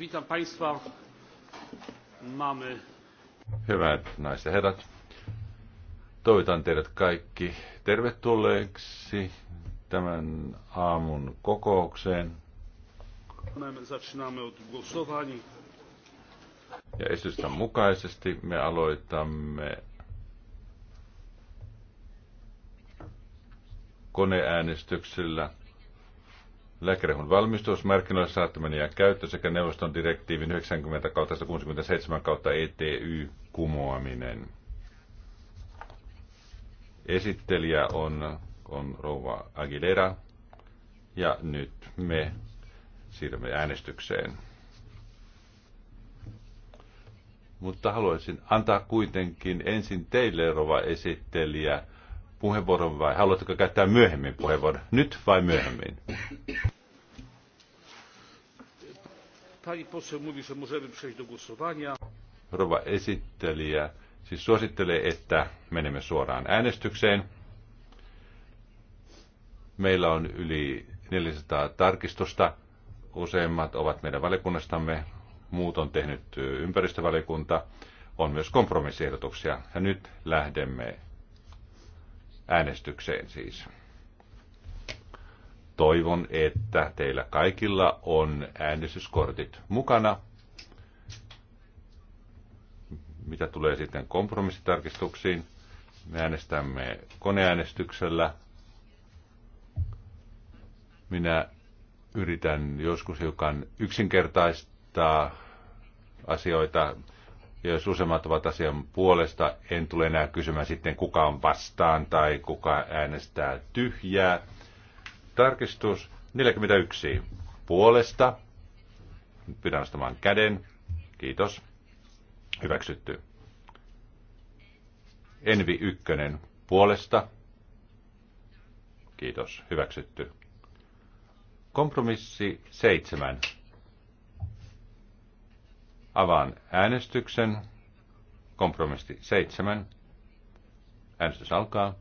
Witam Państwa. Mamy... Hyvät naiset ja herrat, toivotan teidät kaikki tervetulleeksi tämän aamun kokoukseen. Ja esitystä mukaisesti me aloitamme koneäänestyksellä – lääkärehun valmistus, markkinoille saattaminen ja käyttö sekä neuvoston direktiivin 90 67 ETY kumoaminen. Esittelijä on, on rouva Aguilera ja nyt me siirrymme äänestykseen. Mutta haluaisin antaa kuitenkin ensin teille, rouva esittelijä, puheenvuoron vai haluatteko käyttää myöhemmin puheenvuoron? Nyt vai myöhemmin? Pani poseł mówi, że możemy przejść do głosowania. Rova esittelijä siis suosittelee, että menemme suoraan äänestykseen. Meillä on yli 400 tarkistusta. Useimmat ovat meidän valiokunnastamme, muut on tehnyt ympäristövaliokunta. On myös kompromissiehdotuksia. Ja nyt lähdemme äänestykseen siis. Toivon, että teillä kaikilla on äänestyskortit mukana. Mitä tulee sitten kompromissitarkistuksiin, me äänestämme koneäänestyksellä. Minä yritän joskus hiukan yksinkertaistaa asioita ja jos useimmat ovat asian puolesta, en tule enää kysymään sitten kuka on vastaan tai kuka äänestää tyhjää. Tarkistus 41 puolesta. Pyydän nostamaan käden. Kiitos. Hyväksytty. Envi 1 puolesta. Kiitos. Hyväksytty. Kompromissi 7 Avaan äänestyksen. kompromisti 7. Äänestys alkaa.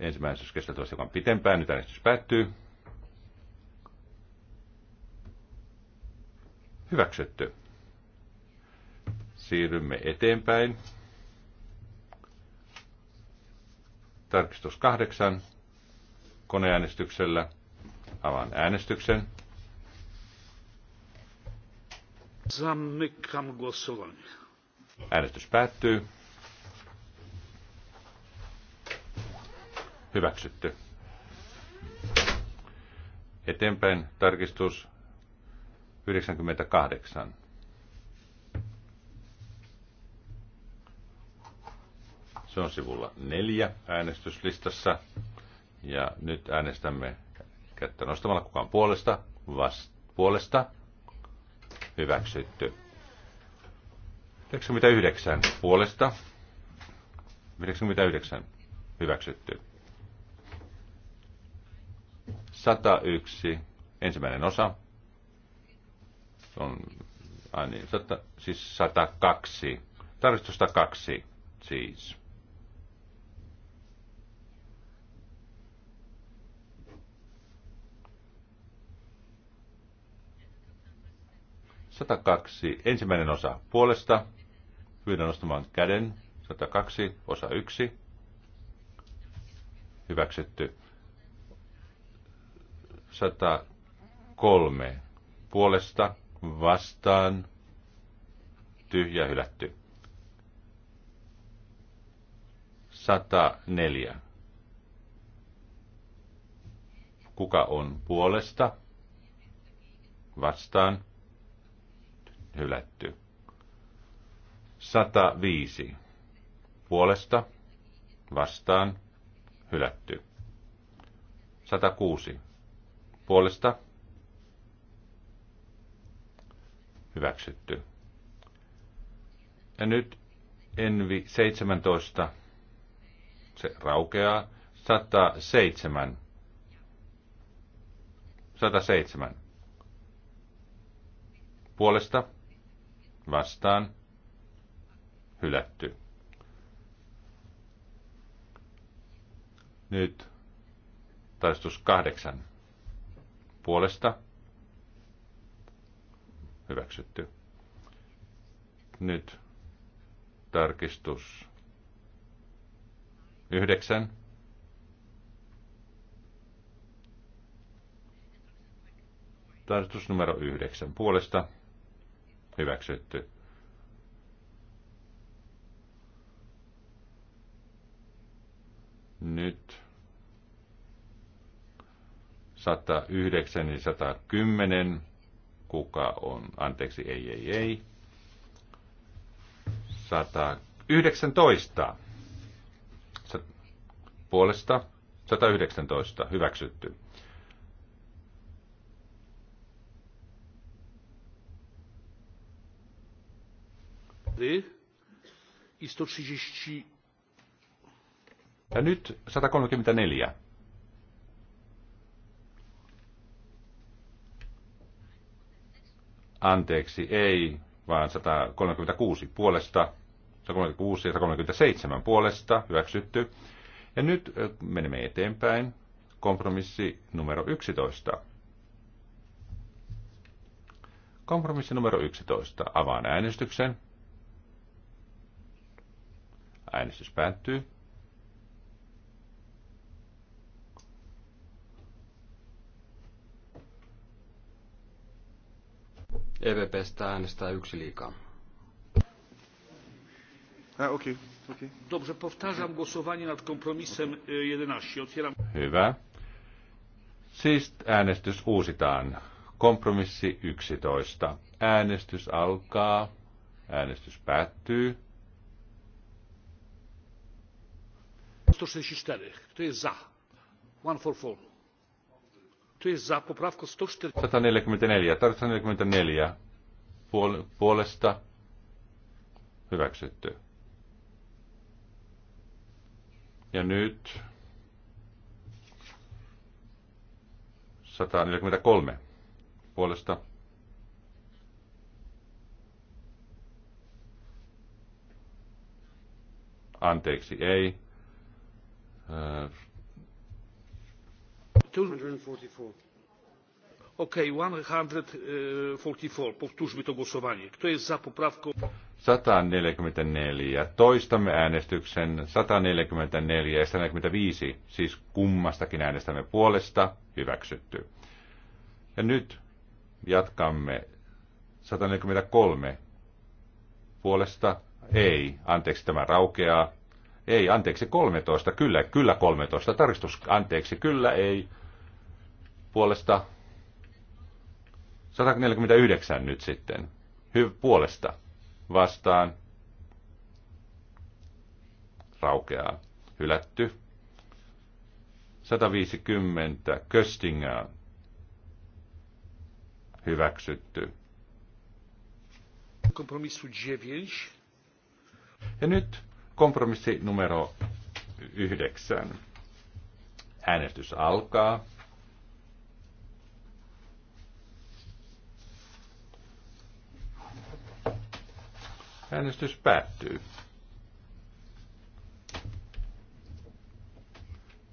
Ensimmäinen äänestys kestää toista, joka on pitempään. Nyt äänestys päättyy. Hyväksytty. Siirrymme eteenpäin. Tarkistus kahdeksan koneäänestyksellä. Avaan äänestyksen. Zamykam głosowanie. Äänestys päättyy. Hyväksytty. Eteenpäin tarkistus 98. Se on sivulla neljä äänestyslistassa. Ja nyt äänestämme kättä nostamalla. Kukaan puolesta? Vast, puolesta? Hyväksytty. 99 puolesta. 99 hyväksytty. 101 ensimmäinen osa. On, ah niin, 100, siis 102. Tarkistus 102 siis. 102, ensimmäinen osa puolesta. Pyydän nostamaan käden. 102, osa 1. Hyväksytty. 103 puolesta vastaan tyhjä hylätty. 104. Kuka on puolesta? Vastaan hylätty. 105. Puolesta, vastaan, hylätty. 106. Puolesta, hyväksytty. Ja nyt Envi 17, se raukeaa, 107. 107. Puolesta, vastaan hylätty. Nyt taistus kahdeksan puolesta hyväksytty. Nyt tarkistus yhdeksän. Tarkistus numero yhdeksän puolesta hyväksytty. Nyt 109 ja 110. Kuka on? Anteeksi, ei, ei, ei. 119. Puolesta 119. Hyväksytty. rady i 130... Ja nyt 134. Anteeksi, ei, vaan 136 puolesta, 136 ja 137 puolesta hyväksytty. Ja nyt menemme eteenpäin. Kompromissi numero 11. Kompromissi numero 11. Avaan äänestyksen. Äänestys päättyy. EVPstä äänestää yksi liikaa. Ah, okei. Okay. Okay. Dobrze, powtarzam głosowanie nad kompromisem 11. Otwieram. Hyvä. Siis äänestys uusitaan. Kompromissi 11. Äänestys alkaa. Äänestys päättyy. sto sześćdziesiąt cztery kto jest za? kto jest za poprawką sto sataneljäkymmentäneljä sataneljäkymmentäneljä puolesta hyväksytty. Ja nyt 143 puolesta anteeksi ei 244. Okei, 144. Kto za 144. Toistamme äänestyksen 144 ja sataneljäkymmentäviisi Siis kummastakin äänestämme puolesta. Hyväksytty. Ja nyt jatkamme 143 puolesta. Ei. Anteeksi, tämä raukeaa. Ei, anteeksi, 13. Kyllä, kyllä 13. Tarkistus, anteeksi, kyllä, ei. Puolesta 149 nyt sitten. Hy- puolesta vastaan raukeaa. Hylätty. 150 köstingää hyväksytty. Kompromissu 9. Ja nyt Kompromissi numero yhdeksän. Äänestys alkaa. Äänestys päättyy.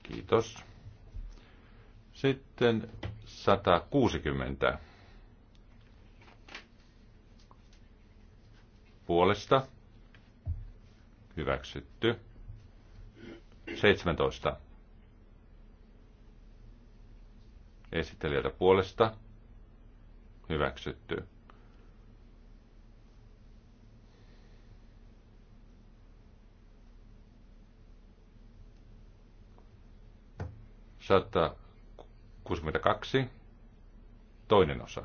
Kiitos. Sitten 160 puolesta hyväksytty. 17. Esittelijöitä puolesta hyväksytty. Saattaa 62. Toinen osa.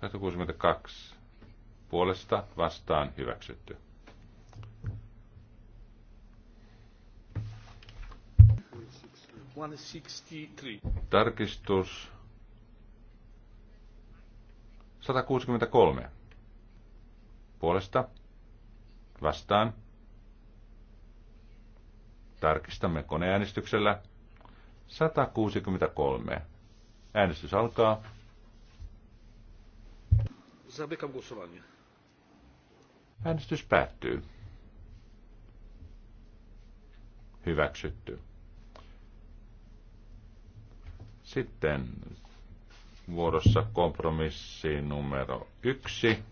162. Puolesta vastaan hyväksytty. 163. Tarkistus 163. Puolesta. Vastaan. Tarkistamme koneäänestyksellä. 163. Äänestys alkaa. Zamykam głosowanie. Äänestys päättyy. Hyväksytty. Sitten vuorossa kompromissi numero yksi.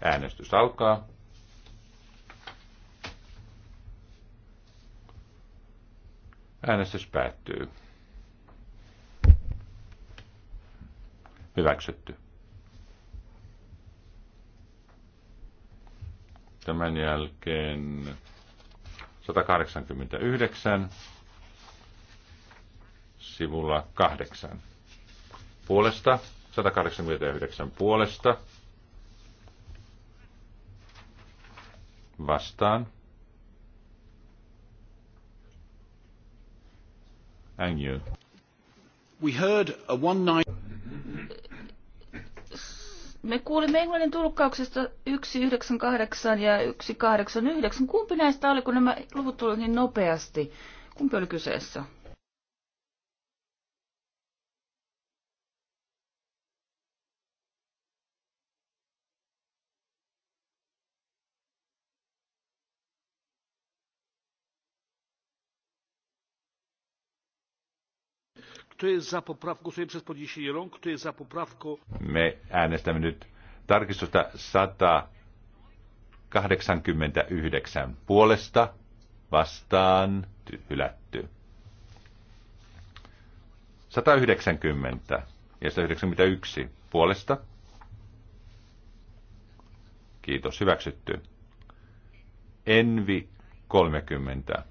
Äänestys alkaa. Äänestys päättyy. Hyväksytty. Tämän jälkeen 189 sivulla 8. Puolesta, 189 puolesta. Vastaan. you. We heard a one nine... Me kuulimme englannin tulkkauksesta 198 ja 189. Kumpi näistä oli, kun nämä luvut tulivat niin nopeasti? Kumpi oli kyseessä? Kto jest za poprawką? przez podniesienie rąk. Kto jest za poprawką? Me äänestämme nyt tarkistusta 189 puolesta vastaan hylätty. 190 ja 191 puolesta. Kiitos, hyväksytty. Envi 30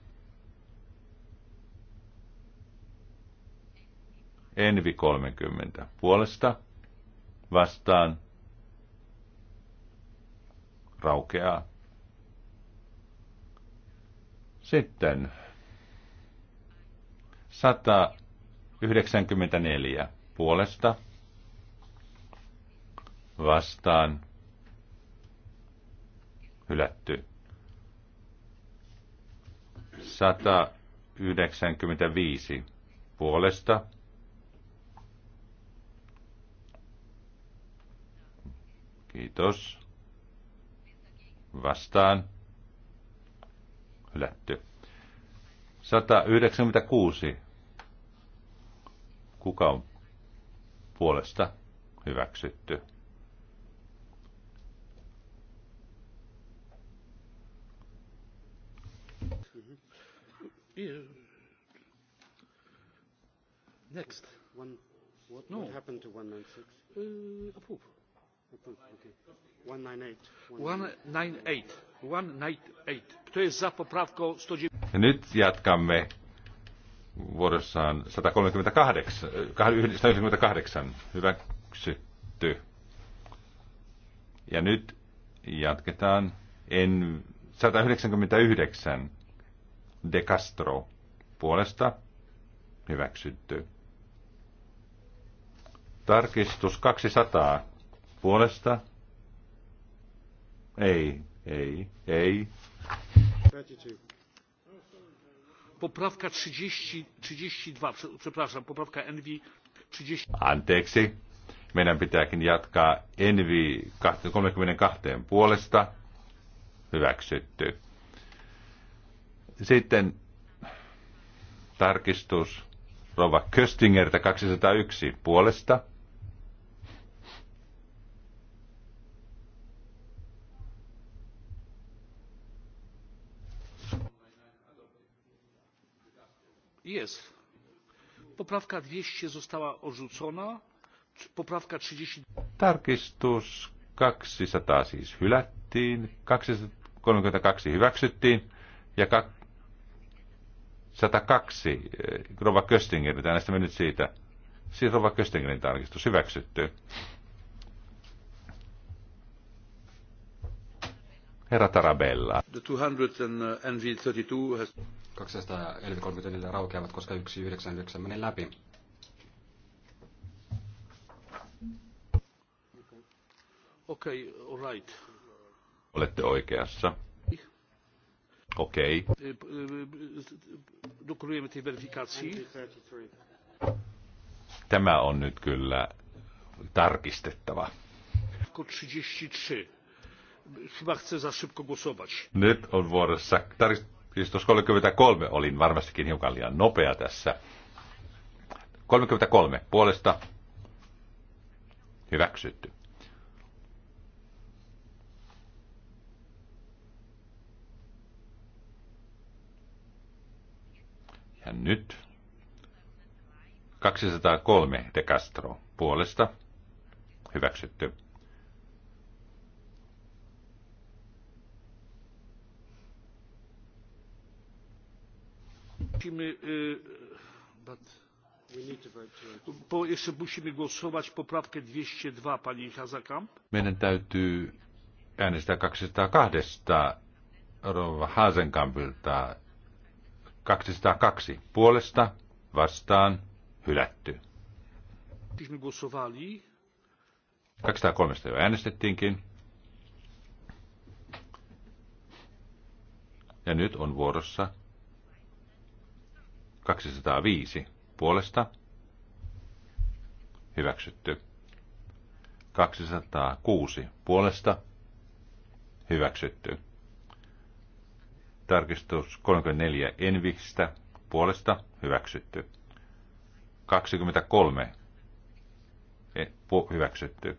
Envi 30. Puolesta vastaan raukeaa. Sitten 194 puolesta vastaan hylätty. 195 puolesta Kiitos. Vastaan. Hylätty. 196. Kuka on puolesta hyväksytty? Next. One, what, no. what happened to 196? Uh, approve. Kto jest za poprawką 109? Nyt jatkamme vuorossaan 138. 198. Hyväksytty. Ja nyt jatketaan en 199 De Castro puolesta hyväksytty. Tarkistus 200 Puolesta? Ei, ei, ei. Poprawka 30, 32, przepraszam, poprawka NV 30. Anteeksi, meidän pitääkin jatkaa NV 32 puolesta. Hyväksytty. Sitten tarkistus Rova Köstingertä 201 puolesta jest poprawka dwieście została odrzucona poprawka tarkistus kaksisataa siis hylättiin kaksisataakolmekymmentäkaksi hyväksyttiin ja kak... 102 eh, Rova mitä näistä nyt siitä. Siis Rova Köstingerin tarkistus hyväksytty. Herra Tarabella. The uh, has... 200 raukeavat, koska 199 menee läpi. Okei, okay, right. Olette oikeassa. Okei. Okay. Tämä on nyt kyllä tarkistettava. 33. Chyba chcę za szybko głosować. Nyt on vuorossa Kristus 33 olin varmastikin hiukan liian nopea tässä. 33 puolesta hyväksytty. Ja nyt 203 de Castro puolesta hyväksytty. Musimy, bo jeszcze musimy głosować poprawkę 202 pani Hazakam. Meidän täytyy äänestää 202 Rova Hasenkampilta 202 puolesta vastaan hylätty. Myśmy głosowali. 203 jo äänestettiinkin. Ja nyt on vuorossa 205 puolesta hyväksytty. 206 puolesta hyväksytty. Tarkistus 34 Envistä puolesta hyväksytty. 23 e, hyväksytty.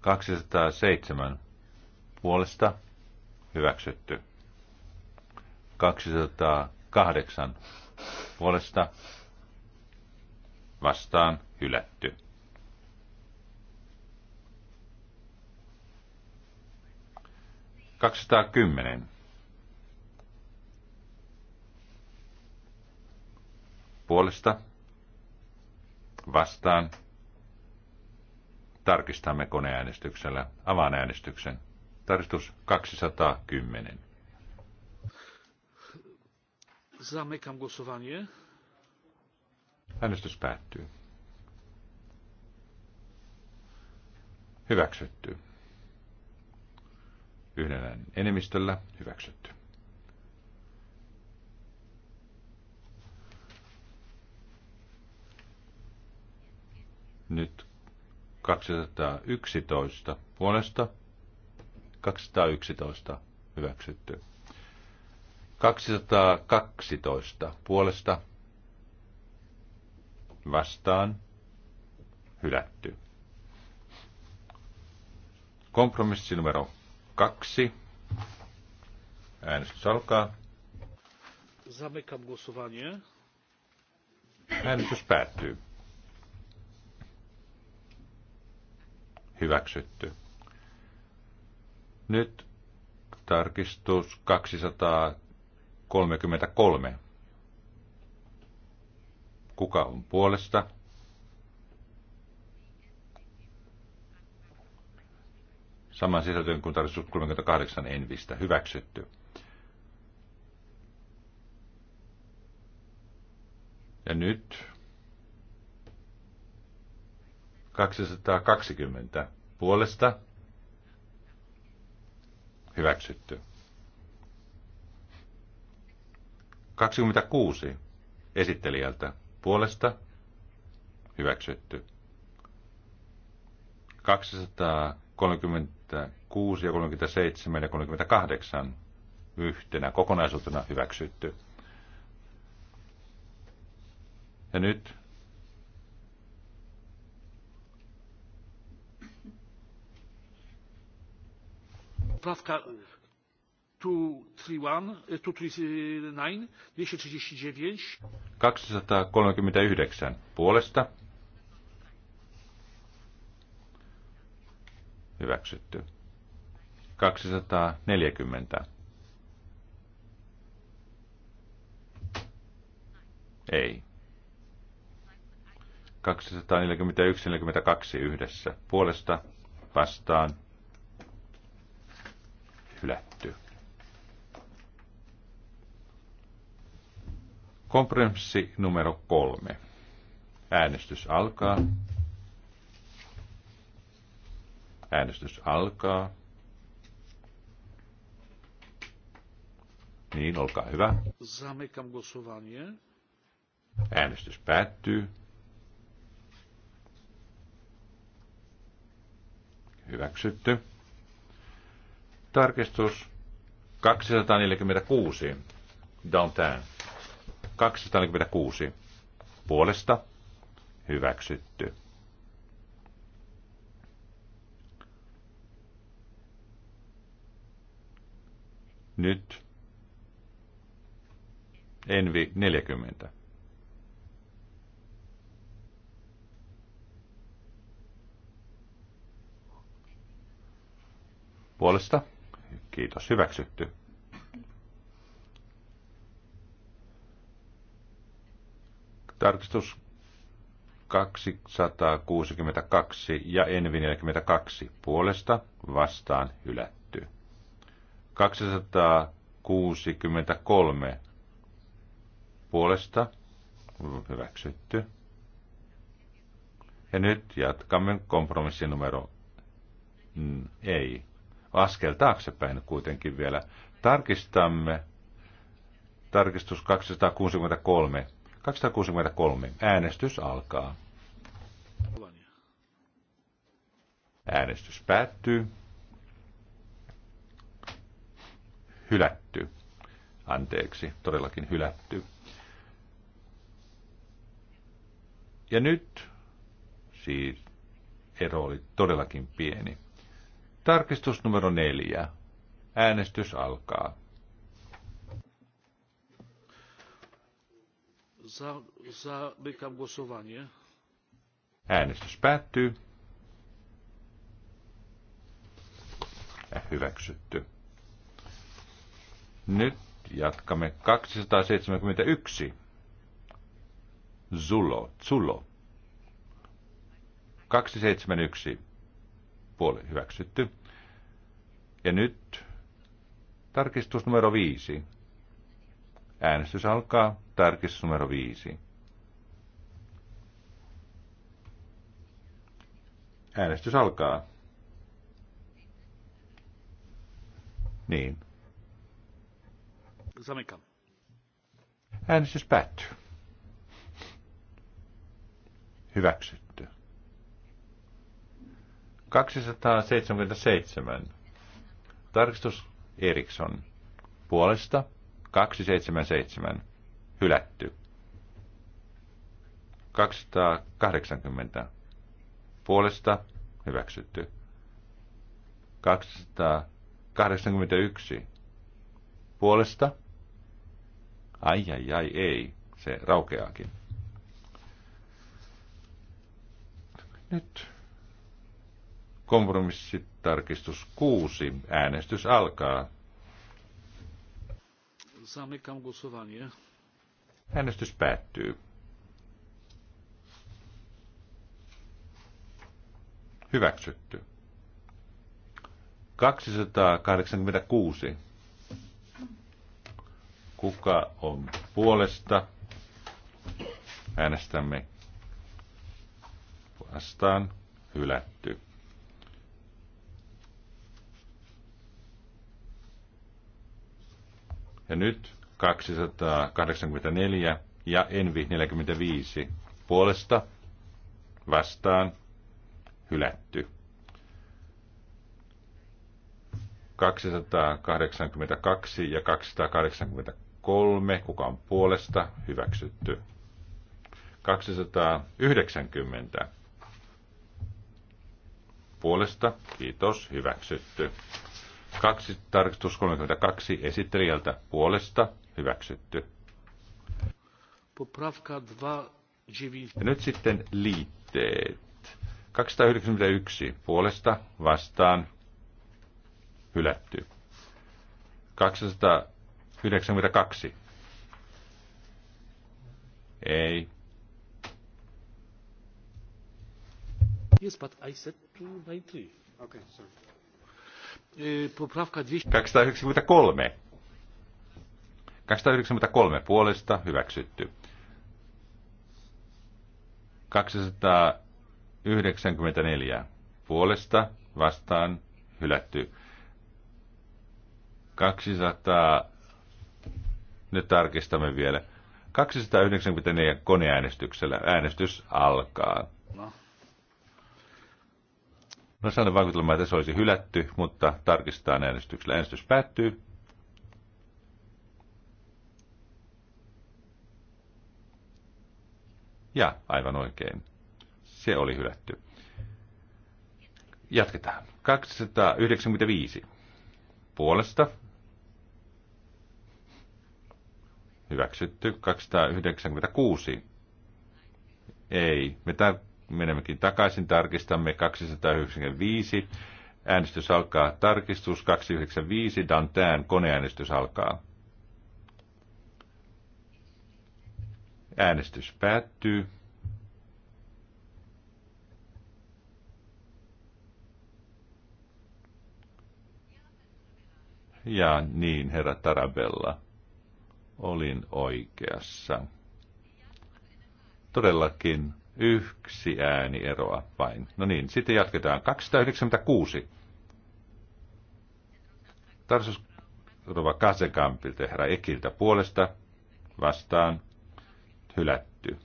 207 puolesta hyväksytty. 208 puolesta vastaan hylätty. kymmenen Puolesta vastaan tarkistamme koneäänestyksellä avaan äänestyksen. Tarkistus 210. Zamykam głosowanie. Äänestys päättyy. Hyväksytty. Yhden äänen enemmistöllä hyväksytty. Nyt 211 puolesta. 211 hyväksytty. 212 puolesta vastaan hylätty. Kompromissi numero kaksi. Äänestys alkaa. Zamykam głosowanie. Äänestys päättyy. Hyväksytty. Nyt tarkistus 200 33. Kuka on puolesta? Saman sisältöön kuin tarkistus 38 envistä. Hyväksytty. Ja nyt 220 puolesta hyväksytty. 26 esittelijältä puolesta hyväksytty. 236 ja 37 ja 38 yhtenä kokonaisuutena hyväksytty. Ja nyt poprawka 239 eh, puolesta. Hyväksytty. 240. Ei. 241-42 yhdessä. Puolesta vastaan Kompromissi numero kolme. Äänestys alkaa. Äänestys alkaa. Niin, olkaa hyvä. Zamykam głosowanie. Äänestys päättyy. Hyväksytty. Tarkistus 246. Downtown. 246 puolesta hyväksytty. Nyt Envi 40. Puolesta. Kiitos. Hyväksytty. Tarkistus 262 ja Envi 42 puolesta vastaan hylätty. 263 puolesta hyväksytty. Ja nyt jatkamme kompromissin numero mm, ei. Askel taaksepäin kuitenkin vielä. Tarkistamme tarkistus 263 263. Äänestys alkaa. Äänestys päättyy. Hylätty. Anteeksi, todellakin hylätty. Ja nyt, siis ero oli todellakin pieni. Tarkistus numero neljä. Äänestys alkaa. Zamykam głosowanie. Äänestys päättyy. Ja hyväksytty. Nyt jatkamme 271. Zulo, Zulo. 271 puoli hyväksytty. Ja nyt tarkistus numero 5. Äänestys alkaa. Tarkistus numero 5. Äänestys alkaa. Niin. Samika. Äänestys päättyy. Hyväksytty. 277. Tarkistus Eriksson. Puolesta 277 hylätty. 280 puolesta hyväksytty. 281 puolesta. Ai ai ai ei, se raukeakin. Nyt kompromissitarkistus 6. Äänestys alkaa. Zamykam głosowanie. Äänestys päättyy. Hyväksytty. 286. Kuka on puolesta? Äänestämme vastaan. Hylätty. Ja nyt 284 ja Envi 45 puolesta vastaan hylätty. 282 ja 283, kuka on puolesta, hyväksytty. 290 puolesta, kiitos, hyväksytty. 2 tarkistus 32 esittelijältä puolesta hyväksytty. Poprawka 29. Ja nyt sitten liitteet. 291 puolesta vastaan hylätty. 292. Ei. Yes, but I said 293. Okay, sorry. 293. 293 puolesta hyväksytty. 294 puolesta vastaan hylätty. 200, nyt tarkistamme vielä. 294 koneäänestyksellä äänestys alkaa. No. No sellainen vaikutelma, että se olisi hylätty, mutta tarkistetaan äänestyksellä. Äänestys päättyy. Ja aivan oikein. Se oli hylätty. Jatketaan. 295. Puolesta. Hyväksytty. 296. Ei. Me menemmekin takaisin, tarkistamme 295. Äänestys alkaa. Tarkistus 295. Dantään koneäänestys alkaa. Äänestys päättyy. Ja niin, herra Tarabella, olin oikeassa. Todellakin Yksi ääni eroa vain. No niin, sitten jatketaan. 296. Tarsus Rova Kasekampilta herra Ekiltä puolesta vastaan hylätty.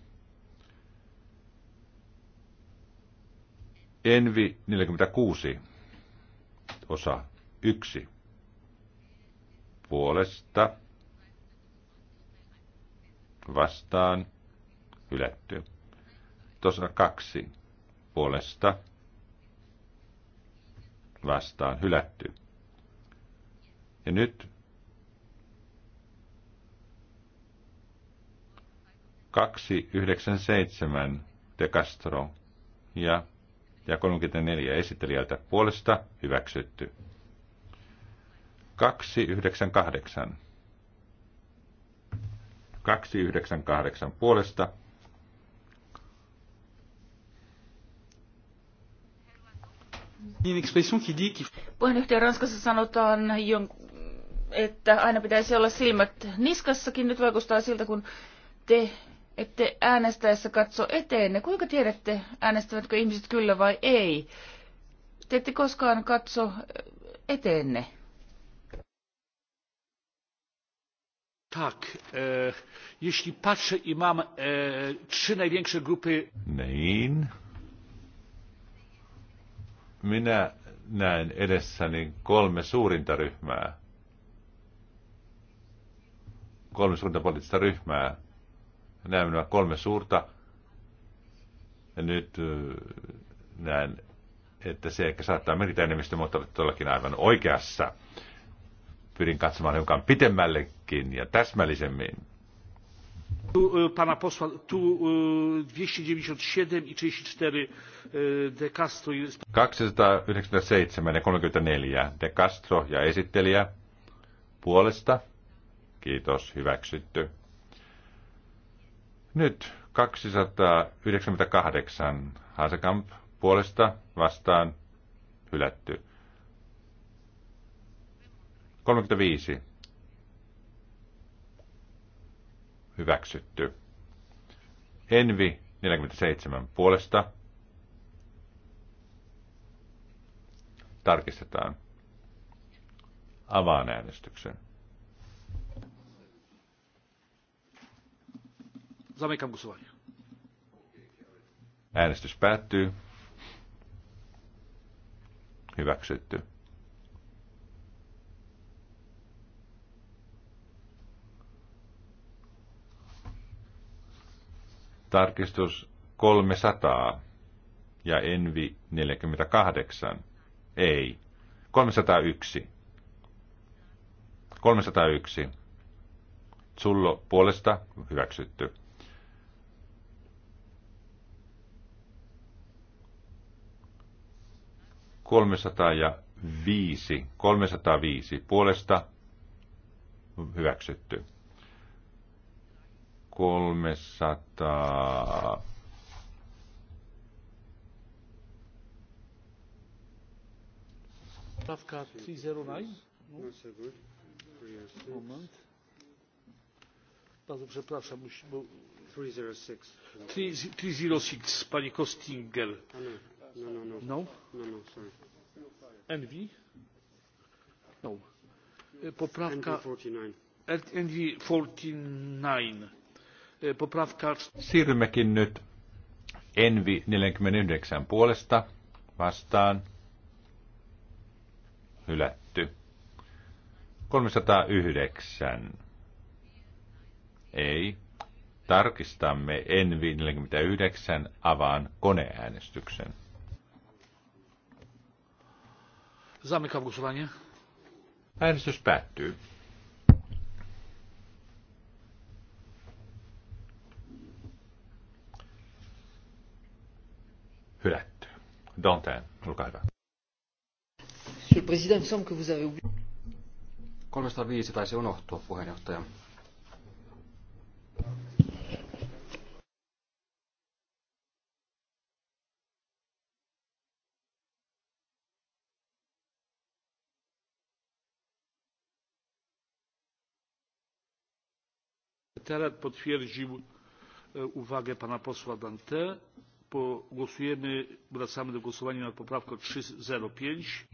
Envi 46, osa 1. Puolesta vastaan hylätty. Tosa kaksi puolesta vastaan hylätty. Ja nyt kaksi yhdeksän seitsemän De Castro ja, ja 34 esittelijältä puolesta hyväksytty. 298. 298 puolesta Puheenjohtaja Ranskassa sanotaan, että aina pitäisi olla silmät niskassakin. Nyt vaikuttaa siltä, kun te ette äänestäessä katso eteenne. Kuinka tiedätte, äänestävätkö ihmiset kyllä vai ei? Te ette koskaan katso eteenne. Tak, e, jeśli patrzę i mam e, trzy największe grupy... Niin, minä näen edessäni kolme suurinta ryhmää. Kolme suurinta poliittista ryhmää. Näen minä kolme suurta. Ja nyt näen, että se ehkä saattaa merkitä enemmistö, mutta olet todellakin aivan oikeassa. Pyrin katsomaan hiukan pitemmällekin ja täsmällisemmin. E, pana posła tu e, dwieście dziewięćdzisiąt siedem i trzydzieści cztery e, de castro ja kolmekymmentäneljä de castro ja esittelijä puolesta kiitos hyväksytty nyt 298 Hasekamp puolesta vastaan hylätty 35 hyväksytty. Envi 47 puolesta. Tarkistetaan. Avaan äänestyksen. Zamykam Äänestys päättyy. Hyväksytty. Tarkistus 300 ja Envi 48. Ei. 301. 301. Sullo puolesta hyväksytty. Kolmesataa ja viisi, kolmesataa viisi puolesta hyväksytty. 300... Poprawka 309. Moment. Bardzo przepraszam, bo... 306. 306, pani Kostinger. No, no, no, no. No? No, no, sorry. NV? No. E, poprawka... NV 49. NV 49 Siirrymmekin nyt Envi 49 puolesta vastaan. Hylätty. 309. Ei. Tarkistamme Envi 49 avaan koneäänestyksen. Zamykam głosowanie. Äänestys päättyy. hylätty. Dantain, olkaa hyvä. Monsieur le Président, il semble que vous avez oublié. 305 taisi unohtua, puheenjohtaja. sekretariat potwierdził e, uwagę pana posła Dante.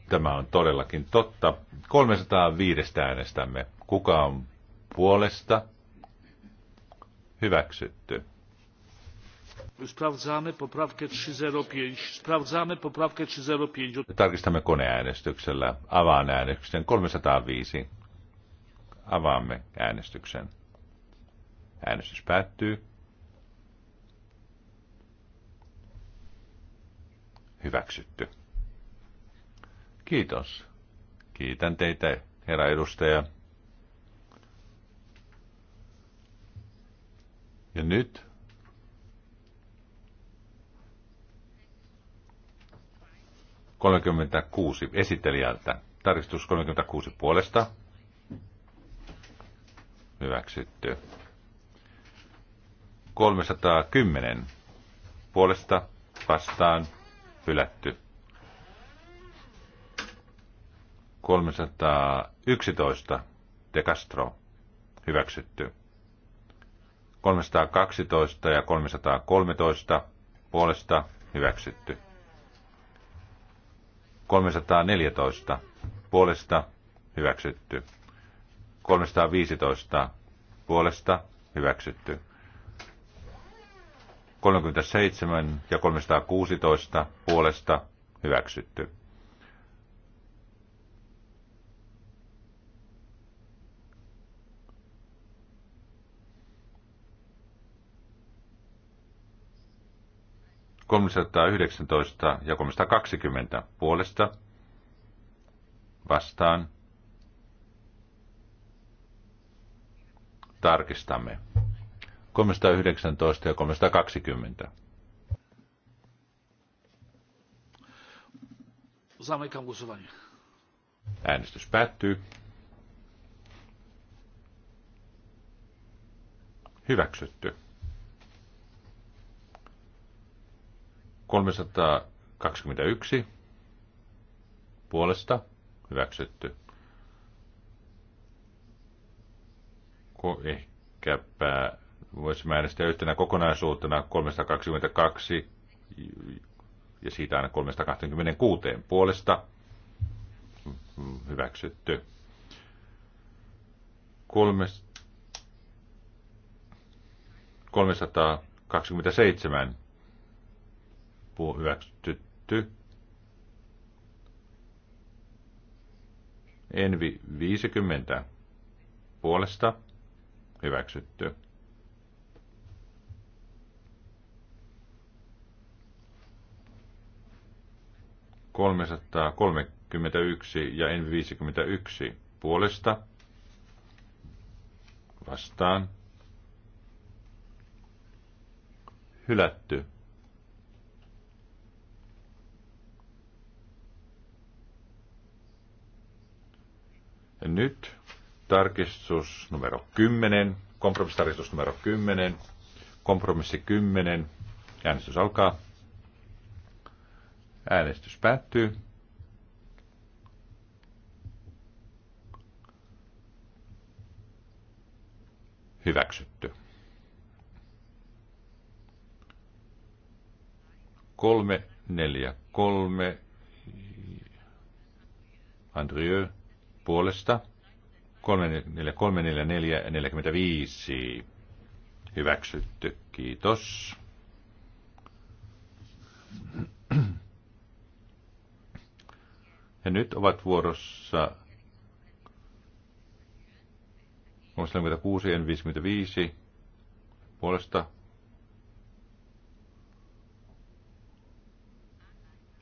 Tämä on todellakin totta. 305 äänestämme. Kuka on puolesta? Hyväksytty. Sprawdzamy poprawkę 305. Sprawdzamy poprawkę 305. Tarkistamme koneäänestyksellä. Avaan äänestyksen. 305. Avaamme äänestyksen. Äänestys päättyy. hyväksytty. Kiitos. Kiitän teitä, herra edustaja. Ja nyt 36 esittelijältä. Tarkistus 36 puolesta. Hyväksytty. 310 puolesta vastaan hylätty. 311 De Castro hyväksytty. 312 ja 313 puolesta hyväksytty. 314 puolesta hyväksytty. 315 puolesta hyväksytty. 37 ja 316 puolesta hyväksytty. kolmesataayhdeksäntoista ja 320 puolesta vastaan tarkistamme. 319 ja 320. Zamykam głosowanie. Äänestys päättyy. Hyväksytty. 321 puolesta hyväksytty. ehkäpä voisi äänestää yhtenä kokonaisuutena 322 ja siitä aina 326 puolesta hyväksytty. Kolmes, 327 puu hyväksytty. Envi 50 puolesta hyväksytty. 331 ja N51 puolesta vastaan. Hylätty. Ja nyt tarkistus numero 10, kompromissitarkistus numero 10, kompromissi 10, äänestys alkaa. Äänestys päättyy. Hyväksytty. Kolme, neljä, kolme. Andrieu puolesta. 344 ja 45. Hyväksytty. Kiitos. Ja nyt ovat vuorossa 36 en 55 puolesta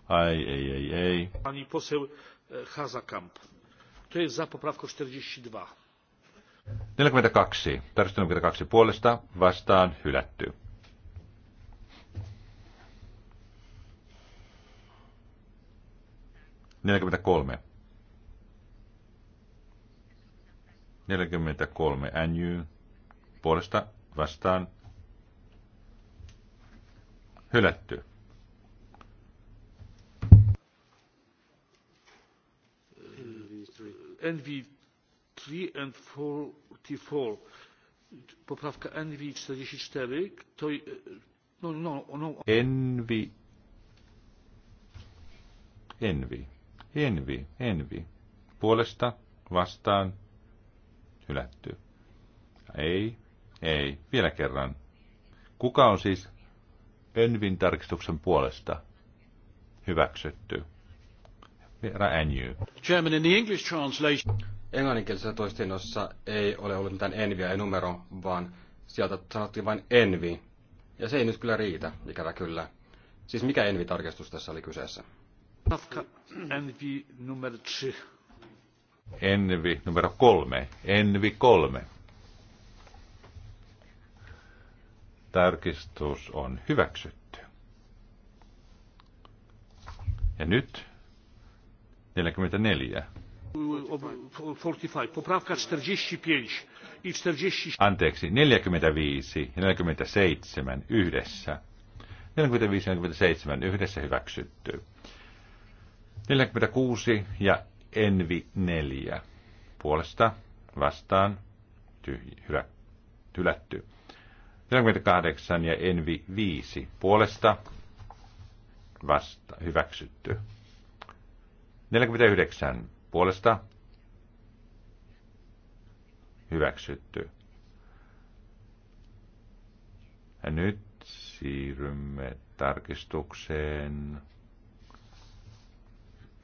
Ai, ei, ei, ei. Pani poseł e, Hazakamp. To jest za poprawką 42. 42. Tarkistus 42 puolesta vastaan hylätty. 43. 43 NY puolesta vastaan hylätty. NV3 and 44. Poprawka NV44. To, no, no, no. NV. NV. Envi, envi. Puolesta, vastaan, hylätty. Ei, ei, vielä kerran. Kuka on siis Envin tarkistuksen puolesta hyväksytty? Vera Enjy. German in the English translation. Englanninkielisessä toistinnossa ei ole ollut mitään enviä ja numero, vaan sieltä sanottiin vain envi. Ja se ei nyt kyllä riitä, ikävä kyllä. Siis mikä envitarkistus tässä oli kyseessä? Envi numero 3. Envi numero kolme. Envi kolme. Tarkistus on hyväksytty. Ja nyt 44. 45. Poprawka 45 i 40. Anteeksi, 45 ja 47 yhdessä. 45 ja 47 yhdessä hyväksytty. 46 ja Envi 4. Puolesta vastaan tyhjä, hylätty. 48 ja Envi 5. Puolesta vasta hyväksytty. 49 puolesta hyväksytty. Ja nyt siirrymme tarkistukseen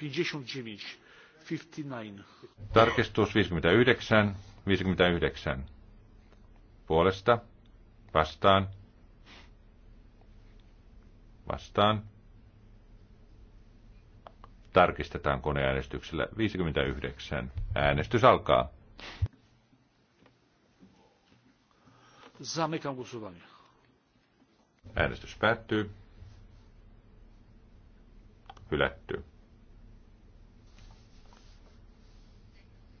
59. 59. Tarkistus 59. 59. Puolesta. Vastaan. Vastaan. Tarkistetaan koneäänestyksellä 59. Äänestys alkaa. Zamykam głosowanie. Äänestys päättyy. Hylätty.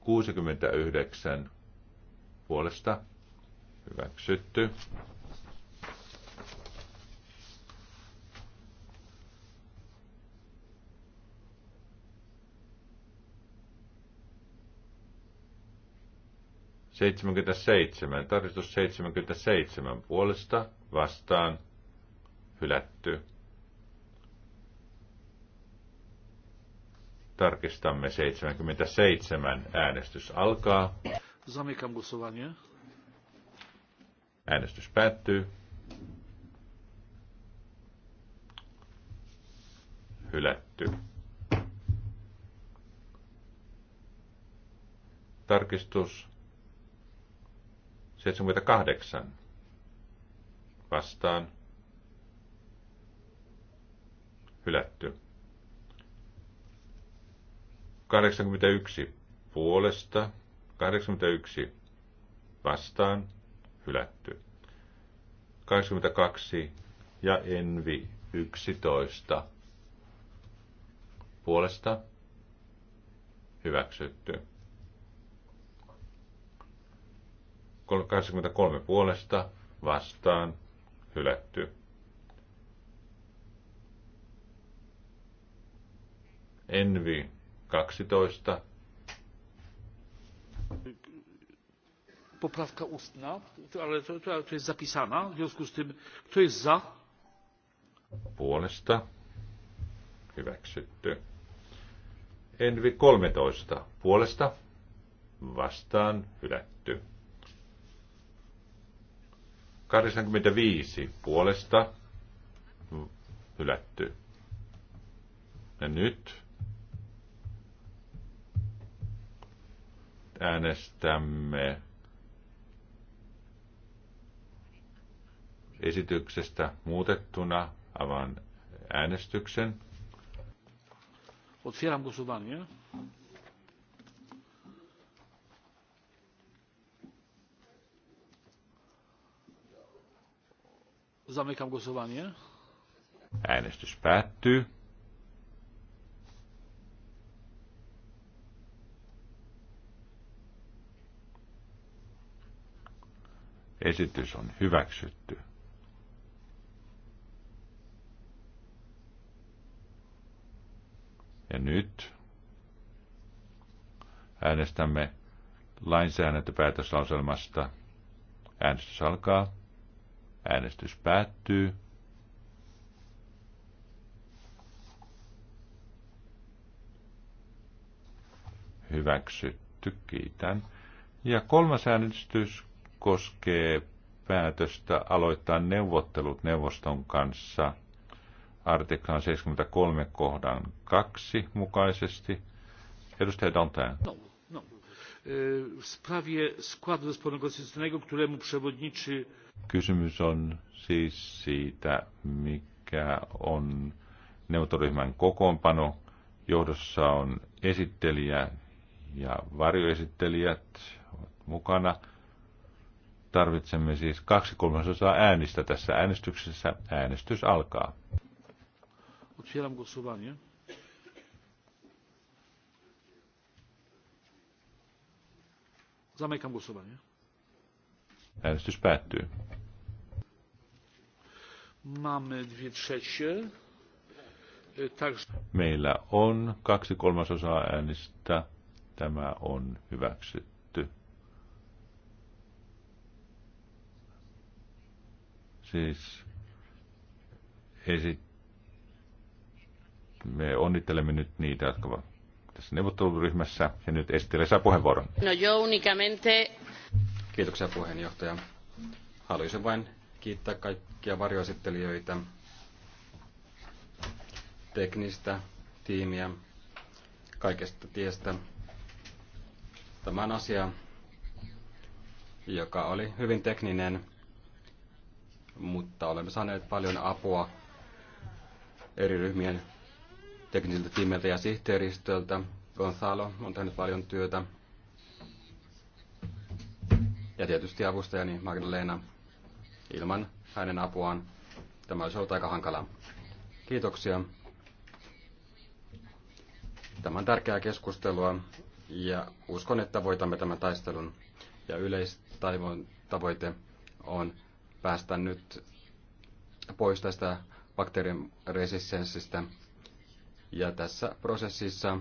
69 puolesta hyväksytty. Seitsemänkymmentäseitsemän, tarkistus 77 puolesta vastaan, hylätty. tarkistamme 77. Äänestys alkaa. Zamykam głosowanie. Äänestys päättyy. Hylätty. Tarkistus 78. Vastaan. Hylätty. 81 puolesta, 81 vastaan, hylätty. 82 ja Envi 11 puolesta, hyväksytty. 83 puolesta, vastaan, hylätty. Envi 12. Poprawka ustna, ale to, to, to jest zapisana. W związku z tym, kto jest za? Puolesta. Hyväksytty. Envi 13. Puolesta. Vastaan. Hylätty. 85 puolesta hylätty. Ja nyt äänestämme esityksestä muutettuna. Avaan äänestyksen. Otwieram głosowanie. Zamykam głosowanie. Äänestys päättyy. Esitys on hyväksytty. Ja nyt äänestämme lainsäädäntöpäätöslauselmasta. Äänestys alkaa. Äänestys päättyy. Hyväksytty, kiitän. Ja kolmas äänestys koskee päätöstä aloittaa neuvottelut neuvoston kanssa artiklan 73 kohdan 2 mukaisesti. Edustaja Dantain. No, no. E, w sprawie składu zespołu negocjacyjnego, któremu przewodniczy... Kysymys on siis siitä, mikä on neuvotoryhmän kokoonpano. Johdossa on esittelijä ja varjoesittelijät mukana – Tarvitsemme siis kaksi kolmasosaa äänistä tässä äänestyksessä. Äänestys alkaa. Otwieram głosowanie. Zamykam głosowanie. Äänestys päättyy. Mamy dwie trzecie. Meillä on kaksi kolmasosaa äänistä. Tämä on hyväksytty. Siis esit- me onnittelemme nyt niitä, jotka ovat tässä neuvotteluryhmässä. Ja nyt esittelee saa puheenvuoron. No joo, unikamente. Kiitoksia puheenjohtaja. Haluaisin vain kiittää kaikkia varjoesittelijöitä, teknistä tiimiä, kaikesta tiestä. Tämä on asia, joka oli hyvin tekninen mutta olemme saaneet paljon apua eri ryhmien teknisiltä tiimeiltä ja sihteeristöltä. Gonzalo on tehnyt paljon työtä. Ja tietysti avustajani Magdalena. Ilman hänen apuaan tämä olisi ollut aika hankalaa. Kiitoksia. Tämä on tärkeää keskustelua ja uskon, että voitamme tämän taistelun. Ja yleistavoite on päästä nyt pois tästä bakteerin resistenssistä. Ja tässä prosessissa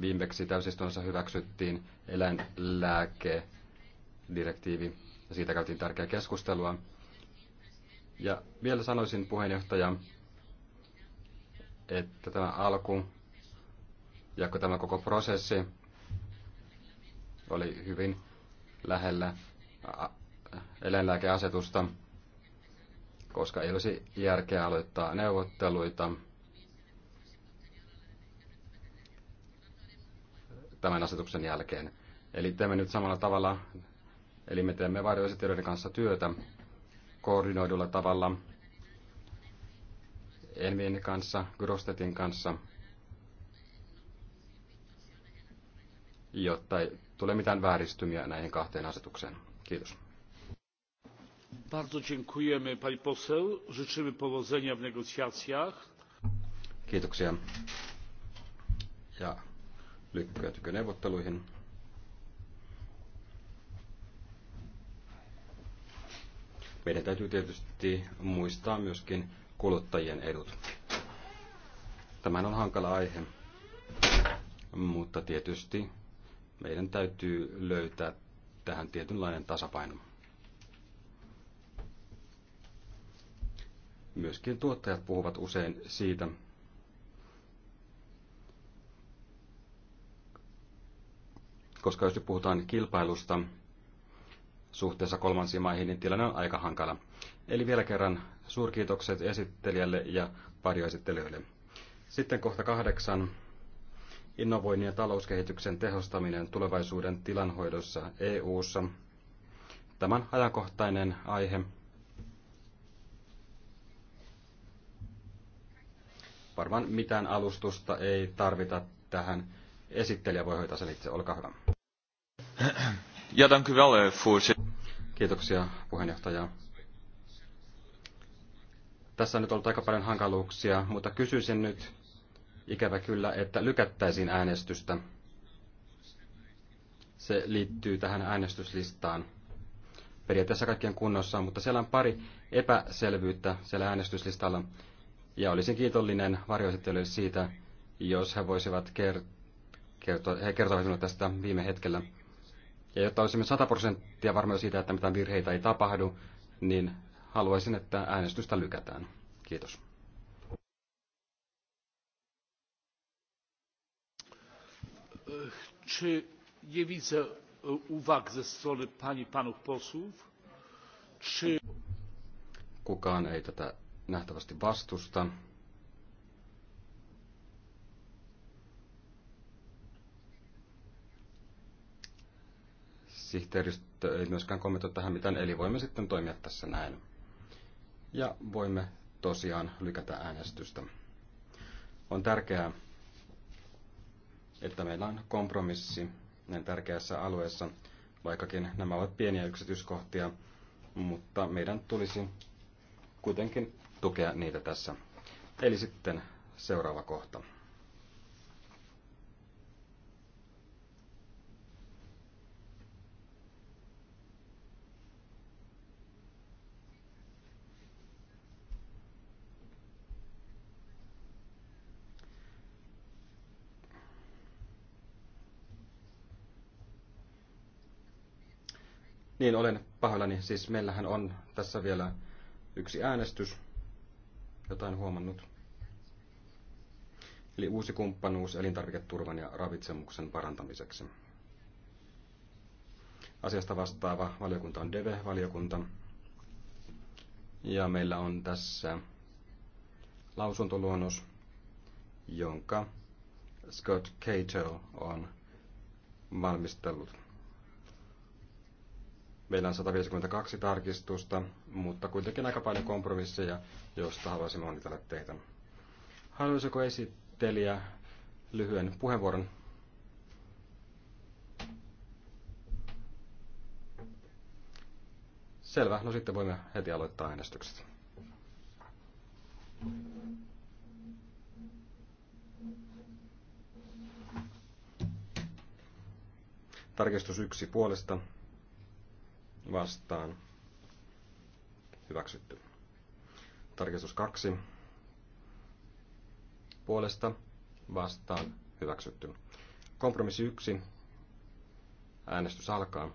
viimeksi täysistunnossa hyväksyttiin eläinlääkedirektiivi ja siitä käytiin tärkeää keskustelua. Ja vielä sanoisin puheenjohtaja, että tämä alku ja tämä koko prosessi oli hyvin lähellä eläinlääkeasetusta, koska ei olisi järkeä aloittaa neuvotteluita tämän asetuksen jälkeen. Eli teemme nyt samalla tavalla, eli me teemme varjoesittelijöiden kanssa työtä koordinoidulla tavalla Envin kanssa, Grostetin kanssa, jotta ei tule mitään vääristymiä näihin kahteen asetukseen. Kiitos. Bardzo dziękujemy pani poseł. Życzymy powodzenia w negocjacjach. Kiitoksia. Ja neuvotteluihin? Meidän täytyy tietysti muistaa myöskin kuluttajien edut. Tämä on hankala aihe, mutta tietysti meidän täytyy löytää tähän tietynlainen tasapaino. Myöskin tuottajat puhuvat usein siitä, koska jos puhutaan kilpailusta suhteessa kolmansiin maihin, niin tilanne on aika hankala. Eli vielä kerran suurkiitokset esittelijälle ja varjoesittelijöille. Sitten kohta kahdeksan. Innovoinnin ja talouskehityksen tehostaminen tulevaisuuden tilanhoidossa EU:ssa. Tämän ajankohtainen aihe. varmaan mitään alustusta ei tarvita tähän. Esittelijä voi hoitaa sen itse, olkaa hyvä. Ja danke wel, eh, Kiitoksia puheenjohtaja. Tässä on nyt ollut aika paljon hankaluuksia, mutta kysyisin nyt ikävä kyllä, että lykättäisiin äänestystä. Se liittyy tähän äänestyslistaan. Periaatteessa kaikkien kunnossa, mutta siellä on pari epäselvyyttä siellä äänestyslistalla. Ja olisin kiitollinen varjoesittelyille siitä, jos he voisivat kertoa, he kertovat minulle tästä viime hetkellä. Ja jotta olisimme 100 prosenttia varmoja siitä, että mitään virheitä ei tapahdu, niin haluaisin, että äänestystä lykätään. Kiitos. Czy nie widzę e, uwag ze strony pani panów posłów? Czy... Kukaan ei tätä nähtävästi vastusta. Sihteeristö ei myöskään kommentoi tähän mitään, eli voimme sitten toimia tässä näin. Ja voimme tosiaan lykätä äänestystä. On tärkeää, että meillä on kompromissi näin tärkeässä alueessa, vaikkakin nämä ovat pieniä yksityiskohtia, mutta meidän tulisi kuitenkin tukea niitä tässä. Eli sitten seuraava kohta. Niin, olen pahoillani. Siis meillähän on tässä vielä yksi äänestys jotain huomannut? Eli uusi kumppanuus elintarviketurvan ja ravitsemuksen parantamiseksi. Asiasta vastaava valiokunta on DEVE-valiokunta. Ja meillä on tässä lausuntoluonnos, jonka Scott Cato on valmistellut. Meillä on 152 tarkistusta, mutta kuitenkin aika paljon kompromisseja, joista haluaisimme onnitella teitä. Haluaisiko esittelijä lyhyen puheenvuoron? Selvä, no sitten voimme heti aloittaa äänestykset. Tarkistus yksi puolesta vastaan hyväksytty. Tarkistus 2 puolesta vastaan hyväksytty. Kompromissi 1 äänestys alkaa.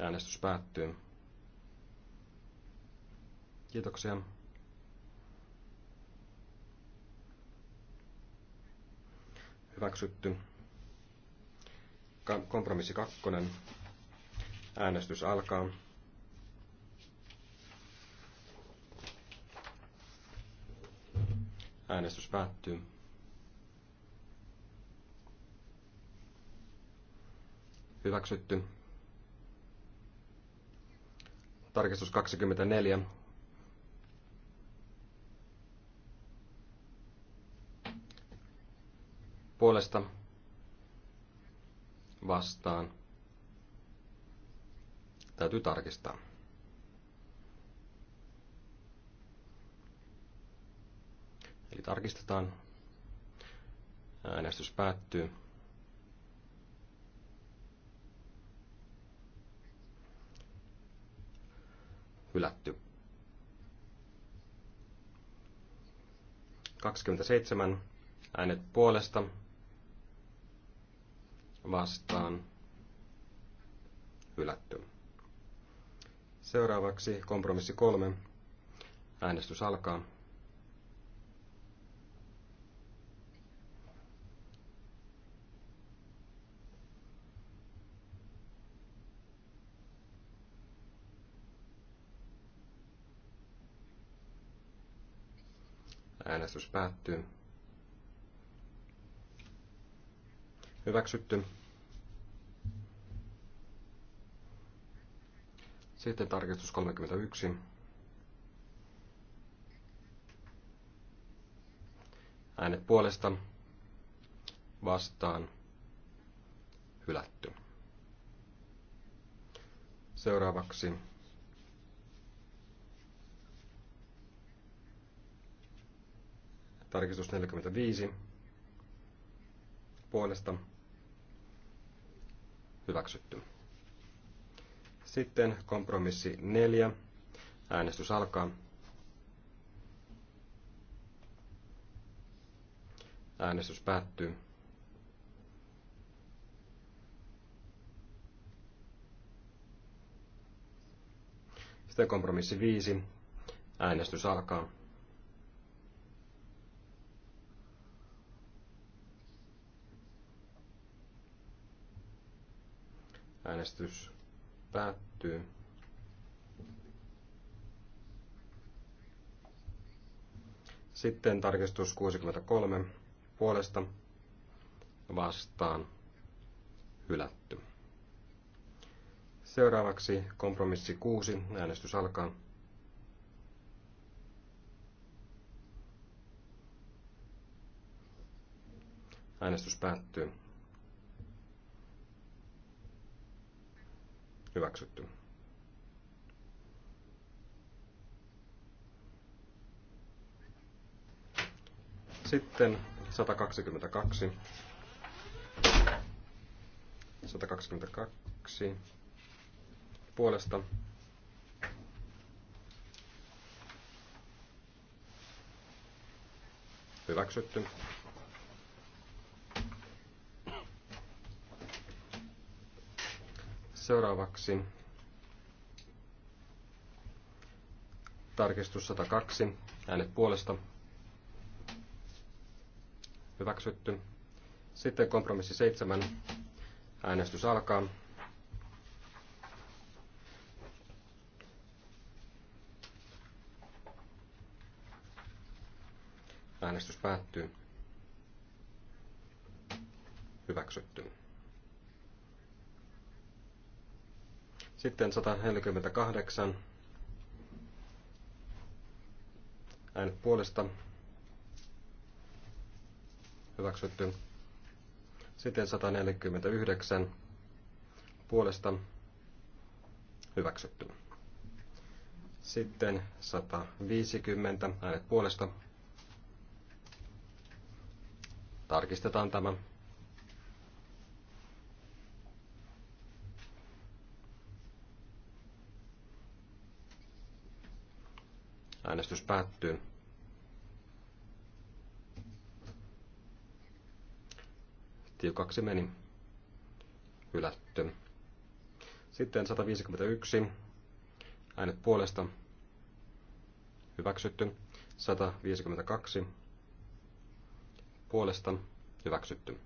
Äänestys päättyy. Kiitoksia. Hyväksytty. Kompromissi kakkonen. Äänestys alkaa. Äänestys päättyy. Hyväksytty. Tarkistus 24. Puolesta vastaan Täytyy tarkistaa. Eli tarkistetaan. Äänestys päättyy. Hylätty. 27 äänet puolesta vastaan hylätty. Seuraavaksi kompromissi kolme. Äänestys alkaa. Äänestys päättyy. Hyväksytty. Sitten tarkistus 31. Äänet puolesta vastaan hylätty. Seuraavaksi tarkistus 45 puolesta hyväksytty. Sitten kompromissi neljä. Äänestys alkaa. Äänestys päättyy. Sitten kompromissi 5. Äänestys alkaa. Äänestys päättyy. Sitten tarkistus 63 puolesta vastaan hylätty. Seuraavaksi kompromissi 6. Äänestys alkaa. Äänestys päättyy. Hyväksytty. Sitten 122. 122 puolesta hyväksytty. Seuraavaksi tarkistus 102. Äänet puolesta. Hyväksytty. Sitten kompromissi 7. Äänestys alkaa. Äänestys päättyy. Hyväksytty. Sitten 148. Äänet puolesta. Hyväksytty. Sitten 149. Puolesta. Hyväksytty. Sitten 150. Äänet puolesta. Tarkistetaan tämä. Äänestys päättyy. 2 meni. Hylätty. Sitten 151. Äänet puolesta. Hyväksytty. 152. Puolesta. Hyväksytty.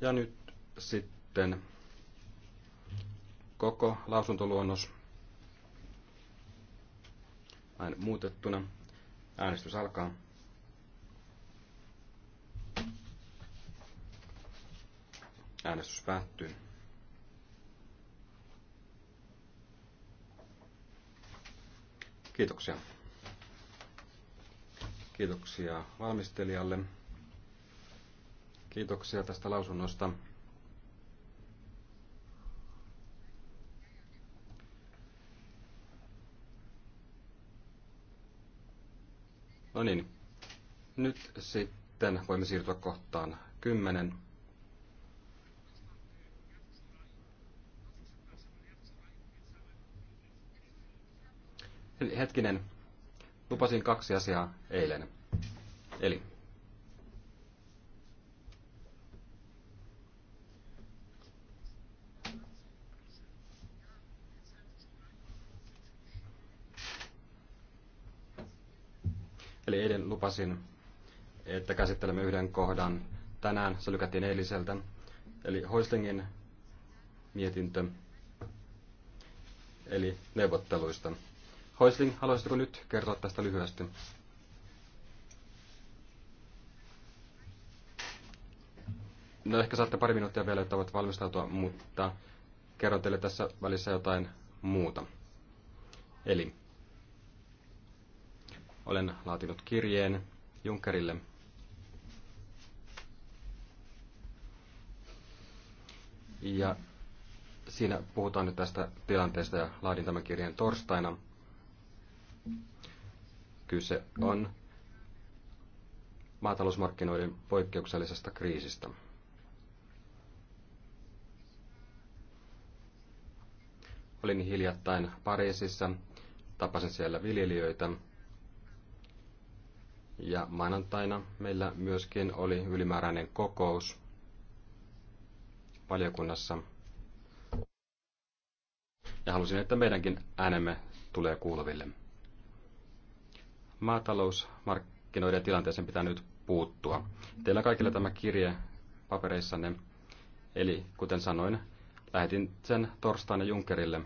Ja nyt sitten koko lausuntoluonnos näin muutettuna. Äänestys alkaa. Äänestys päättyy. Kiitoksia. Kiitoksia valmistelijalle. Kiitoksia tästä lausunnosta. No niin, nyt sitten voimme siirtyä kohtaan 10. Hetkinen, lupasin kaksi asiaa eilen. Eli Eli eilen lupasin, että käsittelemme yhden kohdan tänään, se lykättiin eiliseltä. Eli Hoislingin mietintö, eli neuvotteluista. Hoisling, haluaisitko nyt kertoa tästä lyhyesti? No ehkä saatte pari minuuttia vielä, että voit valmistautua, mutta kerron teille tässä välissä jotain muuta. Eli olen laatinut kirjeen Junckerille. Ja siinä puhutaan nyt tästä tilanteesta ja laadin tämän kirjeen torstaina. Kyse on maatalousmarkkinoiden poikkeuksellisesta kriisistä. Olin hiljattain Pariisissa, tapasin siellä viljelijöitä ja maanantaina meillä myöskin oli ylimääräinen kokous valiokunnassa. Ja halusin, että meidänkin äänemme tulee kuuluville. Maatalousmarkkinoiden tilanteeseen pitää nyt puuttua. Teillä kaikilla tämä kirje papereissanne. Eli kuten sanoin, lähetin sen torstaina Junkerille.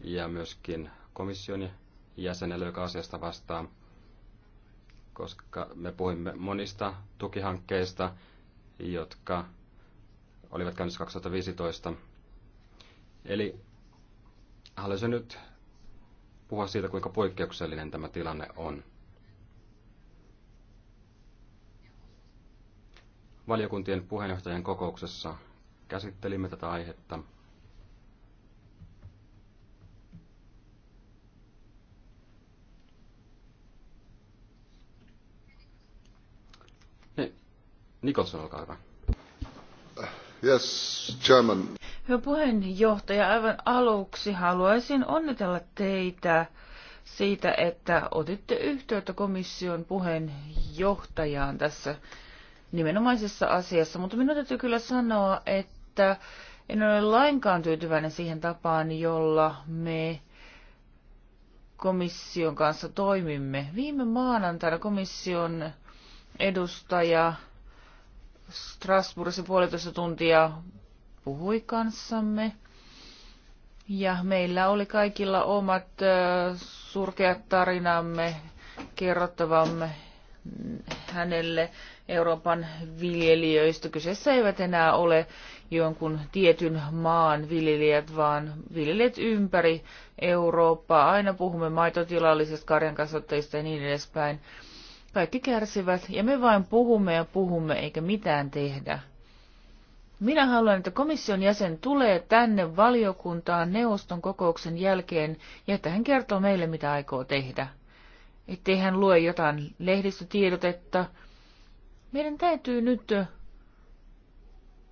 Ja myöskin komission jäsenelle, joka asiasta vastaa, koska me puhuimme monista tukihankkeista, jotka olivat käynnissä 2015. Eli haluaisin nyt puhua siitä, kuinka poikkeuksellinen tämä tilanne on. Valiokuntien puheenjohtajien kokouksessa käsittelimme tätä aihetta – Nicholson, olkaa hyvä. Yes, chairman. Hyvä puheenjohtaja, aivan aluksi haluaisin onnitella teitä siitä, että otitte yhteyttä komission puheenjohtajaan tässä nimenomaisessa asiassa, mutta minun täytyy kyllä sanoa, että en ole lainkaan tyytyväinen siihen tapaan, jolla me komission kanssa toimimme. Viime maanantaina komission edustaja Strasbourgissa puolitoista tuntia puhui kanssamme. Ja meillä oli kaikilla omat surkeat tarinamme, kerrottavamme hänelle Euroopan viljelijöistä. Kyseessä eivät enää ole jonkun tietyn maan viljelijät, vaan viljelijät ympäri Eurooppaa. Aina puhumme maitotilallisista, karjankasvattajista ja niin edespäin. Kaikki kärsivät ja me vain puhumme ja puhumme eikä mitään tehdä. Minä haluan, että komission jäsen tulee tänne valiokuntaan neuvoston kokouksen jälkeen ja että hän kertoo meille, mitä aikoo tehdä. Ettei hän lue jotain lehdistötiedotetta. Meidän täytyy nyt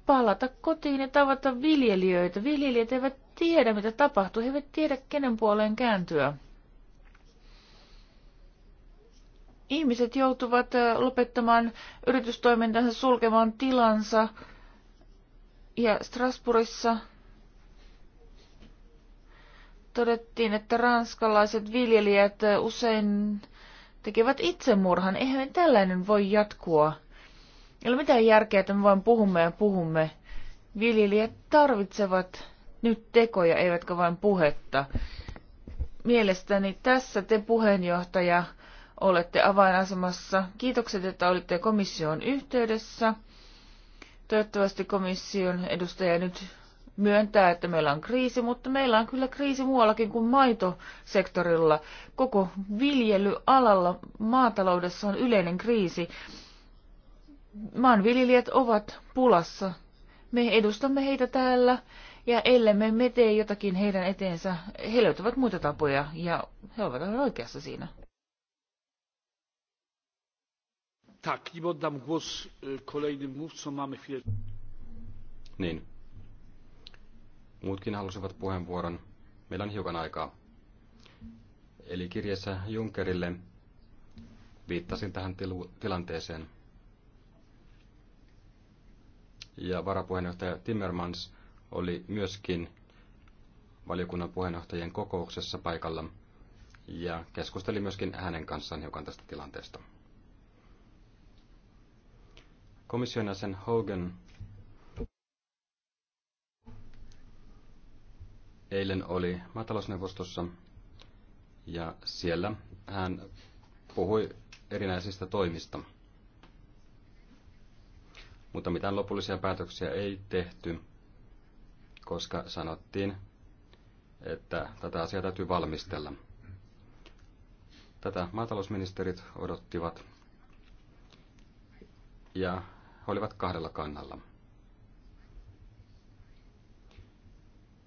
palata kotiin ja tavata viljelijöitä. Viljelijät eivät tiedä, mitä tapahtuu. He eivät tiedä, kenen puoleen kääntyä. ihmiset joutuvat lopettamaan yritystoimintansa, sulkemaan tilansa. Ja Strasbourgissa todettiin, että ranskalaiset viljelijät usein tekevät itsemurhan. Eihän tällainen voi jatkua. Ei ole mitään järkeä, että me vain puhumme ja puhumme. Viljelijät tarvitsevat nyt tekoja, eivätkä vain puhetta. Mielestäni tässä te puheenjohtaja olette avainasemassa. Kiitokset, että olitte komission yhteydessä. Toivottavasti komission edustaja nyt myöntää, että meillä on kriisi, mutta meillä on kyllä kriisi muuallakin kuin maitosektorilla. Koko viljelyalalla maataloudessa on yleinen kriisi. Maanviljelijät ovat pulassa. Me edustamme heitä täällä ja ellemme me tee jotakin heidän eteensä, he löytävät muita tapoja ja he ovat oikeassa siinä. nim oddam głos kolejnym mówcom. Mamy chwilę. Niin. Muutkin halusivat puheenvuoron. Meillä on hiukan aikaa. Eli kirjeessä Junckerille viittasin tähän tilanteeseen. Ja varapuheenjohtaja Timmermans oli myöskin valiokunnan puheenjohtajien kokouksessa paikalla ja keskusteli myöskin hänen kanssaan hiukan tästä tilanteesta. Komission jäsen Hogan eilen oli maatalousneuvostossa ja siellä hän puhui erinäisistä toimista. Mutta mitään lopullisia päätöksiä ei tehty, koska sanottiin, että tätä asiaa täytyy valmistella. Tätä maatalousministerit odottivat. Ja he olivat kahdella kannalla.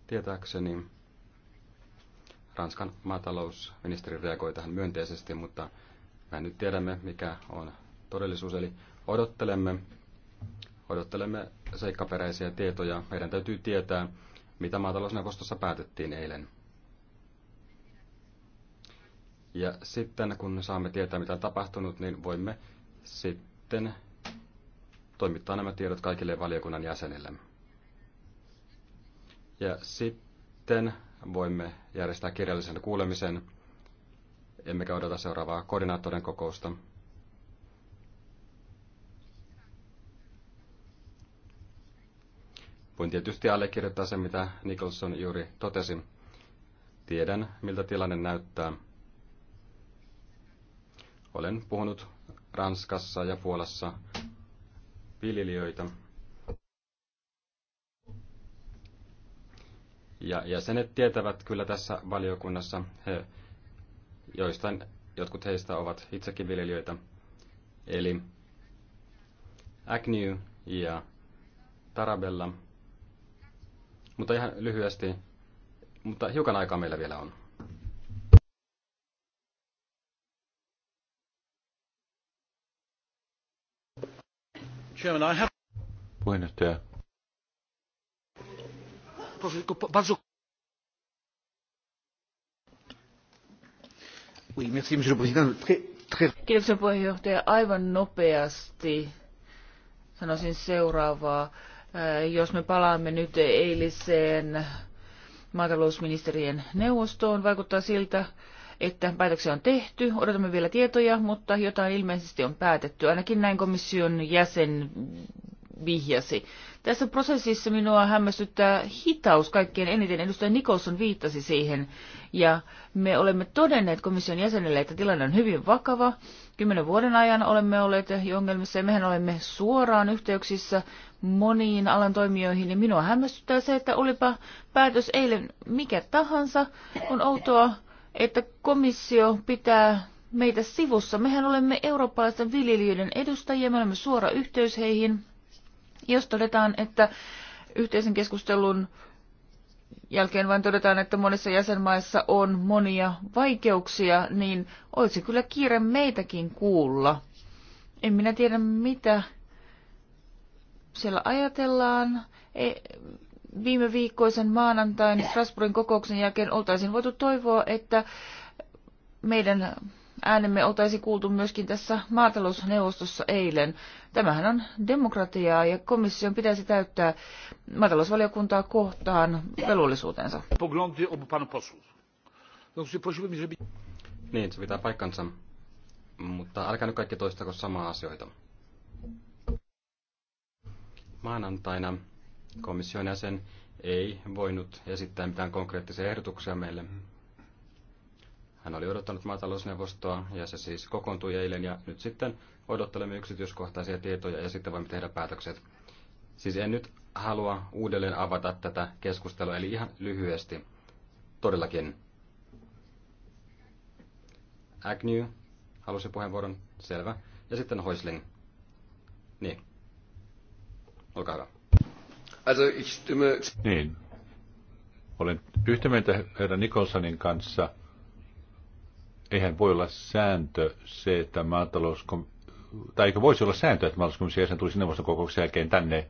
Tietääkseni Ranskan maatalousministeri reagoi tähän myönteisesti, mutta me nyt tiedämme, mikä on todellisuus. Eli odottelemme, odottelemme seikkaperäisiä tietoja. Meidän täytyy tietää, mitä maatalousneuvostossa päätettiin eilen. Ja sitten kun saamme tietää, mitä on tapahtunut, niin voimme sitten toimittaa nämä tiedot kaikille valiokunnan jäsenille. Ja sitten voimme järjestää kirjallisen kuulemisen. Emmekä odota seuraavaa koordinaattorin kokousta. Voin tietysti allekirjoittaa sen, mitä Nicholson juuri totesi. Tiedän, miltä tilanne näyttää. Olen puhunut Ranskassa ja Puolassa viljelijöitä. Ja jäsenet tietävät kyllä tässä valiokunnassa, he, joistain jotkut heistä ovat itsekin viljelijöitä. Eli Agnew ja Tarabella. Mutta ihan lyhyesti, mutta hiukan aikaa meillä vielä on. Puheenjohtaja. Kiitoksia puheenjohtaja. Aivan nopeasti sanoisin seuraavaa. Äh, jos me palaamme nyt eiliseen maatalousministerien neuvostoon, vaikuttaa siltä, että päätöksiä on tehty. Odotamme vielä tietoja, mutta jotain ilmeisesti on päätetty. Ainakin näin komission jäsen vihjasi. Tässä prosessissa minua hämmästyttää hitaus kaikkien eniten. Edustaja Nikolson viittasi siihen, ja me olemme todenneet komission jäsenille, että tilanne on hyvin vakava. Kymmenen vuoden ajan olemme olleet jo ongelmissa, ja mehän olemme suoraan yhteyksissä moniin alan toimijoihin, ja minua hämmästyttää se, että olipa päätös eilen mikä tahansa, on outoa, että komissio pitää meitä sivussa. Mehän olemme eurooppalaisten viljelijöiden edustajia, me olemme suora yhteys heihin. Jos todetaan, että yhteisen keskustelun jälkeen vain todetaan, että monissa jäsenmaissa on monia vaikeuksia, niin olisi kyllä kiire meitäkin kuulla. En minä tiedä, mitä siellä ajatellaan. E- viime viikkoisen maanantain Strasbourgin kokouksen jälkeen oltaisiin voitu toivoa, että meidän äänemme oltaisiin kuultu myöskin tässä maatalousneuvostossa eilen. Tämähän on demokratiaa ja komission pitäisi täyttää maatalousvaliokuntaa kohtaan velvollisuutensa. Niin, se pitää paikkansa, mutta älkää nyt kaikki toistako samaa asioita. Maanantaina Komission jäsen ei voinut esittää mitään konkreettisia ehdotuksia meille. Hän oli odottanut maatalousneuvostoa ja se siis kokoontui eilen ja nyt sitten odottelemme yksityiskohtaisia tietoja ja sitten voimme tehdä päätökset. Siis en nyt halua uudelleen avata tätä keskustelua, eli ihan lyhyesti. Todellakin. Agnew halusi puheenvuoron. Selvä. Ja sitten Hoisling. Niin. Olkaa hyvä. Also ich stimme... Niin. Olen yhtä mieltä herra Nikolsonin kanssa. Eihän voi olla sääntö se, että maatalouskom... Tai eikö voisi olla sääntö, että maatalouskomission jäsen tulisi neuvoston kokouksen jälkeen tänne,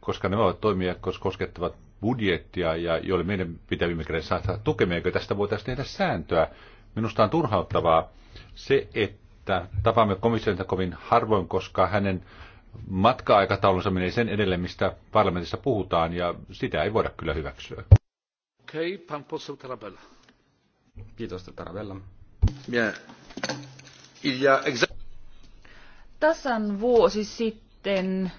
koska ne ovat toimia, koska koskettavat budjettia ja joille meidän pitää viime kädessä saada tukemia, eikö tästä voitaisiin tehdä sääntöä. Minusta on turhauttavaa se, että tapaamme komissiolta kovin harvoin, koska hänen matka-aikataulunsa menee sen edelleen, mistä parlamentissa puhutaan, ja sitä ei voida kyllä hyväksyä. Okei, okay, pan poseł Tarabella. Kiitos, Tarabella. Tasan vuosi sitten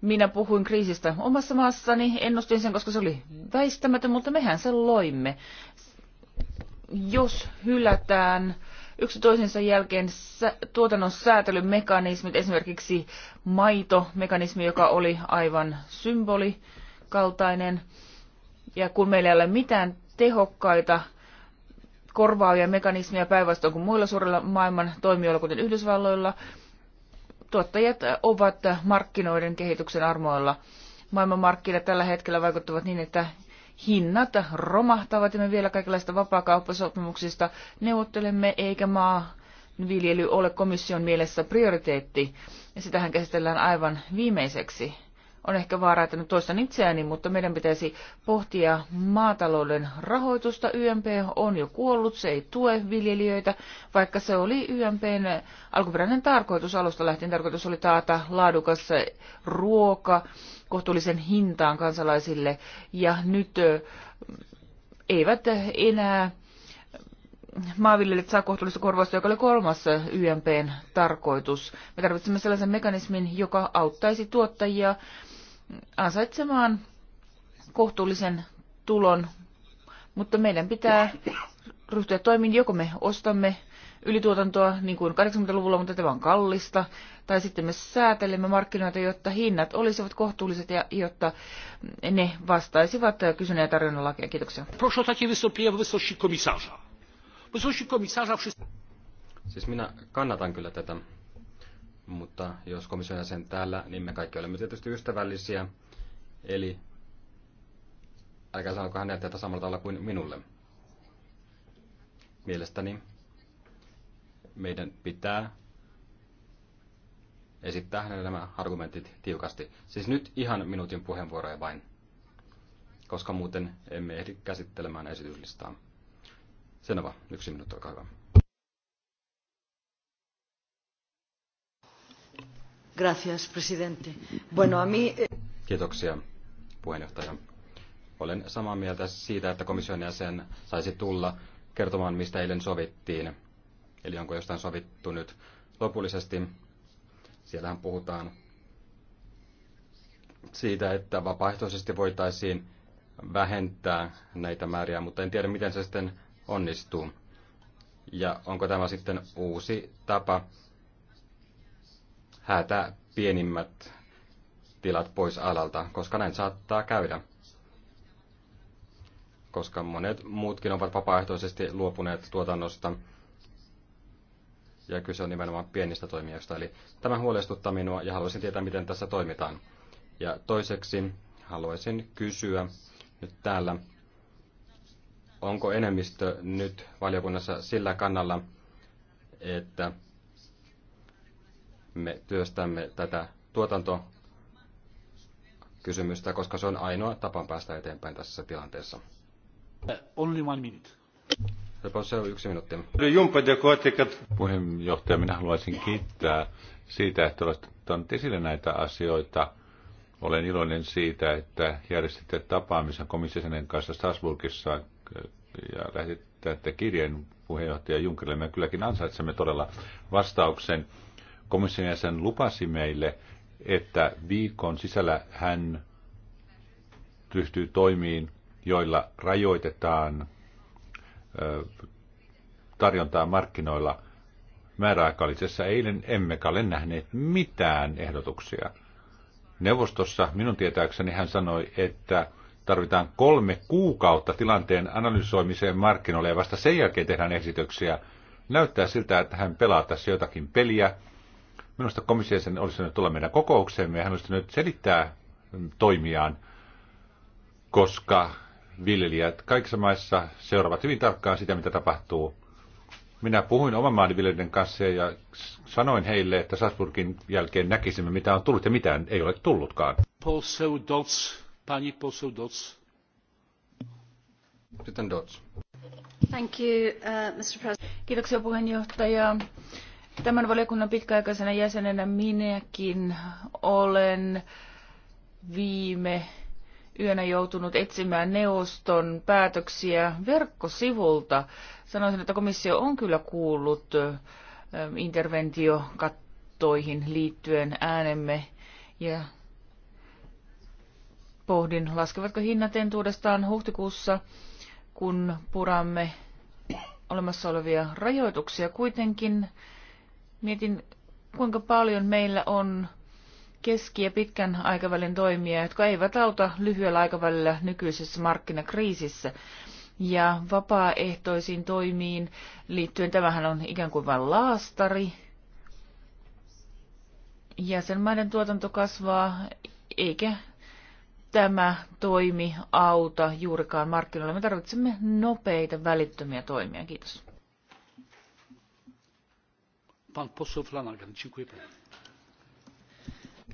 minä puhuin kriisistä omassa maassani, ennustin sen, koska se oli väistämätön, mutta mehän sen loimme. Jos hylätään äh, yksi toisensa jälkeen tuotannon säätelymekanismit, esimerkiksi maitomekanismi, joka oli aivan symbolikaltainen. Ja kun meillä ei ole mitään tehokkaita korvaavia mekanismeja päinvastoin kuin muilla suurilla maailman toimijoilla, kuten Yhdysvalloilla, tuottajat ovat markkinoiden kehityksen armoilla. Maailmanmarkkinat tällä hetkellä vaikuttavat niin, että hinnat romahtavat ja me vielä kaikenlaista vapaakauppasopimuksista neuvottelemme, eikä maa viljely ole komission mielessä prioriteetti, ja sitähän käsitellään aivan viimeiseksi. On ehkä vaara, että nyt toistan itseäni, mutta meidän pitäisi pohtia maatalouden rahoitusta. YMP on jo kuollut, se ei tue viljelijöitä, vaikka se oli YMPn alkuperäinen tarkoitus. Alusta lähtien tarkoitus oli taata laadukas ruoka kohtuullisen hintaan kansalaisille ja nyt eivät enää maanviljelijät saa kohtuullista korvausta, joka oli kolmas YMPn tarkoitus. Me tarvitsemme sellaisen mekanismin, joka auttaisi tuottajia ansaitsemaan kohtuullisen tulon, mutta meidän pitää ryhtyä toimiin, joko me ostamme ylituotantoa niin kuin 80-luvulla, mutta tämä on kallista, tai sitten me säätelemme markkinoita, jotta hinnat olisivat kohtuulliset ja jotta ne vastaisivat kysynnän ja tarjonnan lakia. Kiitoksia. Siis minä kannatan kyllä tätä, mutta jos komission jäsen täällä, niin me kaikki olemme tietysti ystävällisiä. Eli älkää sanoko hänet tätä samalla tavalla kuin minulle. Mielestäni meidän pitää esittää hänelle nämä argumentit tiukasti. Siis nyt ihan minuutin puheenvuoroja vain, koska muuten emme ehdi käsittelemään esityslistaa. Senova, yksi minuutti, olkaa hyvä. Gracias, presidente. Bueno, a mí... Eh, Kiitoksia, puheenjohtaja. Olen samaa mieltä siitä, että komission jäsen saisi tulla kertomaan, mistä eilen sovittiin. Eli onko jostain sovittu nyt lopullisesti Siellähän puhutaan siitä, että vapaaehtoisesti voitaisiin vähentää näitä määriä, mutta en tiedä, miten se sitten onnistuu. Ja onko tämä sitten uusi tapa häätää pienimmät tilat pois alalta, koska näin saattaa käydä. Koska monet muutkin ovat vapaaehtoisesti luopuneet tuotannosta ja kyse on nimenomaan pienistä toimijoista. Eli tämä huolestuttaa minua ja haluaisin tietää, miten tässä toimitaan. Ja toiseksi haluaisin kysyä nyt täällä, onko enemmistö nyt valiokunnassa sillä kannalla, että me työstämme tätä tuotantokysymystä, koska se on ainoa tapa päästä eteenpäin tässä tilanteessa. Only one minute. Se on yksi minuutti. Puheenjohtaja, minä haluaisin kiittää siitä, että olette ottanut esille näitä asioita. Olen iloinen siitä, että järjestitte tapaamisen komissionen kanssa Strasbourgissa ja lähetitte kirjeen puheenjohtaja Junckerille. Me kylläkin ansaitsemme todella vastauksen. Komission jäsen lupasi meille, että viikon sisällä hän ryhtyy toimiin, joilla rajoitetaan tarjontaa markkinoilla. määräaikaisessa eilen, emme ole nähneet mitään ehdotuksia. Neuvostossa minun tietääkseni hän sanoi, että tarvitaan kolme kuukautta tilanteen analysoimiseen markkinoille ja vasta sen jälkeen tehdään esityksiä. Näyttää siltä, että hän pelaa tässä jotakin peliä. Minusta komissiossa olisi nyt tulla meidän kokoukseemme ja hän olisi nyt selittää toimiaan, koska viljelijät kaikissa maissa seuraavat hyvin tarkkaan sitä, mitä tapahtuu. Minä puhuin oman maan viljelijöiden kanssa ja sanoin heille, että Salzburgin jälkeen näkisimme, mitä on tullut ja mitään ei ole tullutkaan. Poseu Dots, pani poseu Dots. Sitten Dots. Thank you, uh, Mr. President. Kiitoksia puheenjohtaja. Tämän valiokunnan pitkäaikaisena jäsenenä minäkin olen viime yönä joutunut etsimään neuvoston päätöksiä verkkosivulta. Sanoisin, että komissio on kyllä kuullut interventiokattoihin liittyen äänemme ja pohdin, laskevatko hinnat entuudestaan huhtikuussa, kun puramme olemassa olevia rajoituksia. Kuitenkin mietin, kuinka paljon meillä on keski- ja pitkän aikavälin toimia, jotka eivät auta lyhyellä aikavälillä nykyisessä markkinakriisissä. Ja vapaaehtoisiin toimiin liittyen tämähän on ikään kuin vain laastari. Jäsenmaiden tuotanto kasvaa, eikä tämä toimi auta juurikaan markkinoilla. Me tarvitsemme nopeita, välittömiä toimia. Kiitos. Pan poseł Flanagan, dziękuję panie.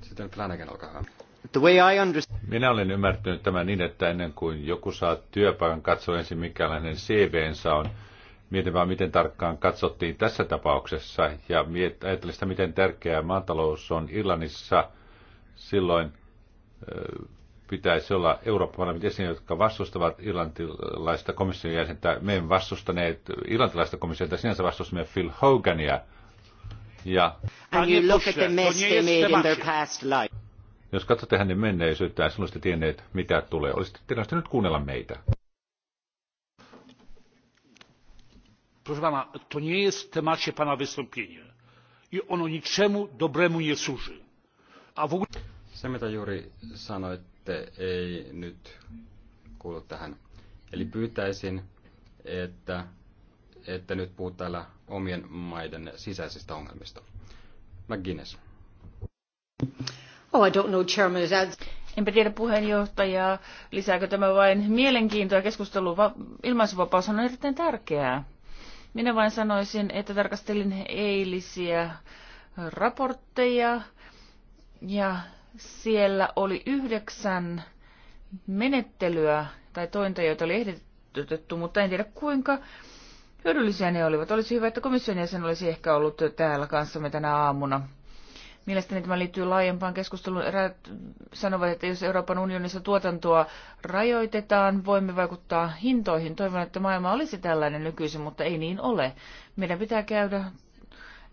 Sitten Flanagan, olkaa Minä olen ymmärtänyt tämän niin, että ennen kuin joku saa työpaikan, katsoa ensin cv CVnsä on. Mietin vaan, miten tarkkaan katsottiin tässä tapauksessa ja ajattelin sitä, miten tärkeää maatalous on Irlannissa. Silloin pitäisi olla Euroopan parlamentin jotka vastustavat irlantilaista komission jäsentä. Me emme vastustaneet irlantilaista komission jäsentä, sinänsä vastustamme Phil Hogania. Ja jos katsotte hänen menneisyyttään, silloin olisitte tienneet, mitä tulee. Olisitte tienneet kuunnella meitä. proszę pana to nie jest w temacie pana wystąpienia i ono niczemu dobremu nie służy. A w ogóle... Se, mitä juuri sanoitte, ei nyt kuulu tähän. Eli pyytäisin, että ette nyt puhu täällä omien maiden sisäisistä ongelmista. McGuinness. Oh, I don't know, Chairman. Enpä tiedä puheenjohtajaa. Lisääkö tämä vain mielenkiintoa keskustelua. Va- ilmaisuvapaus on erittäin tärkeää. Minä vain sanoisin, että tarkastelin eilisiä raportteja ja siellä oli yhdeksän menettelyä tai tointa, joita oli ehdotettu, mutta en tiedä kuinka hyödyllisiä ne olivat. Olisi hyvä, että komission jäsen olisi ehkä ollut täällä kanssamme tänä aamuna. Mielestäni tämä liittyy laajempaan keskusteluun. Eräät sanovat, että jos Euroopan unionissa tuotantoa rajoitetaan, voimme vaikuttaa hintoihin. Toivon, että maailma olisi tällainen nykyisin, mutta ei niin ole. Meidän pitää käydä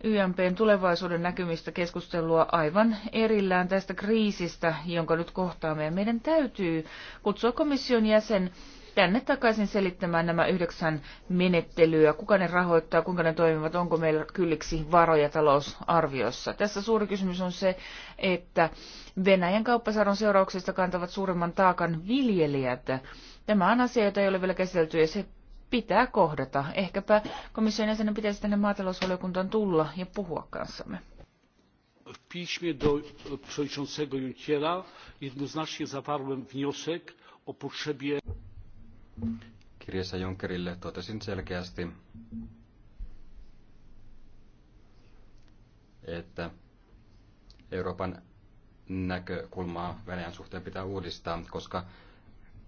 YMPn tulevaisuuden näkymistä keskustelua aivan erillään tästä kriisistä, jonka nyt kohtaamme. Meidän täytyy kutsua komission jäsen tänne takaisin selittämään nämä yhdeksän menettelyä, kuka ne rahoittaa, kuinka ne toimivat, onko meillä kylliksi varoja talousarviossa. Tässä suuri kysymys on se, että Venäjän kauppasaron seurauksista kantavat suuremman taakan viljelijät. Tämä on asia, jota ei ole vielä käsitelty ja se pitää kohdata. Ehkäpä komission jäsenen pitäisi tänne maatalousvaliokuntaan tulla ja puhua kanssamme. W piśmie do przewodniczącego Junckera jednoznacznie zawarłem wniosek o potrzebie Kirjassa Junckerille totesin selkeästi, että Euroopan näkökulmaa Venäjän suhteen pitää uudistaa, koska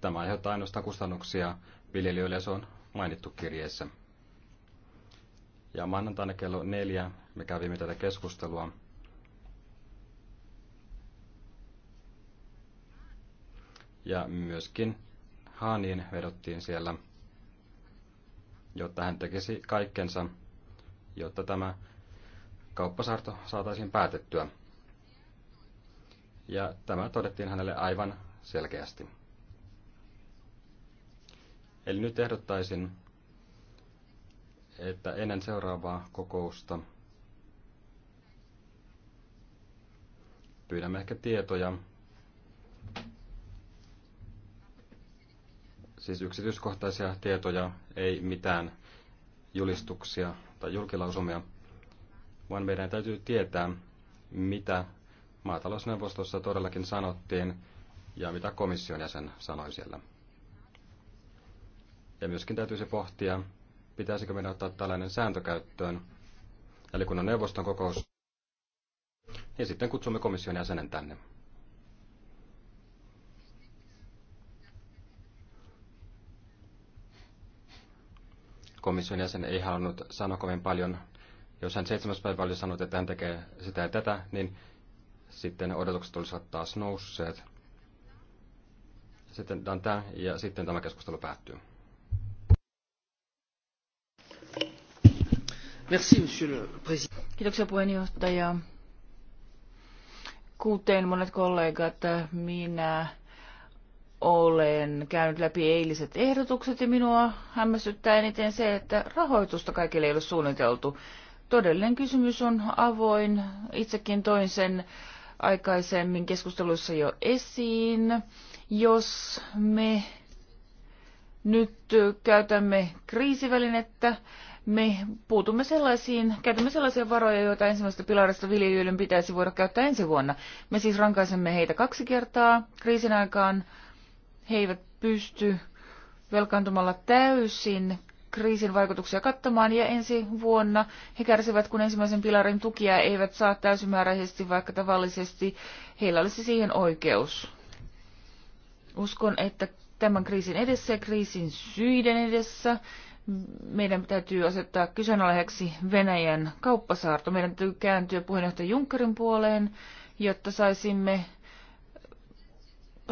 tämä aiheuttaa ainoastaan kustannuksia viljelijöille ja se on mainittu kirjeessä. Ja maanantaina kello neljä me kävimme tätä keskustelua. Ja myöskin Haaniin vedottiin siellä, jotta hän tekisi kaikkensa, jotta tämä kauppasaarto saataisiin päätettyä. Ja tämä todettiin hänelle aivan selkeästi. Eli nyt ehdottaisin, että ennen seuraavaa kokousta pyydämme ehkä tietoja siis yksityiskohtaisia tietoja, ei mitään julistuksia tai julkilausumia, vaan meidän täytyy tietää, mitä maatalousneuvostossa todellakin sanottiin ja mitä komission jäsen sanoi siellä. Ja myöskin täytyisi pohtia, pitäisikö meidän ottaa tällainen sääntö käyttöön, eli kun on neuvoston kokous, niin sitten kutsumme komission jäsenen tänne. komission jäsen ei halunnut sanoa kovin paljon. Jos hän seitsemäs päivä oli sanonut, että hän tekee sitä ja tätä, niin sitten odotukset olisivat taas nousseet. Sitten Dantin ja sitten tämä keskustelu päättyy. Merci, monsieur le président. Kiitoksia puheenjohtaja. Kuten monet kollegat, minä olen käynyt läpi eiliset ehdotukset ja minua hämmästyttää eniten se, että rahoitusta kaikille ei ole suunniteltu. Todellinen kysymys on avoin. Itsekin toin sen aikaisemmin keskusteluissa jo esiin. Jos me nyt käytämme kriisivälinettä, me puutumme sellaisiin, käytämme sellaisia varoja, joita ensimmäisestä pilarista viljelijöiden pitäisi voida käyttää ensi vuonna. Me siis rankaisemme heitä kaksi kertaa kriisin aikaan he eivät pysty velkaantumalla täysin kriisin vaikutuksia kattamaan ja ensi vuonna he kärsivät, kun ensimmäisen pilarin tukia eivät saa täysimääräisesti, vaikka tavallisesti heillä olisi siihen oikeus. Uskon, että tämän kriisin edessä ja kriisin syiden edessä meidän täytyy asettaa kyseenalaiseksi Venäjän kauppasaarto. Meidän täytyy kääntyä puheenjohtaja Junckerin puoleen, jotta saisimme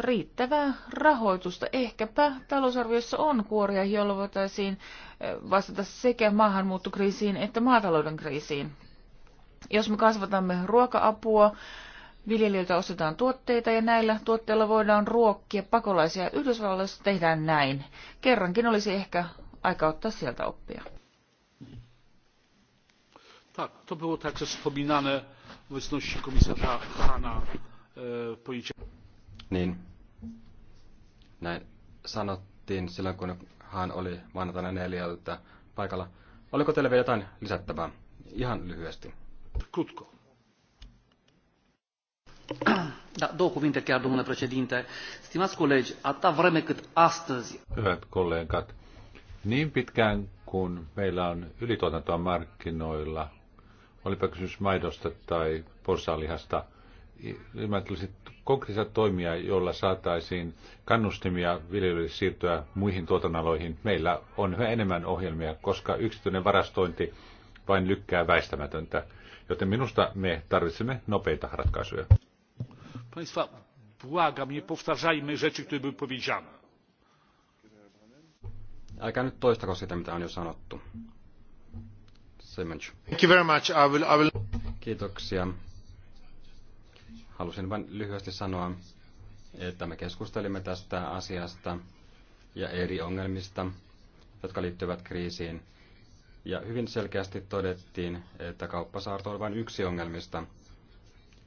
riittävää rahoitusta. Ehkäpä talousarviossa on kuoria, jolla voitaisiin eh, vastata sekä maahanmuuttokriisiin että maatalouden kriisiin. Jos me kasvatamme ruoka-apua, viljelijöiltä ostetaan tuotteita ja näillä tuotteilla voidaan ruokkia pakolaisia. Yhdysvalloissa tehdään näin. Kerrankin olisi ehkä aika ottaa sieltä oppia. Tak, to było także wspominane w obecności komisarza Hanna e, w poniedziałek. Niin, näin sanottiin silloin, kun hän oli maanantaina neljältä paikalla. Oliko teille vielä jotain lisättävää? Ihan lyhyesti. Kutko. Da, două cuvinte chiar, domnule președinte. Stimați colegi, atâta vreme cât astăzi... Hyvät kollegat, niin pitkään kuin meillä on ylituotantoa markkinoilla, olipa kysymys maidosta tai porsalihasta, ilmeisesti konkreettisia toimia, joilla saataisiin kannustimia viljelijöille siirtyä muihin tuotannaloihin. Meillä on yhä enemmän ohjelmia, koska yksityinen varastointi vain lykkää väistämätöntä. Joten minusta me tarvitsemme nopeita ratkaisuja. Państwa, błagam, nie powtarzajmy rzeczy, które były powiedziane. Älkää nyt toistako sitä, mitä on jo sanottu. Thank you very much. I will, I will... Kiitoksia. Halusin vain lyhyesti sanoa, että me keskustelimme tästä asiasta ja eri ongelmista, jotka liittyvät kriisiin. Ja hyvin selkeästi todettiin, että kauppasaarto on vain yksi ongelmista.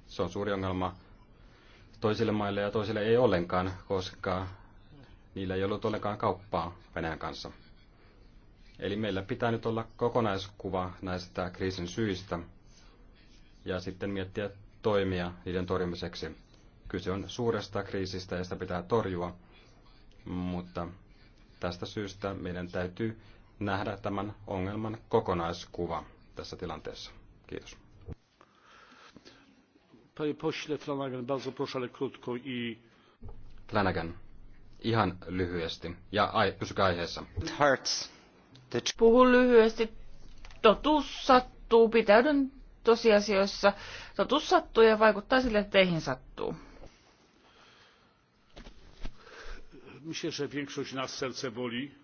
Se on suuri ongelma toisille maille ja toisille ei ollenkaan, koska niillä ei ollut ollenkaan kauppaa Venäjän kanssa. Eli meillä pitää nyt olla kokonaiskuva näistä kriisin syistä ja sitten miettiä toimia niiden torjumiseksi. Kyse on suuresta kriisistä ja sitä pitää torjua, mutta tästä syystä meidän täytyy nähdä tämän ongelman kokonaiskuva tässä tilanteessa. Kiitos. Panie pośle Flanagan, bardzo proszę, ale krótko i... Flanagan, ihan lyhyesti. Ja ai, pysykää aiheessa. It hurts. Puhun lyhyesti. Totuus sattuu. Pitäydyn tosiasioissa totuus sattuu ja vaikuttaa sille, että teihin sattuu. Myślę, że większość nas serce boli.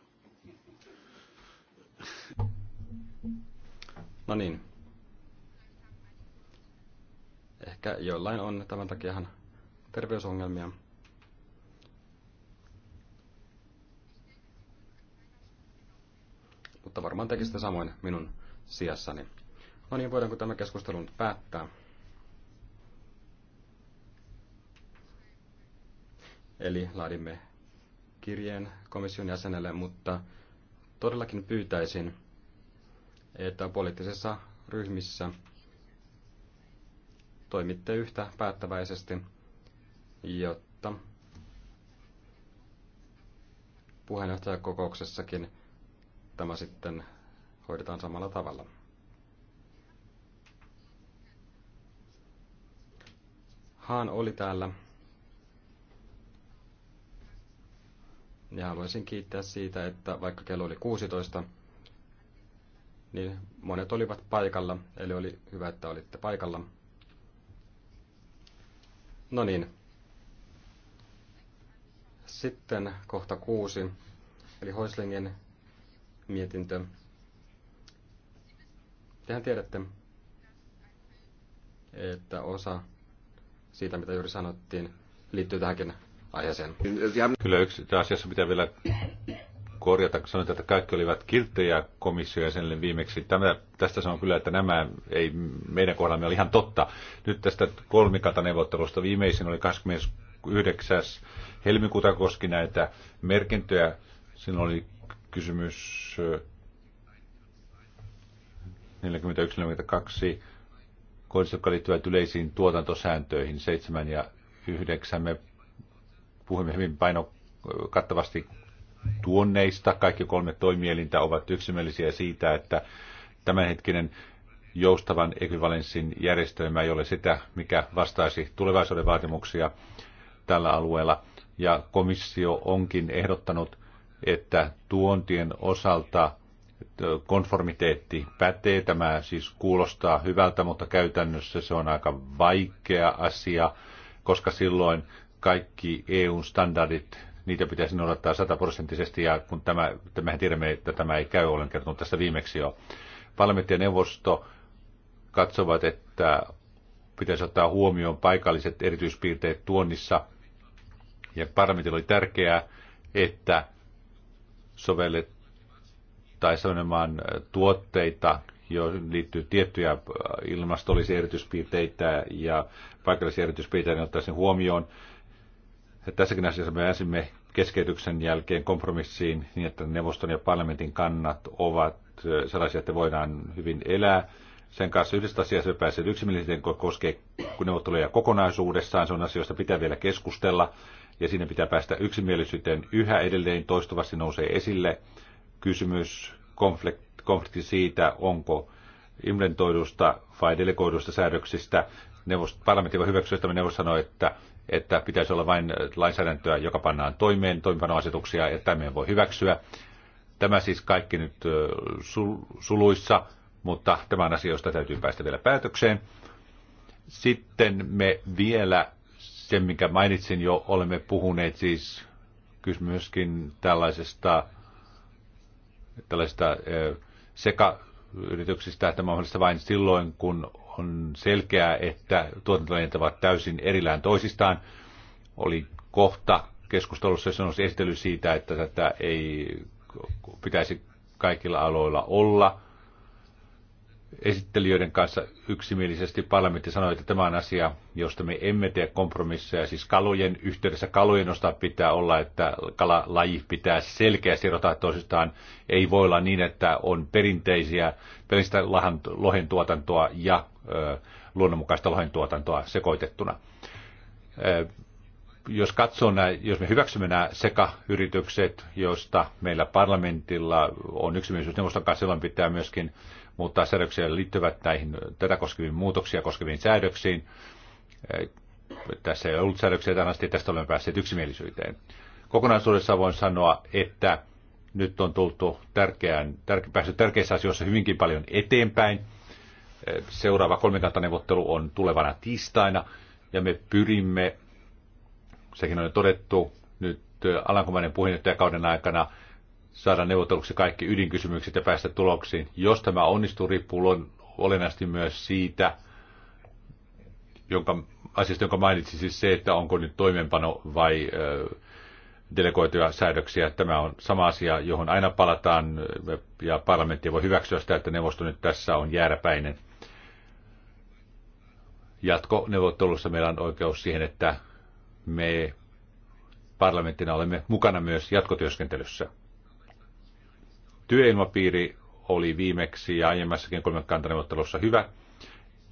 No niin. Ehkä jollain on tämän takiahan terveysongelmia. Mutta varmaan tekisitte samoin minun sijassani. Niin No niin, voidaanko tämä keskustelu nyt päättää? Eli laadimme kirjeen komission jäsenelle, mutta todellakin pyytäisin, että poliittisissa ryhmissä toimitte yhtä päättäväisesti, jotta puheenjohtajakokouksessakin tämä sitten hoidetaan samalla tavalla. Haan oli täällä. Ja haluaisin kiittää siitä, että vaikka kello oli 16, niin monet olivat paikalla, eli oli hyvä, että olitte paikalla. No niin. Sitten kohta kuusi, eli Hoislingen mietintö. Tehän tiedätte, että osa siitä, mitä juuri sanottiin, liittyy tähänkin aiheeseen. Kyllä yksi asiassa pitää vielä korjata. Sanoit, että kaikki olivat kilttejä ja sen viimeksi. Tämä, tästä sanon kyllä, että nämä ei meidän kohdallamme ole ihan totta. Nyt tästä kolmikantaneuvottelusta viimeisin oli 29. helmikuuta koski näitä merkintöjä. Siinä oli kysymys 41-42 kohdista, jotka liittyvät yleisiin tuotantosääntöihin, seitsemän ja yhdeksän. Me puhumme hyvin paino kattavasti tuonneista. Kaikki kolme toimielintä ovat yksimielisiä siitä, että tämänhetkinen joustavan ekvivalenssin järjestelmä ei ole sitä, mikä vastaisi tulevaisuuden vaatimuksia tällä alueella. Ja komissio onkin ehdottanut, että tuontien osalta konformiteetti pätee. Tämä siis kuulostaa hyvältä, mutta käytännössä se on aika vaikea asia, koska silloin kaikki EU-standardit, niitä pitäisi noudattaa sataprosenttisesti, ja kun tämä, mehän tiedämme, että tämä ei käy, olen kertonut tässä viimeksi jo. Parlamentti ja neuvosto katsovat, että pitäisi ottaa huomioon paikalliset erityispiirteet tuonnissa, ja parlamentilla oli tärkeää, että sovellet tai sellainen tuotteita, joihin liittyy tiettyjä ilmastollisia erityispiirteitä ja paikallisia erityispiirteitä, niin ottaisin huomioon. Tässäkin asiassa me pääsimme keskeytyksen jälkeen kompromissiin niin, että neuvoston ja parlamentin kannat ovat sellaisia, että voidaan hyvin elää. Sen kanssa yhdestä asiasta pääsee yksimielisyyteen, kun koskee neuvotteluja kokonaisuudessaan. Se on asia, josta pitää vielä keskustella ja siinä pitää päästä yksimielisyyteen. Yhä edelleen toistuvasti nousee esille kysymys, konflikti, konflikti siitä, onko implementoidusta vai delegoidusta säädöksistä. Neuvost, parlamentti voi hyväksyä, että neuvosto sanoi, että, että pitäisi olla vain lainsäädäntöä, joka pannaan toimeen, toimipanoasetuksia, ja tämä voi hyväksyä. Tämä siis kaikki nyt suluissa, mutta tämä asioista asia, täytyy päästä vielä päätökseen. Sitten me vielä sen, minkä mainitsin jo, olemme puhuneet siis myöskin tällaisesta tällaisista sekayrityksistä. että mahdollista vain silloin, kun on selkeää, että tuotantolajit ovat täysin erillään toisistaan. Oli kohta keskustelussa, jossa on esitellyt siitä, että tätä ei pitäisi kaikilla aloilla olla – esittelijöiden kanssa yksimielisesti parlamentti sanoi, että tämä on asia, josta me emme tee kompromisseja. Siis kalojen yhteydessä kalojen osalta pitää olla, että kalalaji pitää selkeästi erottaa toisistaan. Ei voi olla niin, että on perinteisiä pelistä lohen tuotantoa ja ö, luonnonmukaista lohen tuotantoa sekoitettuna. Ö, jos katsoo nämä, jos me hyväksymme nämä sekayritykset, joista meillä parlamentilla on yksimielisyys neuvoston kanssa, silloin pitää myöskin muuttaa säädöksiä liittyvät näihin tätä koskeviin muutoksia koskeviin säädöksiin. Tässä ei ollut säädöksiä tähän asti, tästä olemme päässeet yksimielisyyteen. Kokonaisuudessaan voin sanoa, että nyt on tultu tärkeään, tärke, päässyt tärkeissä asioissa hyvinkin paljon eteenpäin. Seuraava kolmikantaneuvottelu on tulevana tiistaina ja me pyrimme, sekin on jo todettu, nyt Alankomainen puheenjohtajakauden aikana – saada neuvotteluksi kaikki ydinkysymykset ja päästä tuloksiin. Jos tämä onnistuu, riippuu olennaisesti myös siitä, jonka, asiasta, jonka mainitsin, siis se, että onko nyt toimenpano vai ö, delegoituja säädöksiä. Tämä on sama asia, johon aina palataan, ja parlamentti voi hyväksyä sitä, että neuvosto nyt tässä on jääräpäinen. Jatkoneuvottelussa meillä on oikeus siihen, että me parlamenttina olemme mukana myös jatkotyöskentelyssä. Työilmapiiri oli viimeksi ja aiemmassakin kolmikantaneuvottelussa hyvä,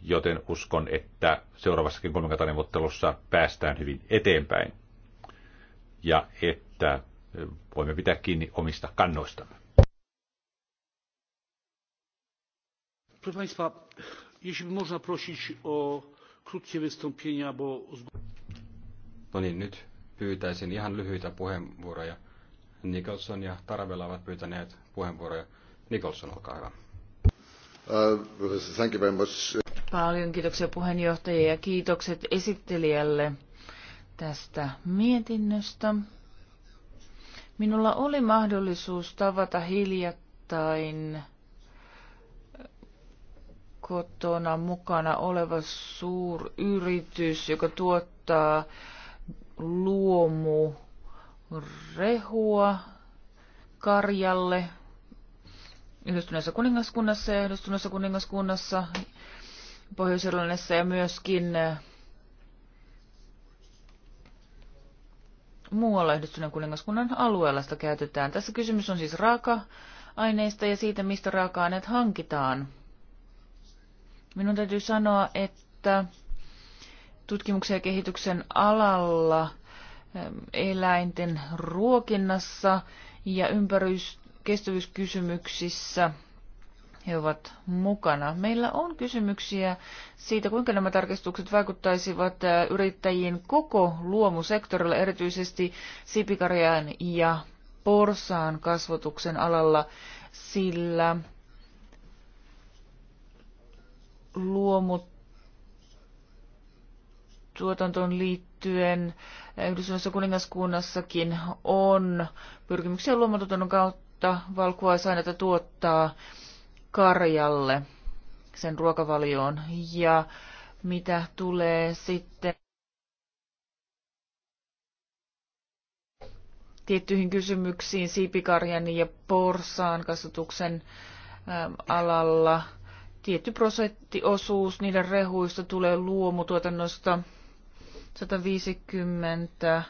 joten uskon, että seuraavassakin kolmikantaneuvottelussa päästään hyvin eteenpäin ja että voimme pitää kiinni omista kannoistamme. jeśli można prosić o krótkie wystąpienia, bo... No niin, nyt pyytäisin ihan lyhyitä puheenvuoroja, Nicholson ja Tarvela ovat pyytäneet puheenvuoroja. Nicholson, olkaa hyvä. Uh, thank you very much. Paljon kiitoksia puheenjohtaja ja kiitokset esittelijälle tästä mietinnöstä. Minulla oli mahdollisuus tavata hiljattain kotona mukana oleva suuryritys, joka tuottaa luomu rehua karjalle yhdistyneessä kuningaskunnassa ja yhdistyneessä kuningaskunnassa, pohjois ja myöskin eh, muualla yhdistyneen kuningaskunnan alueella sitä käytetään. Tässä kysymys on siis raaka-aineista ja siitä, mistä raaka-aineet hankitaan. Minun täytyy sanoa, että tutkimuksen ja kehityksen alalla – eläinten ruokinnassa ja kestävyyskysymyksissä he ovat mukana. Meillä on kysymyksiä siitä, kuinka nämä tarkistukset vaikuttaisivat yrittäjiin koko luomusektorilla, erityisesti sipikarjaan ja porsaan kasvatuksen alalla, sillä luomutuotantoon liittyy liittyen eh, Yhdysvallassa kuningaskunnassakin on pyrkimyksiä luomatuotannon kautta valkuaisaineita tuottaa karjalle sen ruokavalioon. Ja mitä tulee sitten tiettyihin kysymyksiin siipikarjan ja porsaan kasvatuksen ähm, alalla. Tietty prosenttiosuus niiden rehuista tulee luomutuotannosta 150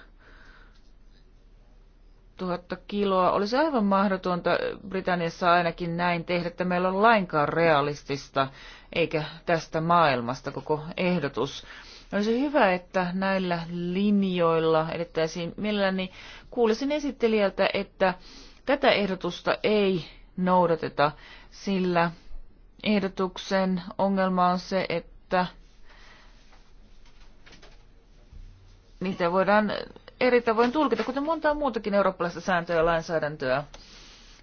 000 kiloa. Olisi aivan mahdotonta Britanniassa ainakin näin tehdä, että meillä on lainkaan realistista, eikä tästä maailmasta koko ehdotus. Olisi hyvä, että näillä linjoilla edettäisiin mielelläni. Kuulisin esittelijältä, että tätä ehdotusta ei noudateta, sillä ehdotuksen ongelma on se, että niitä voidaan eri tavoin tulkita, kuten montaa muutakin eurooppalaista sääntöä ja lainsäädäntöä.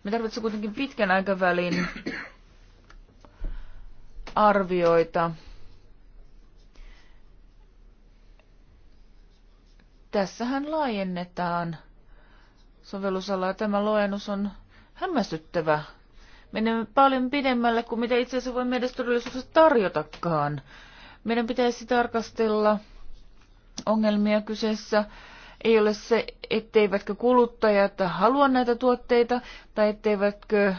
Me tarvitsemme kuitenkin pitkän aikavälin arvioita. Tässähän laajennetaan sovellusalaa. Tämä loennus on hämmästyttävä. Menemme paljon pidemmälle kuin mitä itse asiassa voimme edes todellisuudessa tarjotakaan. Meidän pitäisi tarkastella ongelmia kyseessä. Ei ole se, etteivätkö kuluttajat halua näitä tuotteita tai etteivätkö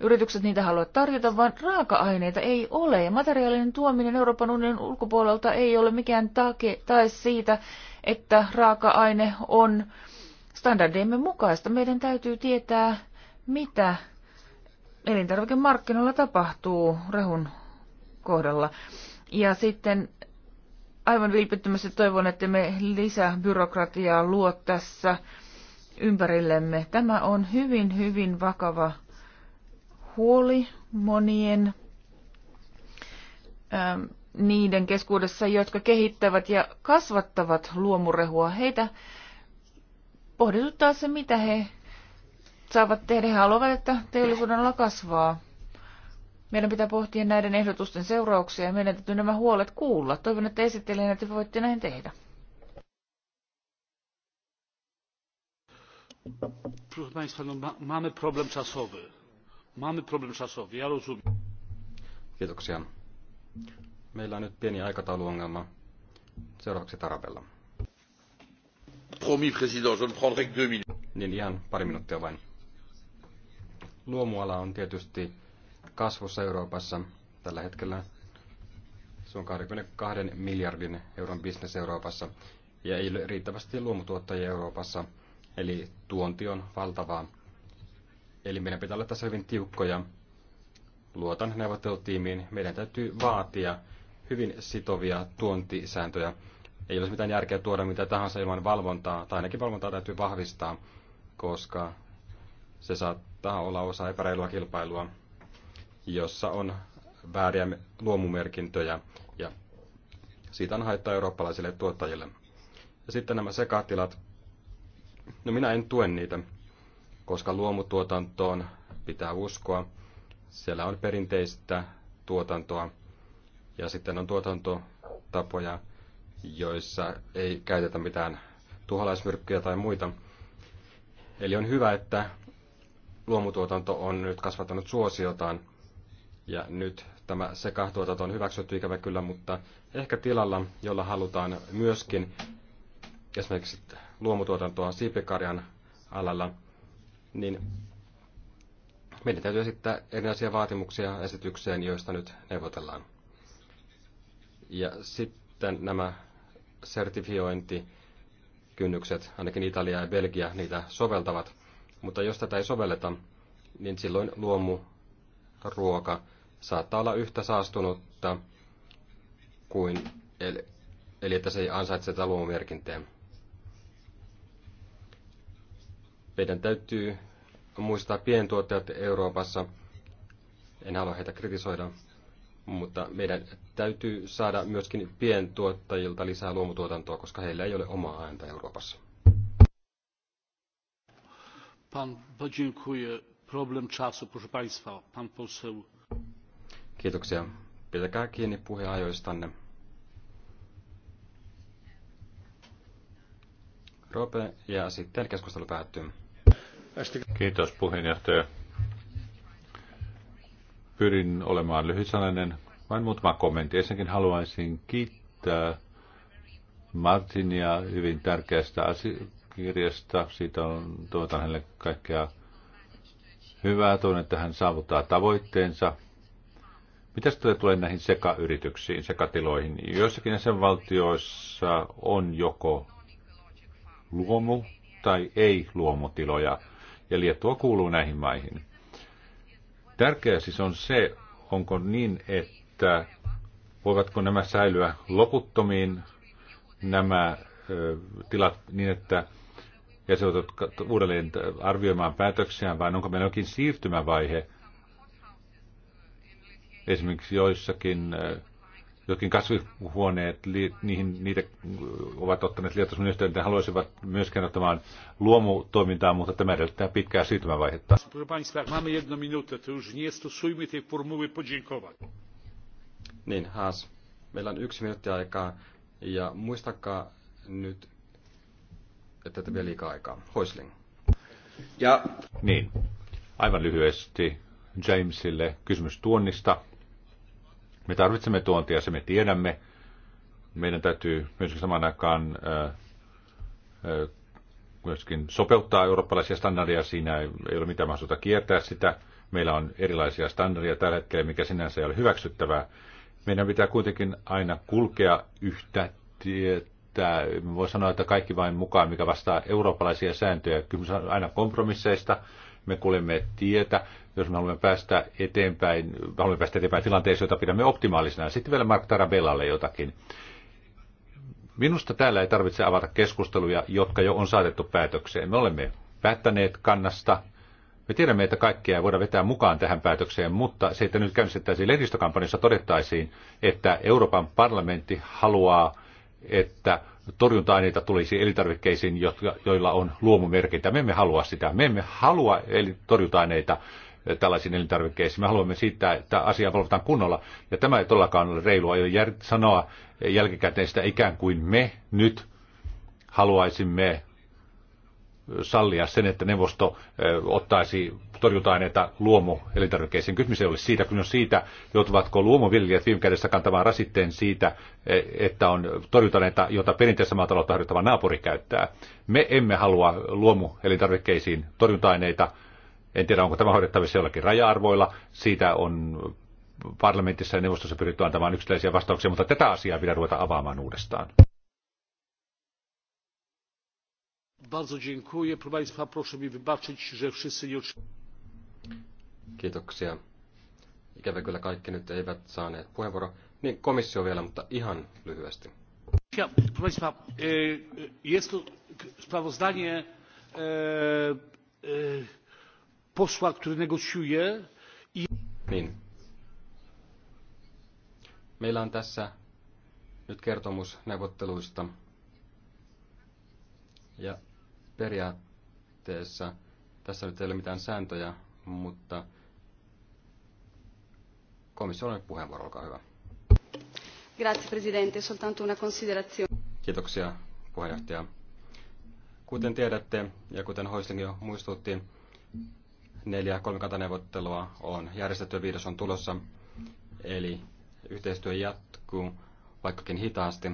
yritykset niitä halua tarjota, vaan raaka-aineita ei ole. Ja materiaalinen tuominen Euroopan unionin ulkopuolelta ei ole mikään take, tae siitä, että raaka-aine on standardiemme mukaista. Meidän täytyy tietää, mitä elintarvikemarkkinoilla tapahtuu rehun kohdalla. Ja sitten aivan vilpittömästi toivon, että me lisää byrokratiaa luo tässä ympärillemme. Tämä on hyvin, hyvin vakava huoli monien ähm, niiden keskuudessa, jotka kehittävät ja kasvattavat luomurehua. Heitä pohdituttaa se, mitä he saavat tehdä. He haluavat, että teollisuuden kasvaa. Meidän pitää pohtia näiden ehdotusten seurauksia ja meidän täytyy nämä huolet kuulla. Toivon, että esittelijänä te voitte näin tehdä. Proszę Państwa, no ma, mamy problem czasowy. Mamy problem czasowy, ja rozumiem. Kiitoksia. Meillä on nyt pieni aikatauluongelma. Seuraavaksi Tarabella. Promis, président, je ne prendrai que deux minutes. Niin ihan pari minuuttia vain. Luomuala on tietysti kasvussa Euroopassa. Tällä hetkellä se on 22 miljardin euron bisnes Euroopassa ja ei ole riittävästi luomutuottajia Euroopassa, eli tuonti on valtavaa. Eli meidän pitää olla tässä hyvin tiukkoja. Luotan neuvottelutiimiin. Meidän täytyy vaatia hyvin sitovia tuontisääntöjä. Ei ole mitään järkeä tuoda mitä tahansa ilman valvontaa, tai ainakin valvontaa täytyy vahvistaa, koska se saattaa olla osa epäreilua kilpailua jossa on vääriä luomumerkintöjä ja siitä on haittaa eurooppalaisille tuottajille. Ja sitten nämä sekatilat. No minä en tue niitä, koska luomutuotantoon pitää uskoa. Siellä on perinteistä tuotantoa ja sitten on tuotantotapoja, joissa ei käytetä mitään tuholaismyrkkyjä tai muita. Eli on hyvä, että luomutuotanto on nyt kasvattanut suosiotaan – ja nyt tämä sekahtuotanto on hyväksytty ikävä kyllä, mutta ehkä tilalla, jolla halutaan myöskin esimerkiksi luomutuotantoa siipikarjan alalla, niin meidän täytyy esittää erilaisia vaatimuksia esitykseen, joista nyt neuvotellaan. Ja sitten nämä sertifiointikynnykset, ainakin Italia ja Belgia niitä soveltavat, mutta jos tätä ei sovelleta, niin silloin luomu ruoka saattaa olla yhtä saastunutta kuin, eli, eli että se ei ansaitse tätä Meidän täytyy muistaa pientuottajat Euroopassa. En halua heitä kritisoida, mutta meidän täytyy saada myöskin pientuottajilta lisää luomutuotantoa, koska heillä ei ole omaa ääntä Euroopassa. Pan podziękuję. Problem czasu, proszę Państwa. Pan poseł Kiitoksia. Pitäkää kiinni puheajoistanne. Rope ja sitten keskustelu päättyy. Kiitos puheenjohtaja. Pyrin olemaan lyhytsanainen. Vain muutama kommentti. Ensinnäkin haluaisin kiittää Martinia hyvin tärkeästä asiakirjasta. Siitä on, tuotan hänelle kaikkea hyvää. Toivon, että hän saavuttaa tavoitteensa. Mitä sitten tulee näihin sekayrityksiin, sekatiloihin? Joissakin jäsenvaltioissa on joko luomu- tai ei-luomutiloja, ja Liettua kuuluu näihin maihin. Tärkeää siis on se, onko niin, että voivatko nämä säilyä loputtomiin, nämä ö, tilat niin, että jäsenvaltiot uudelleen arvioimaan päätöksiään, vai onko meillä jokin siirtymävaihe – Esimerkiksi joissakin eh, jokin kasvihuoneet, niihin, niitä ovat ottaneet yhteyden, että haluaisivat myöskin ottamaan luomutoimintaa, mutta tämä edellyttää pitkää siirtymävaihetta. Niin, Haas, meillä on yksi minuutti aikaa ja muistakaa nyt, että te vielä liikaa aikaa. Hoisling. Ja... Niin, aivan lyhyesti Jamesille kysymys tuonnista. Me tarvitsemme tuontia, se me tiedämme. Meidän täytyy myöskin saman aikaan myöskin sopeuttaa eurooppalaisia standardeja. Siinä ei ole mitään mahdollisuutta kiertää sitä. Meillä on erilaisia standardeja tällä hetkellä, mikä sinänsä ei ole hyväksyttävää. Meidän pitää kuitenkin aina kulkea yhtä tietä. Voi sanoa, että kaikki vain mukaan, mikä vastaa eurooppalaisia sääntöjä. Kysymys on aina kompromisseista me kuljemme tietä, jos me haluamme päästä eteenpäin, me haluamme päästä eteenpäin tilanteeseen, jota pidämme optimaalisena. Sitten vielä Mark Tarabellalle jotakin. Minusta täällä ei tarvitse avata keskusteluja, jotka jo on saatettu päätökseen. Me olemme päättäneet kannasta. Me tiedämme, että kaikkea ei voida vetää mukaan tähän päätökseen, mutta se, että nyt käynnistettäisiin lehdistökampanjassa, todettaisiin, että Euroopan parlamentti haluaa, että torjunta-aineita tulisi elintarvikkeisiin, jotka, joilla on luomumerkintä. Me emme halua sitä. Me emme halua torjunta-aineita eh, tällaisiin elintarvikkeisiin. Me haluamme siitä, että asiaa valvotaan kunnolla. Ja tämä ei todellakaan ole reilua. Ei ole sanoa jälkikäteen sitä ikään kuin me nyt haluaisimme sallia sen, että neuvosto eh, ottaisi torjutaan, että luomu elintarvikkeisiin. Kysymys ei ole siitä, kun on siitä, joutuvatko luomuviljelijät viime kädessä kantamaan rasitteen siitä, e, että on torjutaneita, aineita joita perinteisessä maataloutta harjoittava naapuri käyttää. Me emme halua luomu elintarvikkeisiin torjunta-aineita. En tiedä, onko tämä hoidettavissa jollakin raja-arvoilla. Siitä on parlamentissa ja neuvostossa pyritty antamaan yksittäisiä vastauksia, mutta tätä asiaa pitää ruveta avaamaan uudestaan. bardzo dziękuję. proszę państwa proszę mi wybaczyć że wszyscy nie otrzymali. Kiitoksia. Ikävä kyllä kaikki nyt eivät saaneet puheenvuoroa. Niin, komissio vielä, mutta ihan lyhyesti. Proszę e, e, jest to sprawozdanie e, posła, który negocjuje. Niin. Meillä on tässä nyt kertomus neuvotteluista. Ja periaatteessa tässä nyt ei ole mitään sääntöjä mutta komission puheenvuoro, olkaa hyvä. Grazie Presidente, soltanto una considerazione. Kiitoksia puheenjohtaja. Kuten tiedätte ja kuten Hoisling jo muistutti, neljä kolmikantaneuvottelua on järjestetty ja viides on tulossa. Eli yhteistyö jatkuu, vaikkakin hitaasti.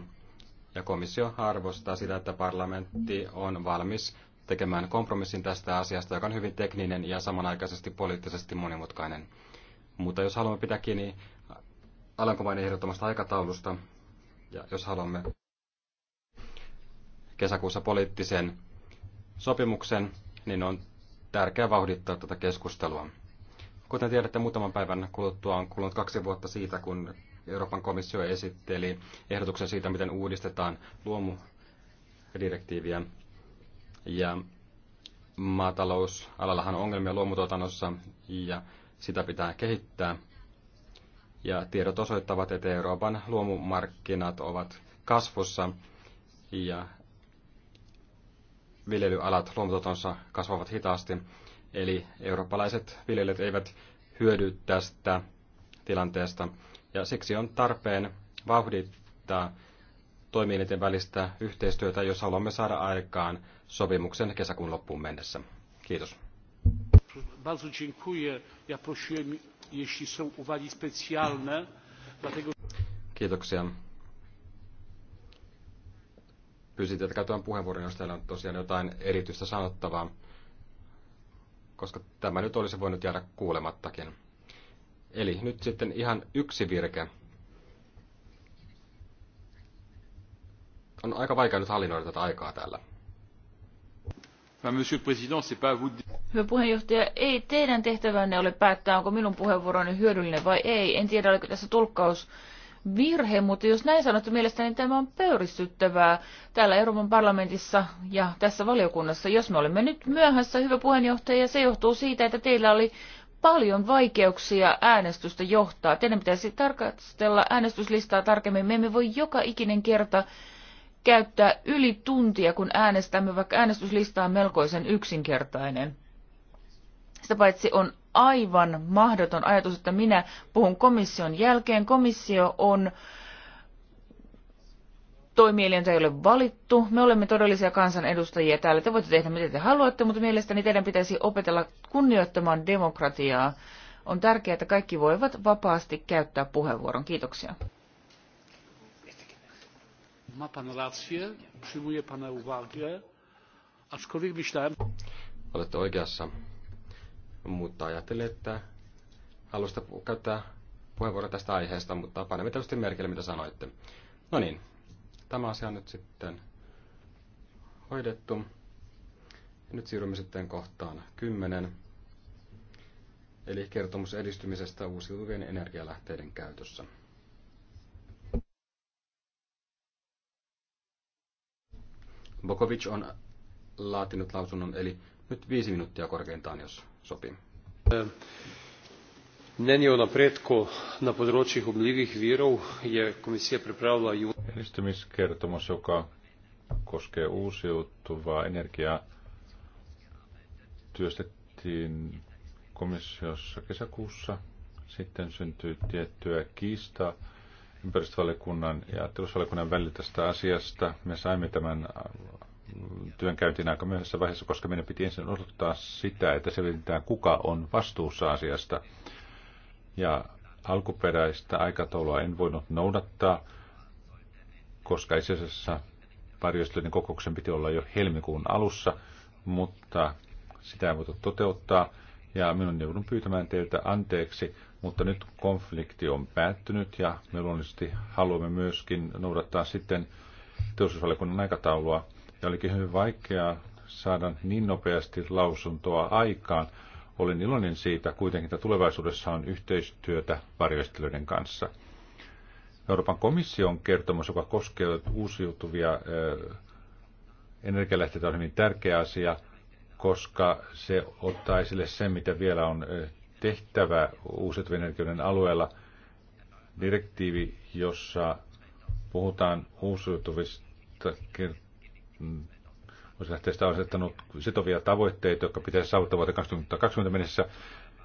Ja komissio arvostaa sitä, että parlamentti on valmis tekemään kompromissin tästä asiasta, joka on hyvin tekninen ja samanaikaisesti poliittisesti monimutkainen. Mutta jos haluamme pitää kiinni Alankomaiden ehdottomasta aikataulusta, ja jos haluamme kesäkuussa poliittisen sopimuksen, niin on tärkeää vauhdittaa tätä keskustelua. Kuten tiedätte, muutaman päivän kuluttua on kulunut kaksi vuotta siitä, kun Euroopan komissio esitteli ehdotuksen siitä, miten uudistetaan luomudirektiiviä. Ja maatalousalallahan on ongelmia luomutuotannossa ja sitä pitää kehittää. Ja tiedot osoittavat, että Euroopan luomumarkkinat ovat kasvussa ja viljelyalat luomutuotannossa kasvavat hitaasti. Eli eurooppalaiset viljelijät eivät hyödy tästä tilanteesta. Ja siksi on tarpeen vauhdittaa toimielinten välistä yhteistyötä, jos haluamme saada aikaan sopimuksen kesäkuun loppuun mennessä. Kiitos. Kiitoksia. Pyysin teitä käyttämään puheenvuoron, jos teillä on tosiaan jotain erityistä sanottavaa, koska tämä nyt olisi voinut jäädä kuulemattakin. Eli nyt sitten ihan yksi virke on aika vaikea nyt hallinnoida tätä aikaa täällä. Hyvä puheenjohtaja, ei teidän tehtävänne ole päättää, onko minun puheenvuoroni hyödyllinen vai ei. En tiedä, oliko tässä tulkkaus virhe, mutta jos näin sanottu mielestäni niin tämä on pöyristyttävää täällä Euroopan parlamentissa ja tässä valiokunnassa. Jos me olemme nyt myöhässä, hyvä puheenjohtaja, ja se johtuu siitä, että teillä oli paljon vaikeuksia äänestystä johtaa. Teidän pitäisi tarkastella äänestyslistaa tarkemmin. Me emme voi joka ikinen kerta käyttää yli tuntia, kun äänestämme, vaikka äänestyslista on melkoisen yksinkertainen. Sitä paitsi on aivan mahdoton ajatus, että minä puhun komission jälkeen. Komissio on toimielintä ei ole valittu. Me olemme todellisia kansanedustajia täällä. Te voitte tehdä mitä te haluatte, mutta mielestäni teidän pitäisi opetella kunnioittamaan demokratiaa. On tärkeää, että kaikki voivat vapaasti käyttää puheenvuoron. Kiitoksia. Ma pan rację, przyjmuję pana uwagę, aczkolwiek myślałem... Olette oikeassa, mutta ajattelin, että haluaisitte käyttää puheenvuoron tästä aiheesta, mutta panemme tietysti merkille, mitä sanoitte. No niin, tämä asia on nyt sitten hoidettu. Nyt siirrymme sitten kohtaan 10, eli kertomus edistymisestä uusiutuvien energialähteiden käytössä. Bokovic on laatinut lausunnon, eli nyt viisi minuuttia korkeintaan, jos sopii. Mnenje o napredku na področjih obnovljivih virov je komisija pripravila ju... Edistymiskertomus, joka koskee uusiutuvaa energiaa, työstettiin komissiossa kesäkuussa. Sitten syntyi tiettyä kiistaa ympäristövaliokunnan ja talousvaliokunnan välillä tästä asiasta. Me saimme tämän äh, työn käyntiin aika myöhässä vaiheessa, koska meidän piti ensin odottaa sitä, että selvitetään, kuka on vastuussa asiasta. Ja alkuperäistä aikataulua en voinut noudattaa, koska itse asiassa varjoistelijoiden kokouksen piti olla jo helmikuun alussa, mutta sitä ei voitu toteuttaa. Ja minun joudun pyytämään teiltä anteeksi, mutta nyt konflikti on päättynyt ja me luonnollisesti haluamme myöskin noudattaa sitten teollisuusvaliokunnan aikataulua. Ja olikin hyvin vaikeaa saada niin nopeasti lausuntoa aikaan. Olen iloinen siitä kuitenkin, että tulevaisuudessa on yhteistyötä varjoistelijoiden kanssa. Euroopan komission kertomus, joka koskee uusiutuvia eh, energialähteitä, on hyvin tärkeä asia, koska se ottaa esille sen, mitä vielä on eh, tehtävä uusiutuvien energioiden alueella direktiivi, jossa puhutaan uusiutuvista, lähteestä on asettanut sitovia tavoitteita, jotka pitäisi saavuttaa vuoteen 2020 mennessä.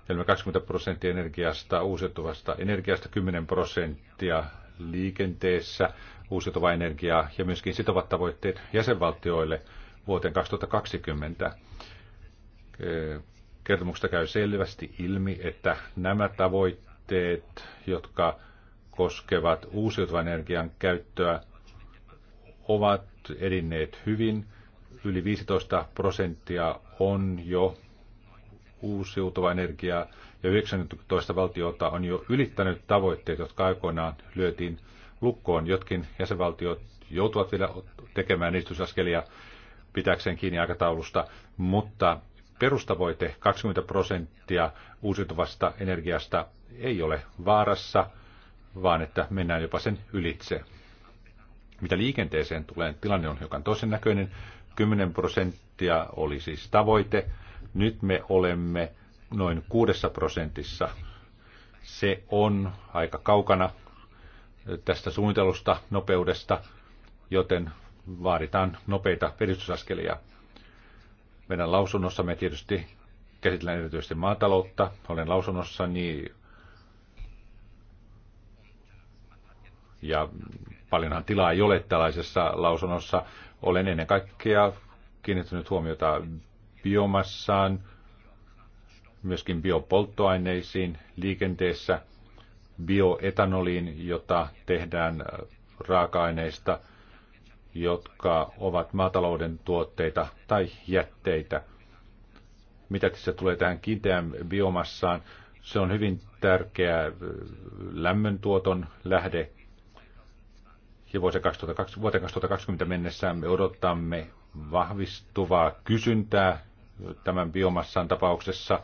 Eli 20 prosenttia energiasta, uusiutuvasta energiasta 10 prosenttia liikenteessä, uusiutuvaa energiaa ja myöskin sitovat tavoitteet jäsenvaltioille vuoteen 2020 kertomuksesta käy selvästi ilmi, että nämä tavoitteet, jotka koskevat uusiutuvan energian käyttöä, ovat edinneet hyvin. Yli 15 prosenttia on jo uusiutuva energia ja 19 valtiota on jo ylittänyt tavoitteet, jotka aikoinaan lyötiin lukkoon. Jotkin jäsenvaltiot joutuvat vielä tekemään edistysaskelia pitääkseen kiinni aikataulusta, mutta perustavoite 20 prosenttia uusiutuvasta energiasta ei ole vaarassa, vaan että mennään jopa sen ylitse. Mitä liikenteeseen tulee, tilanne on hiukan toisen näköinen. 10 prosenttia oli siis tavoite. Nyt me olemme noin 6 prosentissa. Se on aika kaukana tästä suunnitelusta nopeudesta, joten vaaditaan nopeita edistysaskelia. Meidän me tietysti käsitellään erityisesti maataloutta. Olen niin ja paljonhan tilaa ei ole tällaisessa lausunnossa. Olen ennen kaikkea kiinnittänyt huomiota biomassaan, myöskin biopolttoaineisiin liikenteessä, bioetanoliin, jota tehdään raaka-aineista – jotka ovat maatalouden tuotteita tai jätteitä. Mitä tässä tulee tähän kiinteään biomassaan? Se on hyvin tärkeä lämmöntuoton lähde. Ja vuoteen 2020 mennessä me odottamme vahvistuvaa kysyntää tämän biomassan tapauksessa.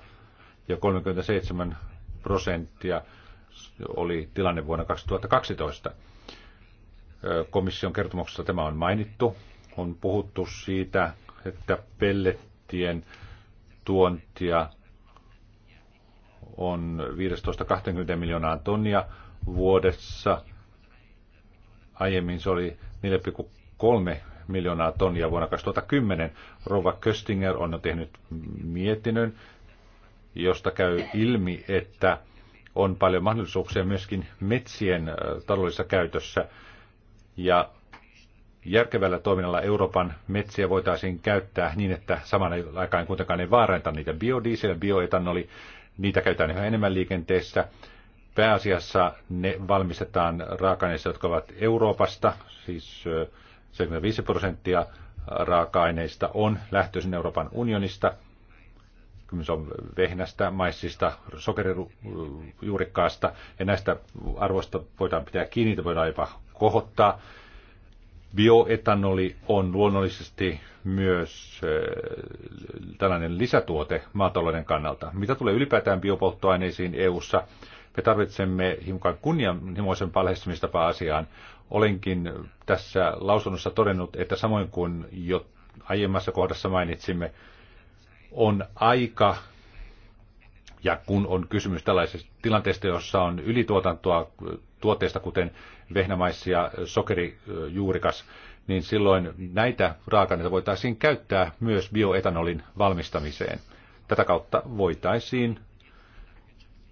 Ja 37 prosenttia oli tilanne vuonna 2012. Komission kertomuksessa tämä on mainittu. On puhuttu siitä, että pellettien tuontia on 15-20 miljoonaa tonnia vuodessa. Aiemmin se oli 4,3 miljoonaa tonnia vuonna 2010. Rova Köstinger on jo tehnyt mietinnön, josta käy ilmi, että on paljon mahdollisuuksia myöskin metsien taloudellisessa käytössä ja järkevällä toiminnalla Euroopan metsiä voitaisiin käyttää niin, että saman aikaan kuitenkaan ei vaaranta niitä biodiesel ja bioetanoli. Niitä käytetään yhä enemmän liikenteessä. Pääasiassa ne valmistetaan raaka aineissa jotka ovat Euroopasta, siis 75 prosenttia raaka-aineista on lähtöisin Euroopan unionista kysymys on vehnästä, maissista, sokerijuurikkaasta, ja näistä arvoista voidaan pitää kiinni, niitä voidaan jopa kohottaa. Bioetanoli on luonnollisesti myös eh, tällainen lisätuote maatalouden kannalta. Mitä tulee ylipäätään biopolttoaineisiin EU:ssa, me tarvitsemme hiukan kunnianhimoisen lähestymistapaa asiaan. Olenkin tässä lausunnossa todennut, että samoin kuin jo aiemmassa kohdassa mainitsimme, on aika, ja kun on kysymys tällaisesta tilanteesta, jossa on ylituotantoa tuotteista, kuten vehnämaissi ja sokerijuurikas, niin silloin näitä raaka-aineita voitaisiin käyttää myös bioetanolin valmistamiseen. Tätä kautta voitaisiin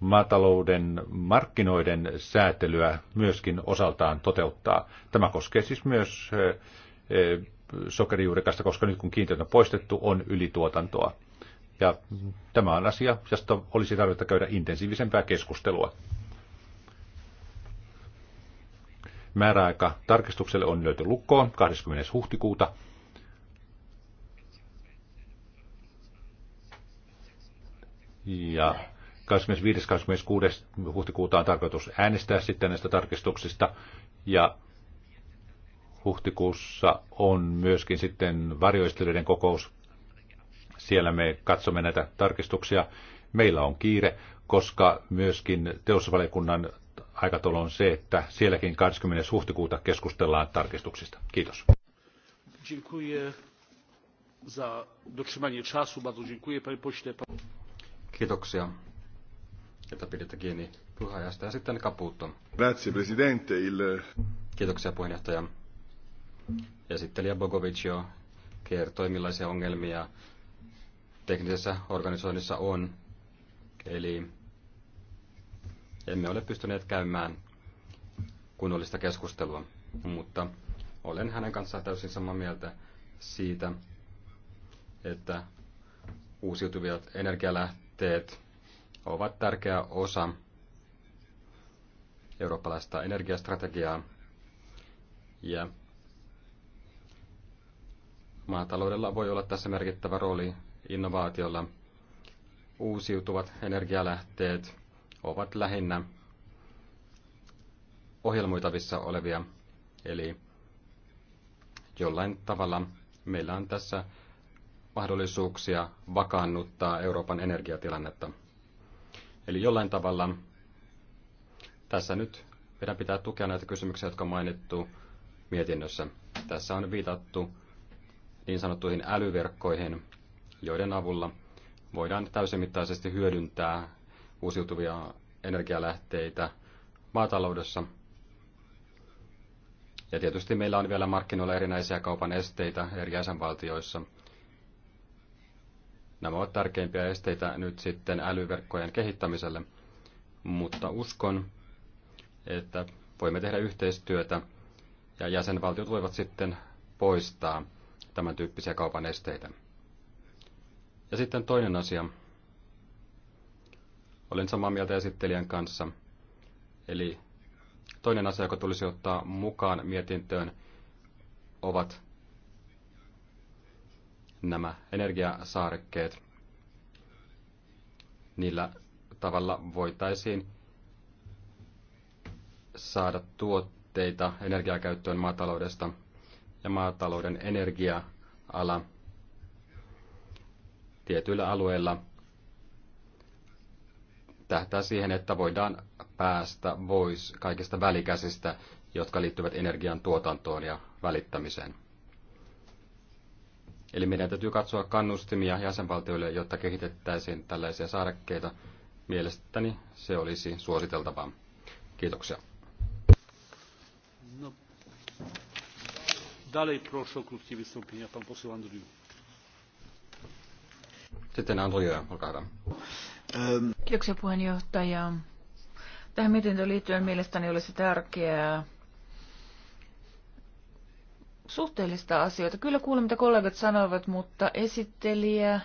maatalouden markkinoiden säätelyä myöskin osaltaan toteuttaa. Tämä koskee siis myös eh, eh, sokerijuurikasta, koska nyt kun kiintiöt on poistettu, on ylituotantoa. Ja tämä on asia, josta olisi tarvetta käydä intensiivisempää keskustelua. Määräaika tarkistukselle on löyty lukkoon 20. huhtikuuta. Ja 25.–26. huhtikuuta on tarkoitus äänestää sitten näistä tarkistuksista. Ja huhtikuussa on myöskin sitten varjoistelijoiden kokous siellä me katsomme näitä tarkistuksia. Meillä on kiire, koska myöskin teosvalikunnan aikataulu on se, että sielläkin 20. huhtikuuta keskustellaan tarkistuksista. Kiitos. Kiitoksia, että pidätte kiinni puheenjohtaja. Sitten Caputo. Grazie, presidente. Il... Kiitoksia puheenjohtaja. Esittelijä Bogovic jo kertoi, millaisia ongelmia teknisessä organisoinnissa on. Eli emme ole pystyneet käymään kunnollista keskustelua, mutta olen hänen kanssaan täysin samaa mieltä siitä, että uusiutuvat energialähteet ovat tärkeä osa eurooppalaista energiastrategiaa ja maataloudella voi olla tässä merkittävä rooli innovaatiolla. Uusiutuvat energialähteet ovat lähinnä ohjelmoitavissa olevia, eli jollain tavalla meillä on tässä mahdollisuuksia vakaannuttaa Euroopan energiatilannetta. Eli jollain tavalla tässä nyt meidän pitää tukea näitä kysymyksiä, jotka on mainittu mietinnössä. Tässä on viitattu niin sanottuihin älyverkkoihin, joiden avulla voidaan täysimittaisesti hyödyntää uusiutuvia energialähteitä maataloudessa. Ja tietysti meillä on vielä markkinoilla erinäisiä kaupan esteitä eri jäsenvaltioissa. Nämä ovat tärkeimpiä esteitä nyt sitten älyverkkojen kehittämiselle, mutta uskon, että voimme tehdä yhteistyötä ja jäsenvaltiot voivat sitten poistaa tämän tyyppisiä kaupan esteitä. Ja sitten toinen asia. Olen samaa mieltä esittelijän kanssa. Eli toinen asia, joka tulisi ottaa mukaan mietintöön, ovat nämä energiasaarekkeet. Niillä tavalla voitaisiin saada tuotteita energiakäyttöön maataloudesta ja maatalouden energia-ala – tietyillä alueilla tähtää siihen, että voidaan päästä pois kaikista välikäsistä, jotka liittyvät energian tuotantoon ja välittämiseen. Eli meidän täytyy katsoa kannustimia jäsenvaltioille, jotta kehitettäisiin tällaisia saarekkeita. Mielestäni se olisi suositeltavaa. Kiitoksia. No. Dalej proszę o krótkie wystąpienia pan poseł Andriu. Sitten Antolia, olkaa hyvä. Ähm. Kiitoksia puheenjohtaja. Tähän mietintöön liittyen mielestäni olisi tärkeää suhteellista asioita. Kyllä kuulemme, mitä kollegat sanoivat, mutta esittelijä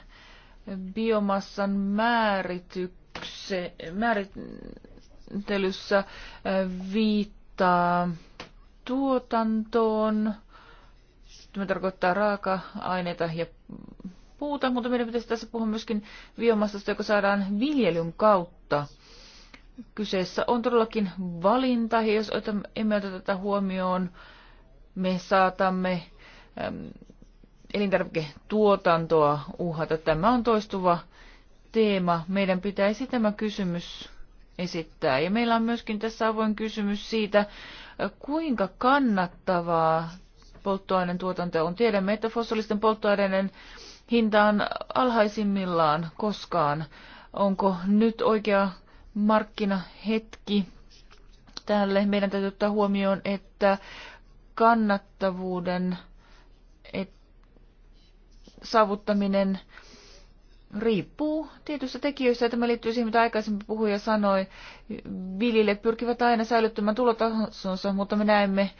biomassan määrittelyssä äh, viittaa tuotantoon. Tämä tarkoittaa raaka-aineita ja puuta, mutta meidän pitäisi tässä puhua myöskin biomassasta, joka saadaan viljelyn kautta. Kyseessä on todellakin valinta, ja jos emme ota tätä huomioon, me saatamme äm, elintarviketuotantoa uhata. Tämä on toistuva teema. Meidän pitäisi tämä kysymys esittää. Ja meillä on myöskin tässä avoin kysymys siitä, kuinka kannattavaa polttoaineen tuotanto on. Tiedämme, että fossiilisten polttoaineiden äh, hinta on alhaisimmillaan koskaan. Onko nyt oikea markkinahetki tälle? Meidän täytyy ottaa huomioon, että kannattavuuden et, saavuttaminen riippuu tietyistä tekijöistä. Tämä liittyy siihen, mitä aikaisemmin puhuja sanoi. vilille pyrkivät aina säilyttämään tulotasonsa, mutta me näemme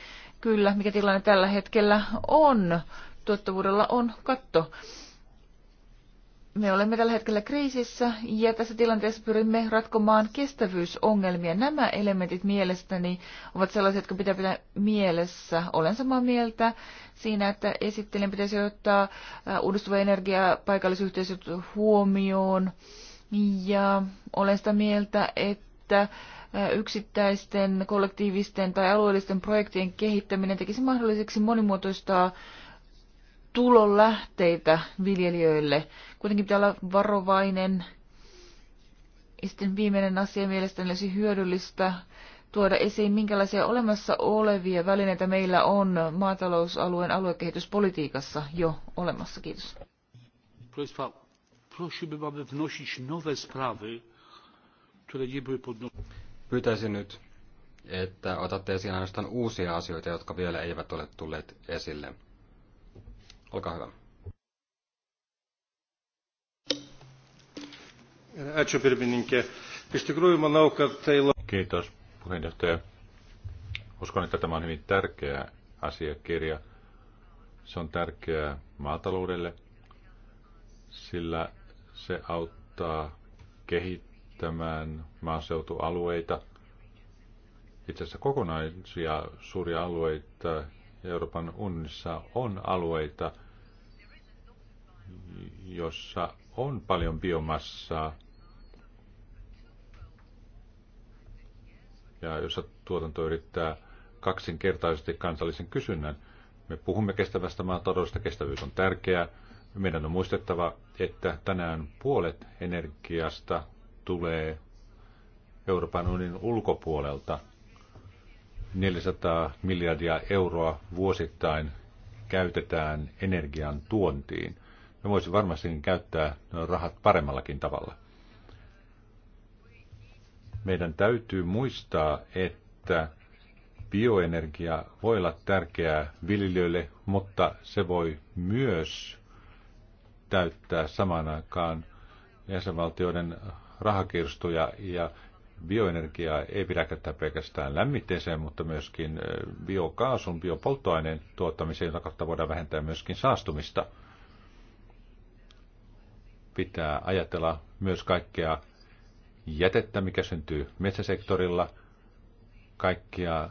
kyllä, mikä tilanne tällä hetkellä on. Tuottavuudella on katto me olemme tällä hetkellä kriisissä ja tässä tilanteessa pyrimme ratkomaan kestävyysongelmia. Nämä elementit mielestäni ovat sellaisia, jotka pitää pitää mielessä. Olen samaa mieltä siinä, että esittelen pitäisi ottaa äh, uudistuva energia paikallisyhteisöt huomioon. Ja olen sitä mieltä, että äh, yksittäisten, kollektiivisten tai alueellisten projektien kehittäminen tekisi mahdolliseksi monimuotoistaa tulonlähteitä viljelijöille. Kuitenkin pitää olla varovainen. Ja sitten viimeinen asia mielestäni olisi hyödyllistä tuoda esiin, minkälaisia olemassa olevia välineitä meillä on maatalousalueen aluekehityspolitiikassa jo olemassa. Kiitos. Pyytäisin nyt, että otatte esiin ainoastaan uusia asioita, jotka vielä eivät ole tulleet esille. Olkaa hyvä. Kiitos puheenjohtaja. Uskon, että tämä on hyvin tärkeä asiakirja. Se on tärkeää maataloudelle, sillä se auttaa kehittämään maaseutualueita, itse asiassa kokonaisia suuria alueita, Euroopan unissa on alueita, jossa on paljon biomassaa ja jossa tuotanto yrittää kaksinkertaisesti kansallisen kysynnän. Me puhumme kestävästä maataloudesta, kestävyys on tärkeää. Meidän on muistettava, että tänään puolet energiasta tulee Euroopan unionin ulkopuolelta. 400 miljardia euroa vuosittain käytetään energian tuontiin. Me voisi varmastikin käyttää nuo rahat paremmallakin tavalla. Meidän täytyy muistaa, että bioenergia voi olla tärkeää viljelijöille, mutta se voi myös täyttää samaan aikaan jäsenvaltioiden rahakirstuja ja bioenergiaa ei pidä käyttää pelkästään lämmitteeseen, mutta myöskin biokaasun, biopolttoaineen tuottamiseen, jota kautta voidaan vähentää myöskin saastumista. Pitää ajatella myös kaikkea jätettä, mikä syntyy metsäsektorilla, kaikkia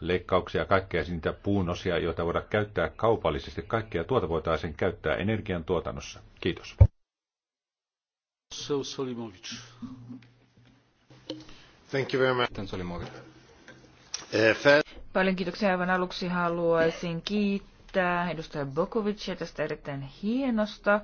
leikkauksia, kaikkea niitä puun osia, joita voidaan käyttää kaupallisesti. Kaikkea tuota voitaisiin käyttää energiantuotannossa. Kiitos. Solimovic oli eh, Paljon kiitoksia. Aivan aluksi haluaisin kiittää edustaja Bokovicia tästä erittäin hienosta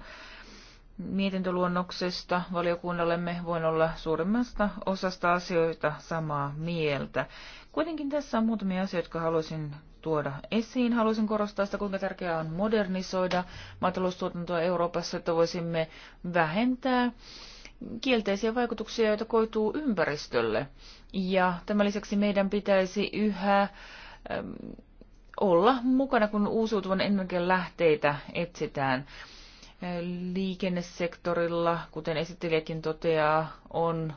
mietintöluonnoksesta valiokunnallemme voin olla suurimmasta osasta asioita samaa mieltä. Kuitenkin tässä on muutamia asioita, jotka haluaisin tuoda esiin. Haluaisin korostaa sitä, kuinka tärkeää on modernisoida maataloustuotantoa Euroopassa, että voisimme vähentää kielteisiä vaikutuksia, joita koituu ympäristölle. Ja tämän lisäksi meidän pitäisi yhä olla mukana, kun uusiutuvan energian lähteitä etsitään. Liikennesektorilla, kuten esittelijäkin toteaa, on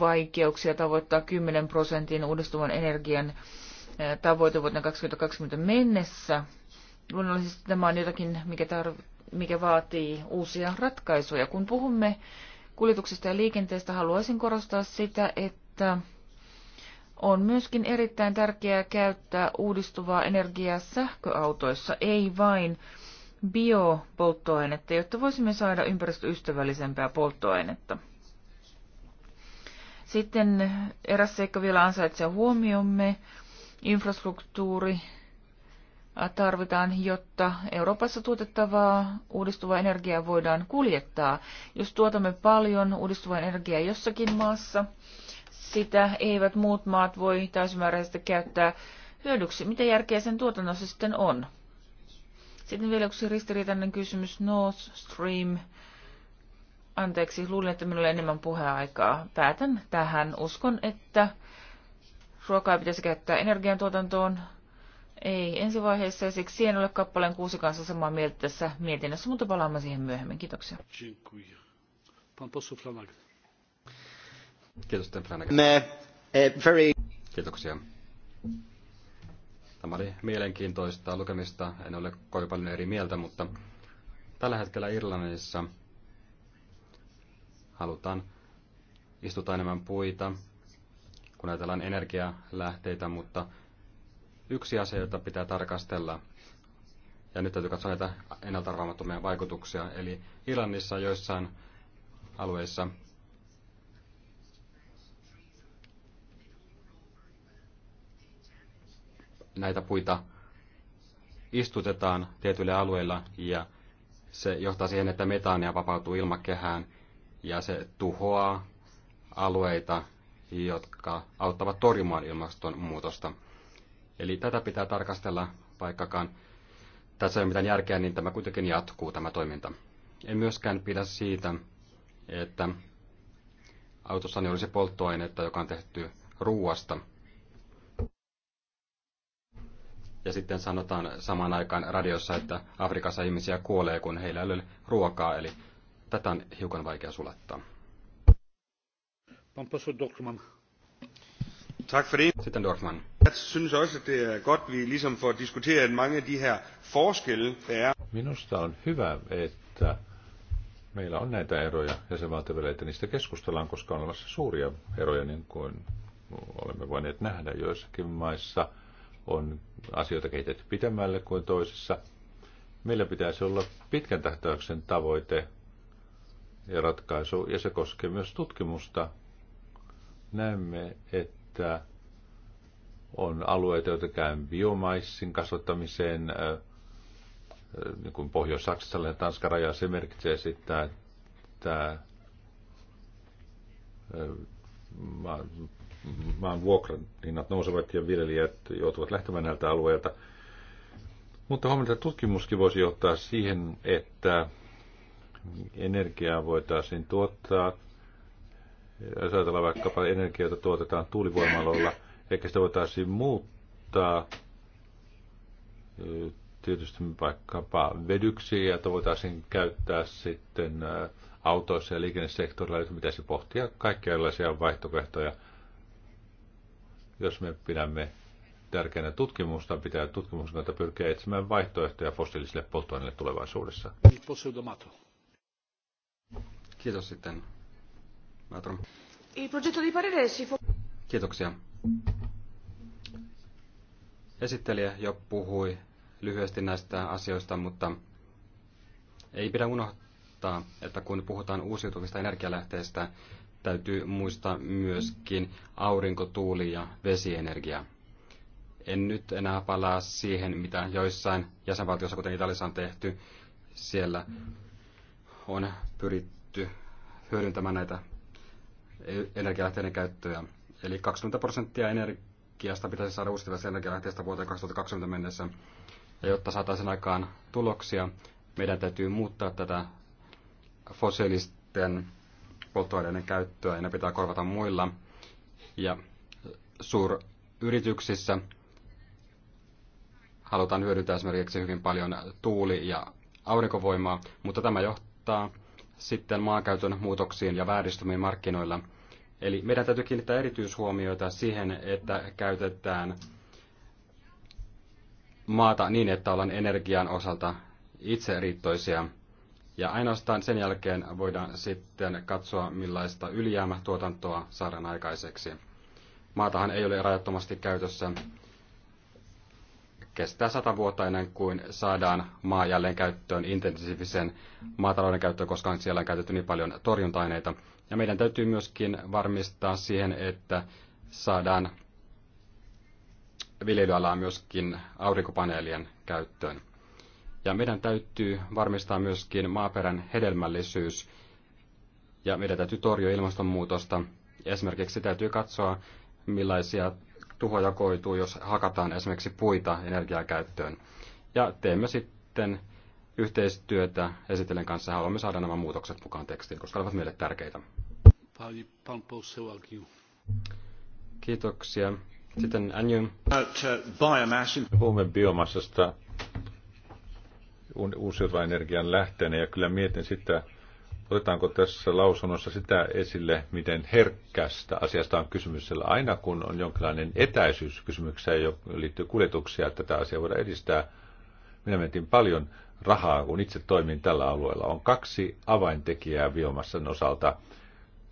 vaikeuksia tavoittaa 10 prosentin uudistuvan energian tavoite vuoteen 2020 mennessä. Luonnollisesti tämä on jotakin, mikä, tarv- mikä vaatii uusia ratkaisuja. Kun puhumme kuljetuksesta ja liikenteestä haluaisin korostaa sitä, että on myöskin erittäin tärkeää käyttää uudistuvaa energiaa sähköautoissa, ei vain biopolttoainetta, jotta voisimme saada ympäristöystävällisempää polttoainetta. Sitten eräs seikka vielä ansaitsee huomiomme, infrastruktuuri, tarvitaan, jotta Euroopassa tuotettavaa uudistuvaa energiaa voidaan kuljettaa. Jos tuotamme paljon uudistuvaa energiaa jossakin maassa, sitä eivät muut maat voi täysimääräisesti käyttää hyödyksi. Mitä järkeä sen tuotannossa sitten on? Sitten vielä yksi ristiriitainen kysymys Nord Stream. Anteeksi, luulin, että minulla on enemmän puheaikaa. Päätän tähän. Uskon, että ruokaa pitäisi käyttää energiantuotantoon, ei, ensi vaiheessa ja siksi en ole kappaleen kuusi kanssa samaa mieltä tässä mietinnössä, mutta palaamme siihen myöhemmin. Kiitoksia. Kiitos, Me, e, very... Kiitoksia. Tämä oli mielenkiintoista lukemista. En ole kovin paljon eri mieltä, mutta tällä hetkellä Irlannissa halutaan istuttaa enemmän puita, kun ajatellaan energialähteitä, mutta yksi asia, jota pitää tarkastella, ja nyt täytyy katsoa näitä ennalta vaikutuksia, eli Irlannissa joissain alueissa näitä puita istutetaan tietyillä alueilla ja se johtaa siihen, että metaania vapautuu ilmakehään ja se tuhoaa alueita, jotka auttavat torjumaan ilmastonmuutosta. Eli tätä pitää tarkastella, vaikkakaan tässä ei ole mitään järkeä, niin tämä kuitenkin jatkuu tämä toiminta. En myöskään pidä siitä, että autossani niin olisi polttoainetta, joka on tehty ruuasta. Ja sitten sanotaan samaan aikaan radiossa, että Afrikassa ihmisiä kuolee, kun heillä ei ole ruokaa, eli tätä on hiukan vaikea sulattaa. Pan poseł Dokman. Tak for det. Sitten Dorfman. Jeg synes også, at det er godt, at vi ligesom får diskuteret mange af de her forskelle, der er. Minusta on hyvä, että meillä on näitä eroja jäsenvaltioilla, että niistä keskustellaan, koska on olemassa suuria eroja, niin kuin olemme voineet nähdä joissakin maissa on asioita kehitetty pitemmälle kuin toisissa. Meillä pitäisi olla pitkän tähtäyksen tavoite ja ratkaisu, ja se koskee myös tutkimusta. Näemme, että että on alueita, joita käy biomaissin kasvattamiseen, niin kuin Pohjois-Saksalla ja Tanskan raja, se merkitsee sitä, että maan vuokrahinnat nousevat ja viljelijät joutuvat lähtemään näiltä alueilta. Mutta huomenta tutkimuskin voisi johtaa siihen, että energiaa voitaisiin tuottaa jos ajatellaan vaikkapa energiaa, jota tuotetaan tuulivoimaloilla, eikä sitä voitaisiin muuttaa tietysti vaikkapa vedyksi, ja voitaisiin käyttää sitten autoissa ja liikennesektorilla, että pitäisi pohtia kaikkia erilaisia vaihtoehtoja. Jos me pidämme tärkeänä tutkimusta, pitää tutkimuksen kautta pyrkiä etsimään vaihtoehtoja fossiilisille polttoaineille tulevaisuudessa. Kiitos sitten Natron. Kiitoksia. Esittelijä jo puhui lyhyesti näistä asioista, mutta ei pidä unohtaa, että kun puhutaan uusiutuvista energialähteistä, täytyy muistaa myöskin aurinko, tuuli ja vesienergia. En nyt enää palaa siihen, mitä joissain jäsenvaltioissa, kuten Italiassa on tehty, siellä on pyritty hyödyntämään näitä energialähteiden käyttöä. Eli 20 prosenttia energiasta pitäisi saada uusiutuvasta energialähteestä vuoteen 2020 mennessä. Ja jotta saataisiin aikaan tuloksia, meidän täytyy muuttaa tätä fossiilisten polttoaineiden käyttöä ja ne pitää korvata muilla. Ja suuryrityksissä halutaan hyödyntää esimerkiksi hyvin paljon tuuli- ja aurinkovoimaa, mutta tämä johtaa sitten maankäytön muutoksiin ja vääristymiin markkinoilla. Eli meidän täytyy kiinnittää erityishuomioita siihen, että käytetään maata niin, että ollaan energian osalta itseriittoisia. Ja ainoastaan sen jälkeen voidaan sitten katsoa, millaista ylijäämätuotantoa saadaan aikaiseksi. Maatahan ei ole rajattomasti käytössä, kestää sata vuotta ennen kuin saadaan maa jälleen käyttöön intensiivisen maatalouden käyttöön, koska siellä on käytetty niin paljon torjunta-aineita. Ja meidän täytyy myöskin varmistaa siihen, että saadaan viljelyalaa myöskin aurinkopaneelien käyttöön. Ja meidän täytyy varmistaa myöskin maaperän hedelmällisyys ja meidän täytyy torjua ilmastonmuutosta. Esimerkiksi täytyy katsoa, millaisia tuhoja koituu, jos hakataan esimerkiksi puita energiakäyttöön. Ja teemme sitten yhteistyötä esitellen kanssa. Haluamme saada nämä muutokset mukaan tekstiin, koska ovat meille tärkeitä. Kiitoksia. Sitten Anjum. Uh, puhumme biomassasta uusiutuvan energian lähteenä ja kyllä mietin sitä, Otetaanko tässä lausunnossa sitä esille, miten herkkästä asiasta on kysymys, sillä aina kun on jonkinlainen etäisyys kysymykseen, joka liittyy kuljetuksia, tätä asiaa voidaan edistää. Minä mentin paljon rahaa, kun itse toimin tällä alueella. On kaksi avaintekijää biomassan osalta.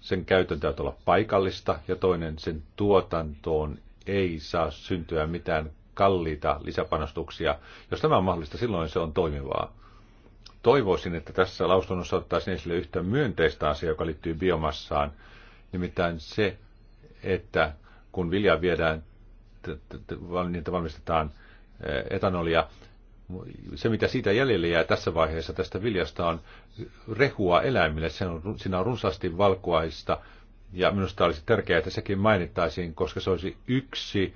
Sen käytön täytyy olla paikallista ja toinen sen tuotantoon ei saa syntyä mitään kalliita lisäpanostuksia. Jos tämä on mahdollista, silloin se on toimivaa toivoisin, että tässä lausunnossa ottaisiin esille yhtä myönteistä asiaa, joka liittyy biomassaan, nimittäin se, että kun vilja viedään, niitä valmistetaan eh, etanolia, se mitä siitä jäljelle jää tässä vaiheessa tästä viljasta on rehua eläimille, siinä on runsaasti valkuaista, ja minusta olisi tärkeää, että sekin mainittaisiin, koska se olisi yksi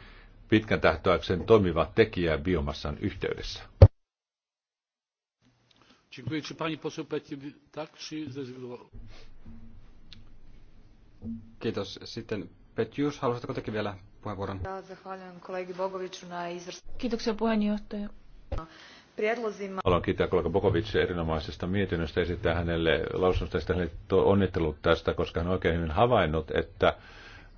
pitkän tähtäyksen toimiva tekijä biomassan yhteydessä. Dziękuję. Czy pani poseł Petin tak, czy zrezygnowała? Kiitos. Sitten Petjus, haluaisitko tekin vielä puheenvuoron? Kiitoksia puheenjohtaja. Haluan kiittää kollega Bokovic erinomaisesta mietinnöstä ja esittää hänelle lausunnosta ja hänelle onnittelut tästä, koska hän on oikein hyvin havainnut, että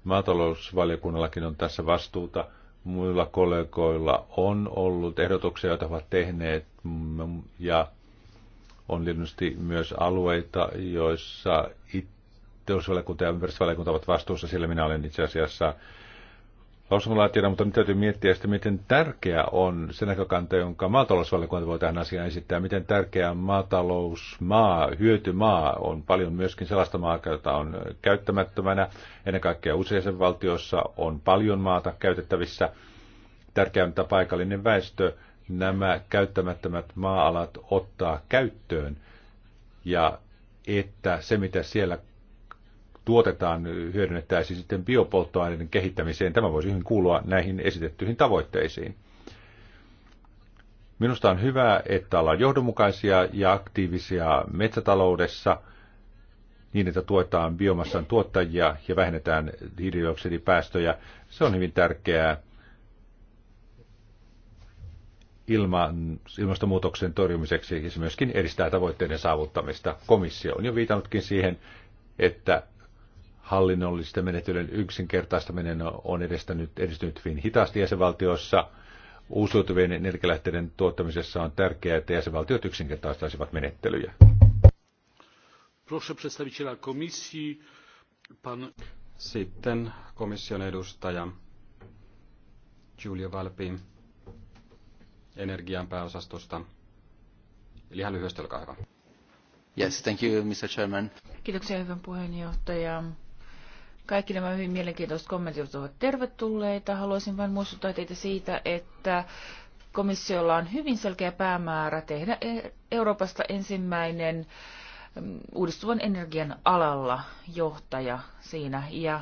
maatalousvaliokunnallakin on tässä vastuuta. Muilla kollegoilla on ollut ehdotuksia, joita ovat tehneet mm, ja on tietysti myös alueita, joissa teollisuusvaliokunta ja ympäristövaliokunta ovat vastuussa, sillä minä olen itse asiassa lausunnonlaatijana, mutta nyt täytyy miettiä sitä, miten tärkeä on se näkökanta, jonka maatalousvaliokunta voi tähän asiaan esittää, miten tärkeä maatalousmaa, hyötymaa on paljon myöskin sellaista maa, jota on käyttämättömänä. Ennen kaikkea useissa valtioissa on paljon maata käytettävissä. Tärkeää, mitä paikallinen väestö nämä käyttämättömät maa-alat ottaa käyttöön ja että se, mitä siellä tuotetaan, hyödynnettäisiin sitten biopolttoaineiden kehittämiseen. Tämä voisi hyvin kuulua näihin esitettyihin tavoitteisiin. Minusta on hyvä, että ollaan johdonmukaisia ja aktiivisia metsätaloudessa niin, että tuetaan biomassan tuottajia ja vähennetään hiilidioksidipäästöjä. Se on hyvin tärkeää ilman, ilmastonmuutoksen torjumiseksi ja se myöskin edistää tavoitteiden saavuttamista. Komissio on jo viitannutkin siihen, että hallinnollisten menettelyjen yksinkertaistaminen on edistynyt, edistynyt hyvin hitaasti jäsenvaltioissa. Uusiutuvien energialähteiden tuottamisessa on tärkeää, että jäsenvaltiot yksinkertaistaisivat menettelyjä. Proszę przedstawiciela komisji, pan... Sitten komission edustaja Julio Valpi energian pääosastosta. Eli ihan lyhyesti, olkaa hyvä. Yes, thank you, Mr. Chairman. Kiitoksia, hyvän puheenjohtaja. Kaikki nämä hyvin mielenkiintoiset kommentit ovat tervetulleita. Haluaisin vain muistuttaa teitä siitä, että komissiolla on hyvin selkeä päämäärä tehdä e- Euroopasta ensimmäinen mm, uudistuvan energian alalla johtaja siinä. Ja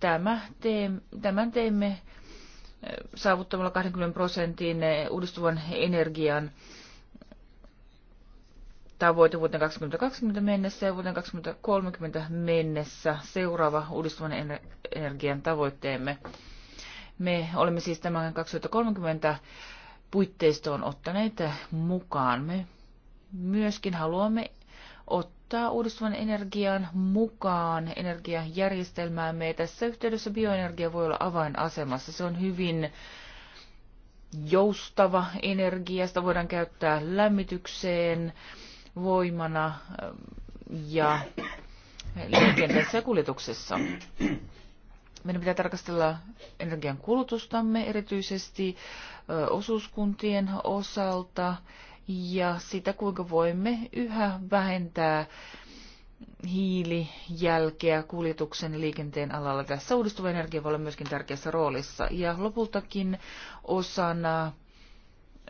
tämä teemme, tämän teemme saavuttamalla 20 prosentin eh, uudistuvan energian tavoite vuoteen 2020 mennessä ja vuoteen 2030 mennessä seuraava uudistuvan energian tavoitteemme. Me olemme siis tämän 2030 puitteistoon ottaneet mukaan. Me myöskin haluamme ottaa uudistuvan energian mukaan energiajärjestelmäämme. Ja tässä yhteydessä bioenergia voi olla avainasemassa. Se on hyvin joustava energia. Sitä voidaan käyttää lämmitykseen, voimana ähm, ja liikenteessä ja kuljetuksessa. Meidän pitää tarkastella energian kulutustamme erityisesti osuuskuntien osalta ja sitä, kuinka voimme yhä vähentää hiilijälkeä kuljetuksen ja liikenteen alalla. Tässä uudistuva energia voi olla myöskin tärkeässä roolissa. Ja lopultakin osana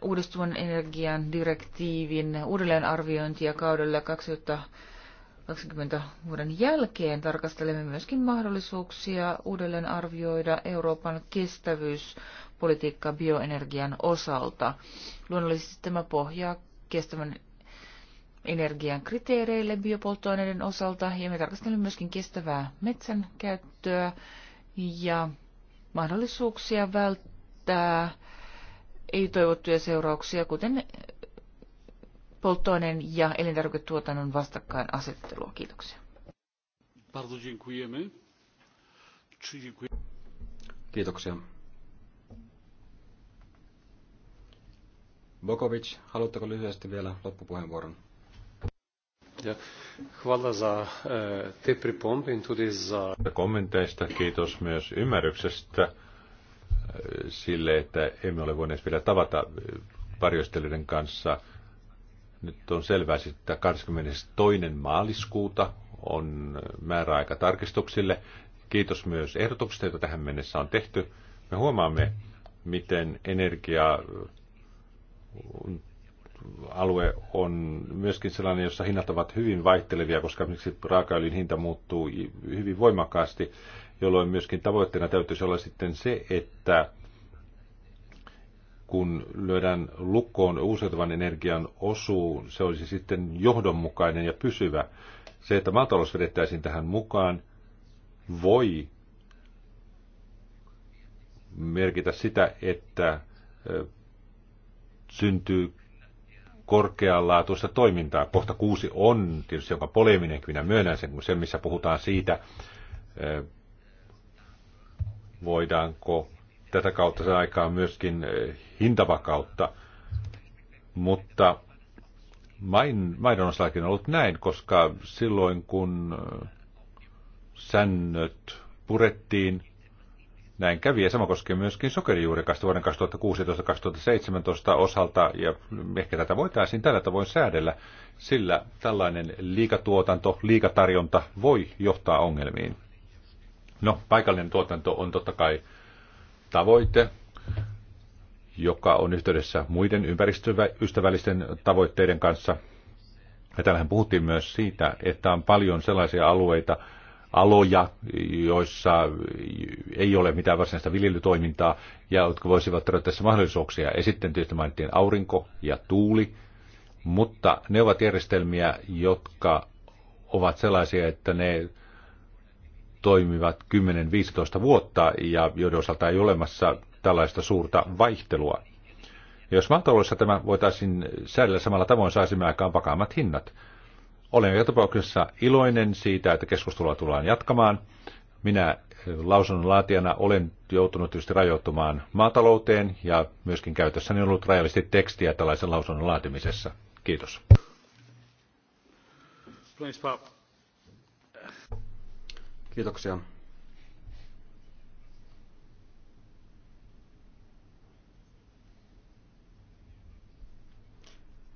uudistuvan energian direktiivin uudelleenarviointia kaudella 2020 vuoden jälkeen tarkastelemme myöskin mahdollisuuksia uudelleenarvioida Euroopan kestävyys politiikkaa bioenergian osalta. Luonnollisesti tämä pohjaa kestävän energian kriteereille biopolttoaineiden osalta ja me tarkastelemme myöskin kestävää metsän käyttöä ja mahdollisuuksia välttää ei-toivottuja seurauksia, kuten polttoaineen ja elintarviketuotannon vastakkainasettelua. Kiitoksia. Kiitoksia. Bokovic, haluatteko lyhyesti vielä loppupuheenvuoron? Ja, hvala za eh, te pripompin tudi za... Kommenteista kiitos myös ymmärryksestä eh, sille, että emme ole voineet vielä tavata eh, varjostelijoiden kanssa. Nyt on selvää, siis, että 22. maaliskuuta on määräaika tarkistuksille. Kiitos myös ehdotuksista, joita tähän mennessä on tehty. Me huomaamme, miten energia alue on myöskin sellainen, jossa hinnat ovat hyvin vaihtelevia, koska miksi raakaöljyn hinta muuttuu hyvin voimakkaasti, jolloin myöskin tavoitteena täytyisi olla sitten se, että kun lyödään lukkoon uusiutuvan energian osuun, se olisi sitten johdonmukainen ja pysyvä. Se, että maatalous vedettäisiin tähän mukaan, voi merkitä sitä, että syntyy korkeanlaatuista toimintaa. Kohta kuusi on tietysti jonka poleminen, minä myönnän sen, kun se, missä puhutaan siitä, eh, voidaanko tätä kautta saada aikaan myöskin eh, hintavakautta. Mutta maidon osallakin on ollut näin, koska silloin kun eh, säännöt purettiin, näin kävi ja sama koskee myöskin sokerijuurikasta vuoden 2016-2017 osalta ja ehkä tätä voitaisiin tällä tavoin säädellä, sillä tällainen liikatuotanto, liikatarjonta voi johtaa ongelmiin. No, paikallinen tuotanto on totta kai tavoite, joka on yhteydessä muiden ympäristöystävällisten tavoitteiden kanssa. Ja täällähän puhuttiin myös siitä, että on paljon sellaisia alueita, aloja, joissa ei ole mitään varsinaista viljelytoimintaa ja jotka voisivat tarjota tässä mahdollisuuksia. Ja sitten tietysti mainittiin aurinko ja tuuli, mutta ne ovat järjestelmiä, jotka ovat sellaisia, että ne toimivat 10-15 vuotta ja joiden osalta ei ole olemassa tällaista suurta vaihtelua. Jos maataloudessa tämä voitaisiin säädellä samalla tavoin, saisimme aikaan vakaammat hinnat. Olen joka tapauksessa iloinen siitä, että keskustelua tullaan jatkamaan. Minä eh, lausunnonlaatijana olen joutunut tietysti rajoittumaan maatalouteen ja myöskin käytössäni on ollut rajallisesti tekstiä tällaisen lausunnon laatimisessa. Kiitos. Kiitoksia.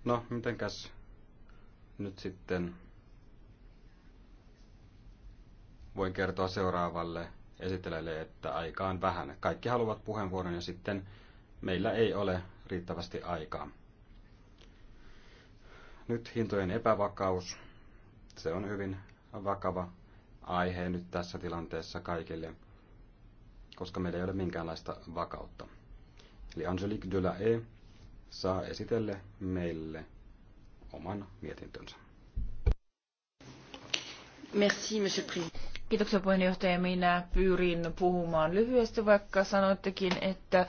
No, mitenkäs nyt sitten voin kertoa seuraavalle esittelijälle, että aika on vähän. Kaikki haluavat puheenvuoron ja sitten meillä ei ole riittävästi aikaa. Nyt hintojen epävakaus. Se on hyvin vakava aihe nyt tässä tilanteessa kaikille, koska meillä ei ole minkäänlaista vakautta. Eli Angelique E saa esitelle meille oman mietintönsä. Merci, monsieur président. Kiitoksia puheenjohtaja. Minä pyrin puhumaan lyhyesti, vaikka sanoittekin, että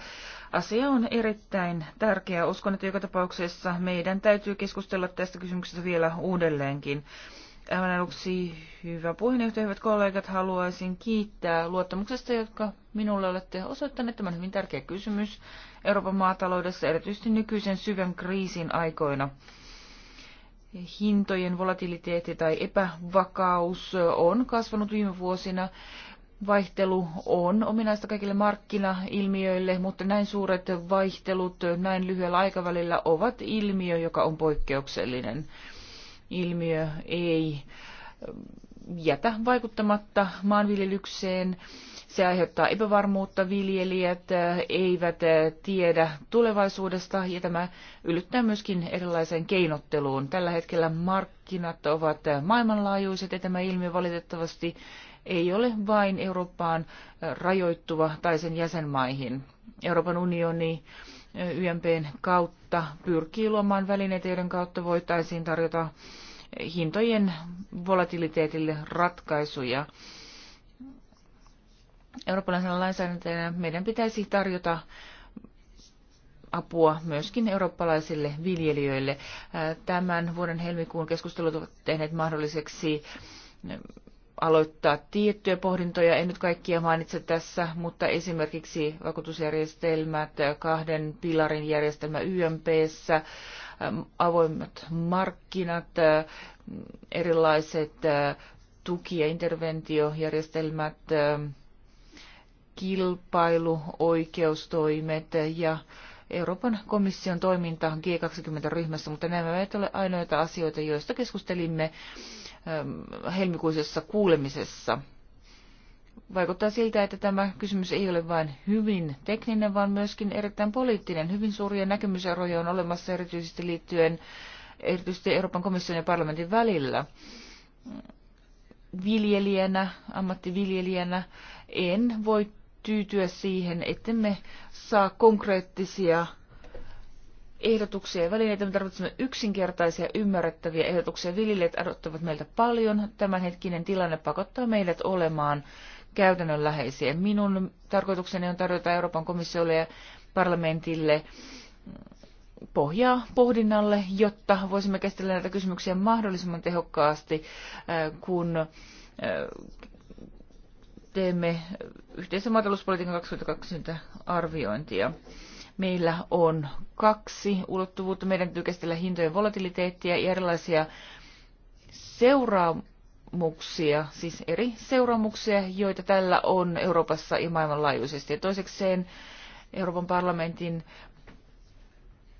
asia on erittäin tärkeä. Uskon, että joka tapauksessa meidän täytyy keskustella tästä kysymyksestä vielä uudelleenkin. Aivan aluksi hyvä puheenjohtaja, hyvät kollegat, haluaisin kiittää luottamuksesta, jotka minulle olette osoittaneet. Tämä on hyvin tärkeä kysymys Euroopan maataloudessa, erityisesti nykyisen syvän kriisin aikoina hintojen volatiliteetti tai epävakaus on kasvanut viime vuosina. Vaihtelu on ominaista kaikille markkinailmiöille, mutta näin suuret vaihtelut näin lyhyellä aikavälillä ovat ilmiö, joka on poikkeuksellinen. Ilmiö ei jätä vaikuttamatta maanviljelykseen se aiheuttaa epävarmuutta, viljelijät eh, eivät eh, tiedä tulevaisuudesta ja tämä yllyttää myöskin erilaiseen keinotteluun. Tällä hetkellä markkinat ovat eh, maailmanlaajuiset ja tämä ilmiö valitettavasti ei ole vain Eurooppaan rajoittuva tai sen jäsenmaihin. Euroopan unioni YMPn kautta pyrkii luomaan välineitä, joiden kautta voitaisiin tarjota hintojen volatiliteetille ratkaisuja eurooppalaisena lainsäädäntäjänä meidän pitäisi tarjota apua myöskin eurooppalaisille viljelijöille. Äh, tämän vuoden helmikuun keskustelut ovat tehneet mahdolliseksi äh, aloittaa tiettyjä pohdintoja, en nyt kaikkia mainitse tässä, mutta esimerkiksi vakuutusjärjestelmät, äh, kahden pilarin järjestelmä YMPssä, avoimet markkinat, erilaiset tuki- ja interventiojärjestelmät, kilpailu oikeustoimet ja Euroopan komission toiminta G20-ryhmässä, mutta nämä eivät ole ainoita asioita, joista keskustelimme ähm, helmikuisessa kuulemisessa. Vaikuttaa siltä, että tämä kysymys ei ole vain hyvin tekninen, vaan myöskin erittäin poliittinen. Hyvin suuria näkemyseroja on olemassa erityisesti liittyen erityisesti Euroopan komission ja parlamentin välillä. Viljelijänä, ammattiviljelijänä, en voi tyytyä siihen, että me saa konkreettisia ehdotuksia ja välineitä. Me tarvitsemme yksinkertaisia, ymmärrettäviä ehdotuksia. Viljelijät odottavat meiltä paljon. Tämänhetkinen tilanne pakottaa meidät olemaan käytännönläheisiä. Minun tarkoitukseni on tarjota Euroopan komissiolle ja parlamentille pohjaa pohdinnalle, jotta voisimme käsitellä näitä kysymyksiä mahdollisimman tehokkaasti, äh, kun äh, teemme yhteisen maatalouspolitiikan 2020 arviointia. Meillä on kaksi ulottuvuutta. Meidän täytyy käsitellä hintojen volatiliteettia ja erilaisia seuraamuksia, siis eri seuraamuksia, joita tällä on Euroopassa ja maailmanlaajuisesti. Ja toisekseen Euroopan parlamentin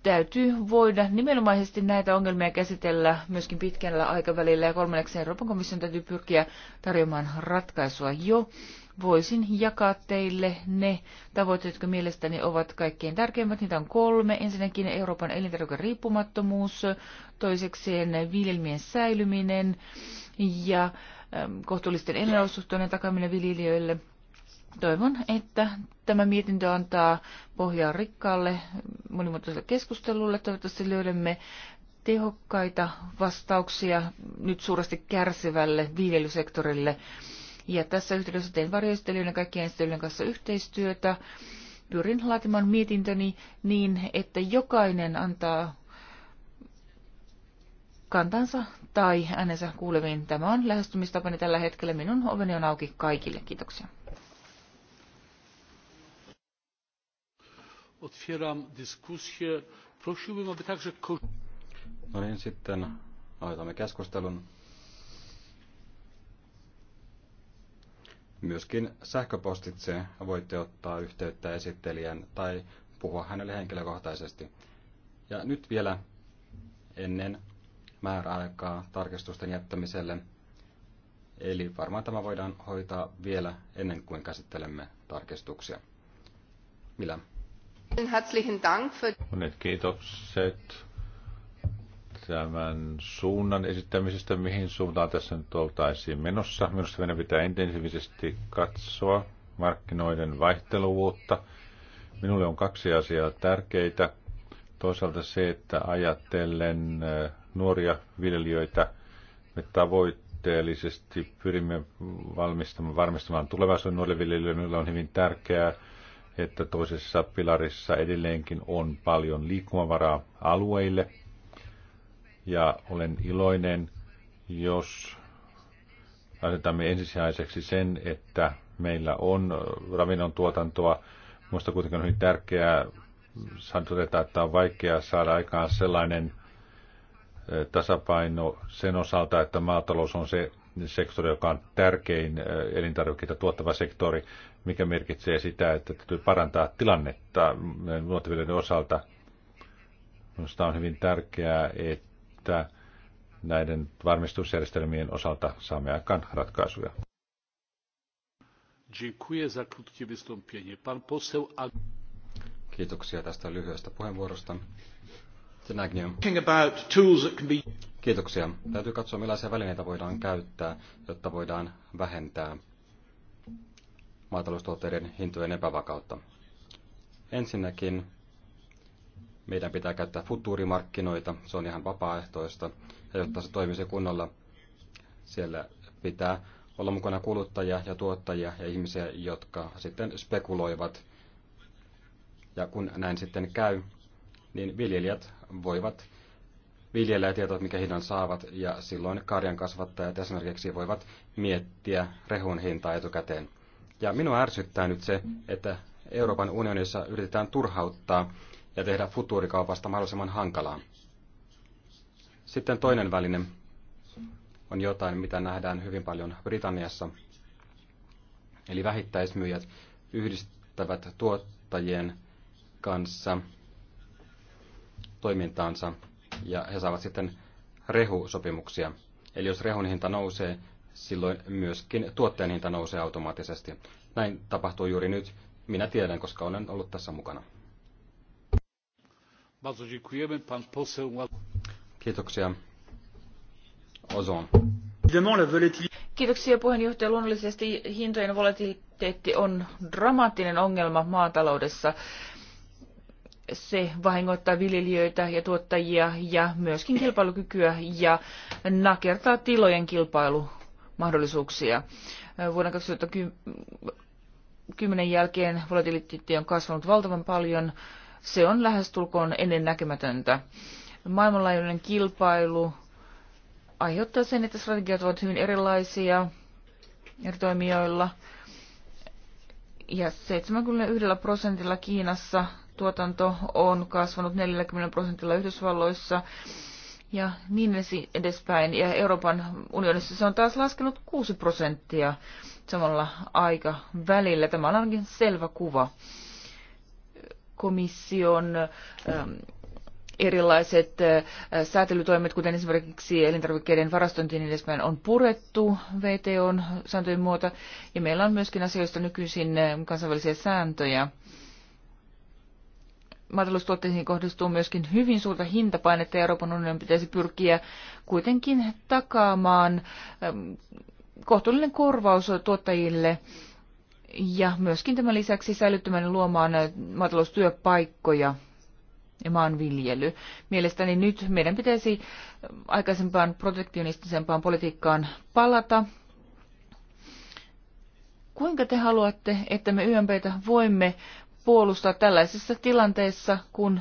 täytyy voida nimenomaisesti näitä ongelmia käsitellä myöskin pitkällä aikavälillä ja kolmanneksi Euroopan komission täytyy pyrkiä tarjoamaan ratkaisua jo. Voisin jakaa teille ne tavoitteet, jotka mielestäni ovat kaikkein tärkeimmät. Niitä on kolme. Ensinnäkin Euroopan elintarvikan riippumattomuus, toisekseen viljelmien säilyminen ja kohtuullisten elinolosuhteiden takaminen viljelijöille – Toivon, että tämä mietintö antaa pohjaa rikkaalle monimuotoiselle keskustelulle. Toivottavasti löydämme tehokkaita vastauksia nyt suuresti kärsivälle viljelysektorille. Ja tässä yhteydessä teen varjoistelijoiden ja kaikkien esittelijöiden kanssa yhteistyötä. Pyrin laatimaan mietintöni niin, että jokainen antaa kantansa tai äänensä kuuleviin. Tämä on lähestymistapani tällä hetkellä. Minun oveni on auki kaikille. Kiitoksia. Otwieram dyskusję. Prosiłbym, aby także... No niin, sitten aloitamme keskustelun. Myöskin sähköpostitse voitte ottaa yhteyttä esittelijän tai puhua hänelle henkilökohtaisesti. Ja nyt vielä ennen määräaikaa tarkistusten jättämiselle. Eli varmaan tämä voidaan hoitaa vielä ennen kuin käsittelemme tarkistuksia. Millä Monet kiitokset tämän suunnan esittämisestä, mihin suuntaan tässä nyt oltaisiin menossa. Minusta meidän pitää intensiivisesti katsoa markkinoiden vaihteluvuutta. Minulle on kaksi asiaa tärkeitä. Toisaalta se, että ajatellen eh, nuoria viljelijöitä me tavoitteellisesti pyrimme valmistamaan, varmistamaan tulevaisuuden nuorille viljelijöille. on hyvin tärkeää että toisessa pilarissa edelleenkin on paljon liikkumavaraa alueille. Ja olen iloinen, jos asetamme ensisijaiseksi sen, että meillä on ravinnon tuotantoa. Minusta kuitenkin on hyvin tärkeää sain todeta, että on vaikea saada aikaan sellainen tasapaino sen osalta, että maatalous on se sektori, joka on tärkein elintarvikkeita tuottava sektori, mikä merkitsee sitä, että täytyy parantaa tilannetta nuottiviljelijöiden osalta. Minusta on hyvin tärkeää, että näiden varmistusjärjestelmien osalta saamme aikaan ratkaisuja. Kiitoksia tästä lyhyestä puheenvuorosta. Kiitoksia. Täytyy katsoa, millaisia välineitä voidaan käyttää, jotta voidaan vähentää maataloustuotteiden hintojen epävakautta. Ensinnäkin meidän pitää käyttää futuurimarkkinoita, se on ihan vapaaehtoista, ja jotta se toimisi kunnolla, siellä pitää olla mukana kuluttajia ja tuottajia ja ihmisiä, jotka sitten spekuloivat. Ja kun näin sitten käy, niin viljelijät voivat viljellä ja tietää, mikä hinnan saavat, ja silloin karjan kasvattajat esimerkiksi voivat miettiä rehun hintaa etukäteen. Ja minua ärsyttää nyt se, että Euroopan unionissa yritetään turhauttaa ja tehdä futuurikaupasta mahdollisimman hankalaa. Sitten toinen väline on jotain, mitä nähdään hyvin paljon Britanniassa. Eli vähittäismyyjät yhdistävät tuottajien kanssa toimintaansa ja he saavat sitten rehusopimuksia. Eli jos rehun hinta nousee, silloin myöskin tuotteen hinta nousee automaattisesti. Näin tapahtuu juuri nyt. Minä tiedän, koska olen ollut tässä mukana. Kiitoksia. Ozon. Kiitoksia puheenjohtaja. Luonnollisesti hintojen volatiliteetti on dramaattinen ongelma maataloudessa. Se vahingoittaa viljelijöitä ja tuottajia ja myöskin kilpailukykyä ja nakertaa tilojen kilpailu mahdollisuuksia. Vuoden 2010 jälkeen volatiliteetti on kasvanut valtavan paljon. Se on lähestulkoon ennennäkemätöntä. Maailmanlaajuinen kilpailu aiheuttaa sen, että strategiat ovat hyvin erilaisia eri toimijoilla. Ja 71 prosentilla Kiinassa tuotanto on kasvanut 40 prosentilla Yhdysvalloissa ja niin edespäin. Ja Euroopan unionissa se on taas laskenut 6 prosenttia samalla aikavälillä. Tämä on ainakin selvä kuva. Komission ähm, erilaiset äh, säätelytoimet, kuten esimerkiksi elintarvikkeiden varastointi niin edespäin, on purettu vto sääntöjen muuta. Ja meillä on myöskin asioista nykyisin äh, kansainvälisiä sääntöjä maataloustuotteisiin kohdistuu myöskin hyvin suurta hintapainetta ja Euroopan unionin pitäisi pyrkiä kuitenkin takaamaan ähm, kohtuullinen korvaus tuottajille ja myöskin tämän lisäksi säilyttämään luomaan äh, maataloustyöpaikkoja ja maanviljely. Mielestäni nyt meidän pitäisi äh, aikaisempaan protektionistisempaan politiikkaan palata. Kuinka te haluatte, että me YMPtä voimme puolustaa tällaisessa tilanteissa, kun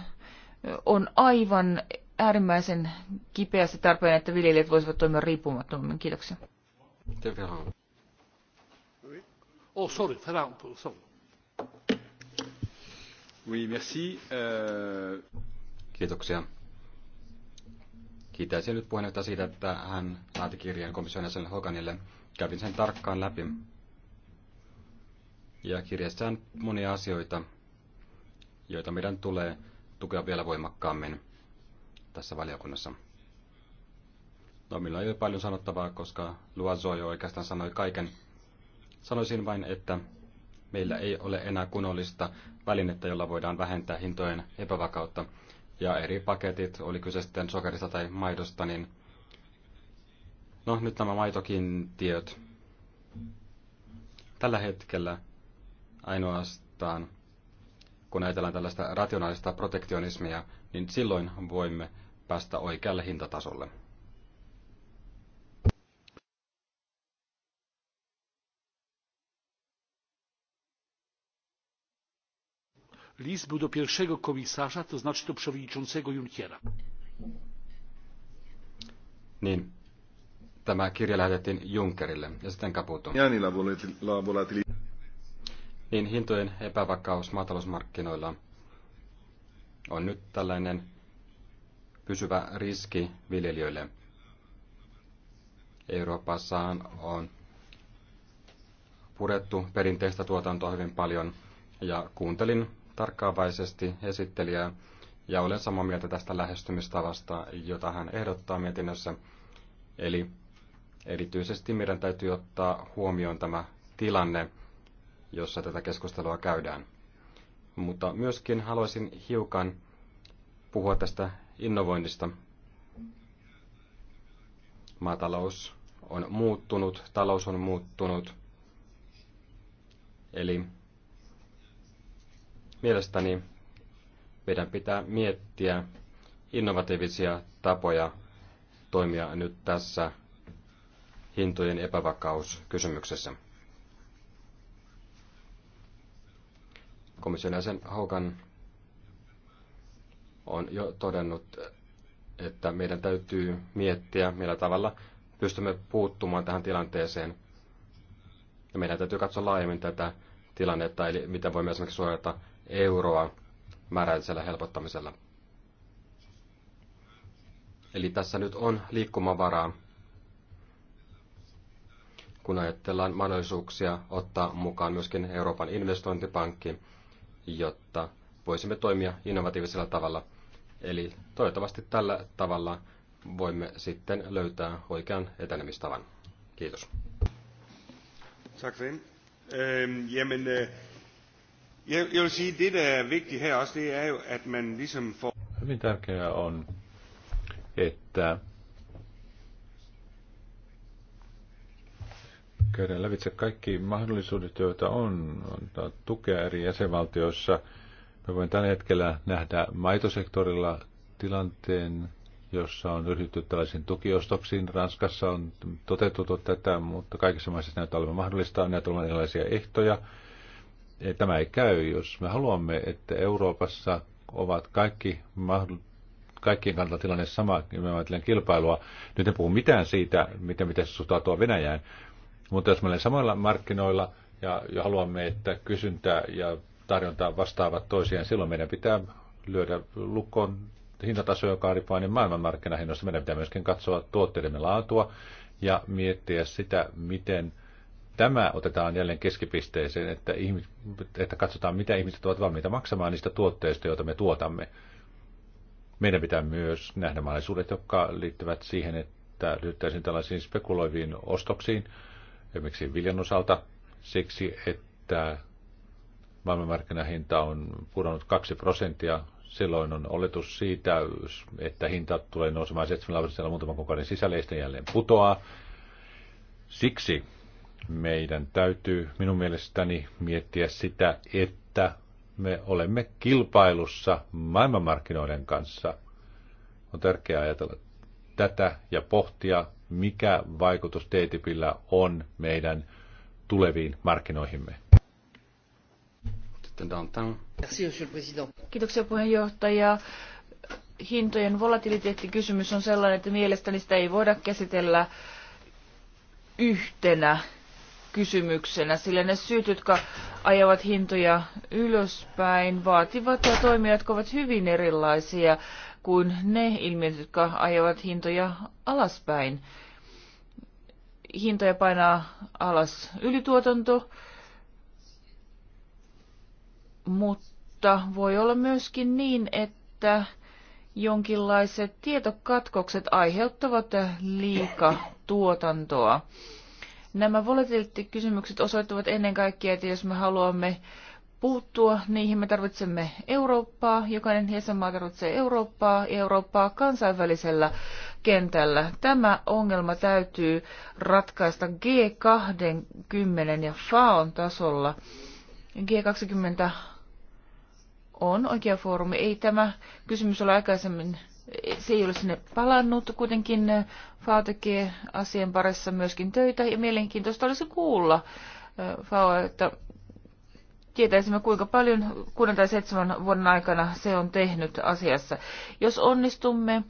on aivan äärimmäisen kipeästi tarpeen, että viljelijät voisivat toimia riippumattomammin. Kiitoksia. Oh, sorry, sorry. Oui, merci. Euh, Kiitoksia. Kiitäisin nyt puheenjohtaja siitä, että hän laati kirjeen komission jäsenelle Hoganille. Kävin sen tarkkaan läpi. Ja kirjassa on monia asioita, joita meidän tulee tukea vielä voimakkaammin tässä valiokunnassa. No, minulla ei ole paljon sanottavaa, koska Luazo jo oikeastaan sanoi kaiken. Sanoisin vain, että meillä ei ole enää kunnollista välinettä, jolla voidaan vähentää hintojen epävakautta. Ja eri paketit, oli kyse sitten sokerista tai maidosta, niin no nyt nämä maitokiintiöt. Tällä hetkellä ainoastaan, kun ajatellaan tällaista rationaalista protektionismia, niin silloin voimme päästä oikealle hintatasolle. list był do pierwszego komisarza to znaczy do przewodniczącego junckera. Niin. Tämä kirja lähetettiin Junckerille ja sitten Caputo niin hintojen epävakaus maatalousmarkkinoilla on nyt tällainen pysyvä riski viljelijöille. Euroopassa on purettu perinteistä tuotantoa hyvin paljon ja kuuntelin tarkkaavaisesti esittelijää ja olen samaa mieltä tästä lähestymistavasta, jota hän ehdottaa mietinnössä. Eli erityisesti meidän täytyy ottaa huomioon tämä tilanne, jossa tätä keskustelua käydään. Mutta myöskin haluaisin hiukan puhua tästä innovoinnista. Maatalous on muuttunut, talous on muuttunut. Eli mielestäni meidän pitää miettiä innovatiivisia tapoja toimia nyt tässä hintojen epävakauskysymyksessä. komission jäsen Haukan on jo todennut, että meidän täytyy miettiä, millä tavalla pystymme puuttumaan tähän tilanteeseen. Ja meidän täytyy katsoa laajemmin tätä tilannetta, eli miten voimme esimerkiksi suojata euroa määräisellä helpottamisella. Eli tässä nyt on liikkumavaraa, kun ajatellaan mahdollisuuksia ottaa mukaan myöskin Euroopan investointipankki jotta voisimme toimia innovatiivisella tavalla. Eli toivottavasti tällä tavalla voimme sitten löytää oikean etenemistavan. Kiitos. Tak for det. Øhm, jamen, øh, jeg, jeg vil sige, det der er vigtigt her også, det er jo, at man ligesom får... Hyvin tärkeää on, että käydään lävitse kaikki mahdollisuudet, joita on, on tukea eri jäsenvaltioissa. Me voin tällä hetkellä nähdä maitosektorilla tilanteen, jossa on ryhdytty tällaisiin tukiostoksiin. Ranskassa on toteutettu tätä, mutta kaikissa maissa näyttää olevan mahdollista. On näitä erilaisia ehtoja. Eh, tämä ei käy, jos me haluamme, että Euroopassa ovat kaikki mahdollisuudet kaikkien kannalta tilanne sama, nimenomaan kilpailua. Nyt en puhu mitään siitä, miten pitäisi suhtautua Venäjään, mutta jos me olemme samoilla markkinoilla ja, ja haluamme, että kysyntä ja tarjonta vastaavat toisiaan, silloin meidän pitää lyödä lukkoon hintataso, joka on riippuvainen maailmanmarkkinahinnoista. Meidän pitää myöskin katsoa tuotteidemme laatua ja miettiä sitä, miten tämä otetaan jälleen keskipisteeseen, että, ihmis, että katsotaan, mitä ihmiset ovat valmiita maksamaan niistä tuotteista, joita me tuotamme. Meidän pitää myös nähdä mahdollisuudet, jotka liittyvät siihen, että ryhtyisiin tällaisiin spekuloiviin ostoksiin, esimerkiksi viljan osalta siksi, että maailmanmarkkinahinta on pudonnut 2 prosenttia. Silloin on oletus siitä, että hinta tulee nousemaan 7 prosenttia muutaman kuukauden sisällä ja jälleen putoaa. Siksi meidän täytyy minun mielestäni miettiä sitä, että me olemme kilpailussa maailmanmarkkinoiden kanssa. On tärkeää ajatella tätä ja pohtia, mikä vaikutus TTIPillä on meidän tuleviin markkinoihimme. Kiitoksia puheenjohtaja. Hintojen volatiliteettikysymys on sellainen, että mielestäni sitä ei voida käsitellä yhtenä kysymyksenä, sillä ne syyt, jotka ajavat hintoja ylöspäin, vaativat ja toimia, jotka ovat hyvin erilaisia kuin ne ilmiöt, jotka ajavat hintoja alaspäin. Hintoja painaa alas ylituotanto, mutta voi olla myöskin niin, että jonkinlaiset tietokatkokset aiheuttavat liikatuotantoa. Nämä volatilittikysymykset osoittavat ennen kaikkea, että jos me haluamme puuttua niihin. Me tarvitsemme Eurooppaa, jokainen jäsenmaa tarvitsee Eurooppaa, Eurooppaa kansainvälisellä kentällä. Tämä ongelma täytyy ratkaista G20 ja FAON tasolla. G20 on oikea foorumi. Ei tämä kysymys ole aikaisemmin, se ei ole sinne palannut. Kuitenkin FAO tekee asian parissa myöskin töitä ja mielenkiintoista olisi kuulla FAO, että tietäisimme, kuinka paljon 6 tai 7 vuoden aikana se on tehnyt asiassa. Jos onnistumme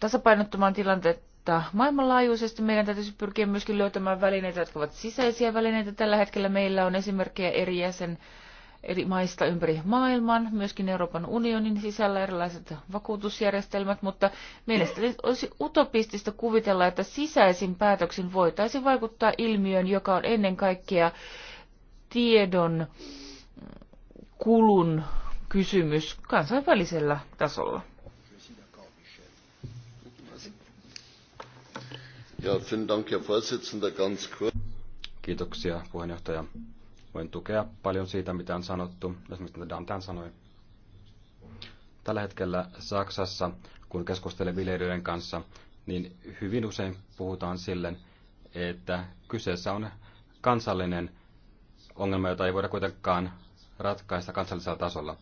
tasapainottamaan tilannetta maailmanlaajuisesti, meidän täytyisi pyrkiä myöskin löytämään välineitä, jotka ovat sisäisiä välineitä. Tällä hetkellä meillä on esimerkkejä eri jäsen eri maista ympäri maailman, myöskin Euroopan unionin sisällä erilaiset vakuutusjärjestelmät, mutta mielestäni olisi utopistista kuvitella, että sisäisin päätöksin voitaisiin vaikuttaa ilmiöön, joka on ennen kaikkea tiedon kulun kysymys kansainvälisellä tasolla. Kiitoksia puheenjohtaja. Voin tukea paljon siitä, mitä on sanottu, esimerkiksi mitä Dantan sanoi. Tällä hetkellä Saksassa, kun keskustelen viljelijöiden kanssa, niin hyvin usein puhutaan silleen, että kyseessä on kansallinen ongelma, jota ei voida kuitenkaan ratkaista kansallisella tasolla.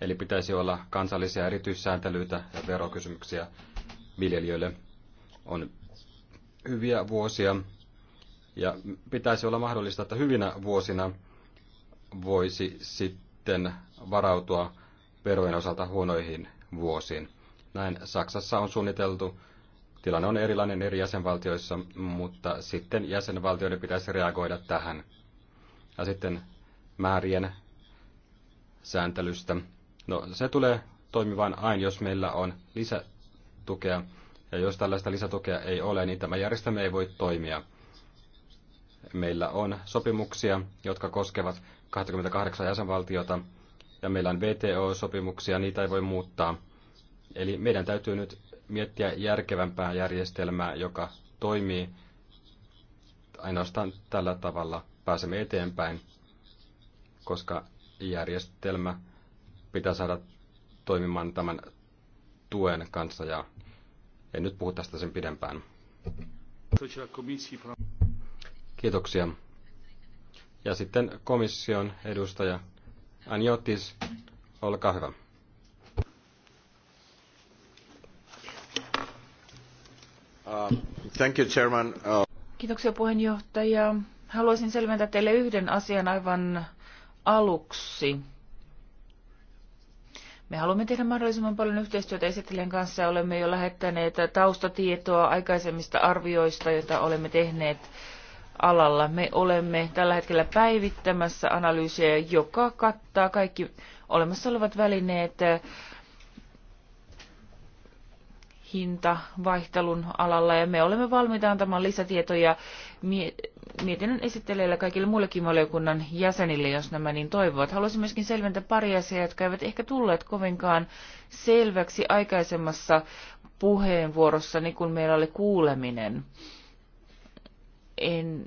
Eli pitäisi olla kansallisia erityissääntelyitä ja verokysymyksiä viljelijöille. On hyviä vuosia ja pitäisi olla mahdollista, että hyvinä vuosina voisi sitten varautua verojen osalta huonoihin vuosiin. Näin Saksassa on suunniteltu. Tilanne on erilainen eri jäsenvaltioissa, mutta sitten jäsenvaltioiden pitäisi reagoida tähän ja sitten määrien sääntelystä. No se tulee toimivaan aina, jos meillä on lisätukea. Ja jos tällaista lisätukea ei ole, niin tämä järjestelmä ei voi toimia. Meillä on sopimuksia, jotka koskevat 28 jäsenvaltiota, ja meillä on VTO-sopimuksia, niitä ei voi muuttaa. Eli meidän täytyy nyt miettiä järkevämpää järjestelmää, joka toimii ainoastaan tällä tavalla pääsemme eteenpäin, koska järjestelmä pitää saada toimimaan tämän tuen kanssa ja en nyt puhu tästä sen pidempään. Kiitoksia. Ja sitten komission edustaja Anjotis, olkaa hyvä. Thank you, chairman. Uh, Kiitoksia puheenjohtaja. Haluaisin selventää teille yhden asian aivan aluksi. Me haluamme tehdä mahdollisimman paljon yhteistyötä esittelijän kanssa ja olemme jo lähettäneet taustatietoa aikaisemmista arvioista, joita olemme tehneet alalla. Me olemme tällä hetkellä päivittämässä analyysiä, joka kattaa kaikki olemassa olevat välineet hinta-vaihtelun alalla ja me olemme valmiita antamaan lisätietoja mietinnön esittelijälle kaikille muillekin valiokunnan jäsenille, jos nämä niin toivovat. Haluaisin myöskin selventää pari asiaa, jotka eivät ehkä tulleet kovinkaan selväksi aikaisemmassa niin kun meillä oli kuuleminen. En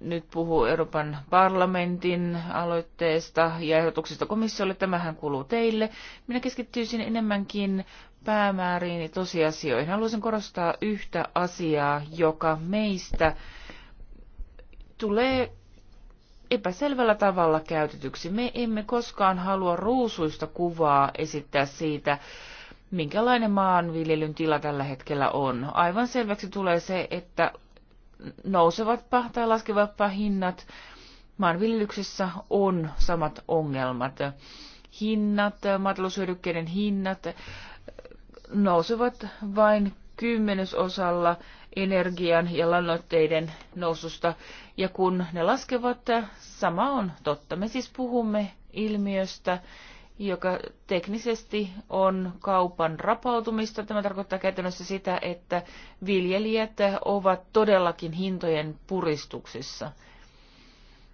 nyt puhu Euroopan parlamentin aloitteesta ja ehdotuksista komissiolle. Tämähän kuuluu teille. Minä keskittyisin enemmänkin päämääriin ja tosiasioihin. Haluaisin korostaa yhtä asiaa, joka meistä tulee epäselvällä tavalla käytetyksi. Me emme koskaan halua ruusuista kuvaa esittää siitä, minkälainen maanviljelyn tila tällä hetkellä on. Aivan selväksi tulee se, että nousevatpa tai laskevatpa hinnat, maanviljelyksessä on samat ongelmat. Hinnat, maataloushyödykkeiden hinnat, nousevat vain kymmenesosalla energian ja lannoitteiden noususta. Ja kun ne laskevat, sama on totta. Me siis puhumme ilmiöstä, joka teknisesti on kaupan rapautumista. Tämä tarkoittaa käytännössä sitä, että viljelijät ovat todellakin hintojen puristuksissa.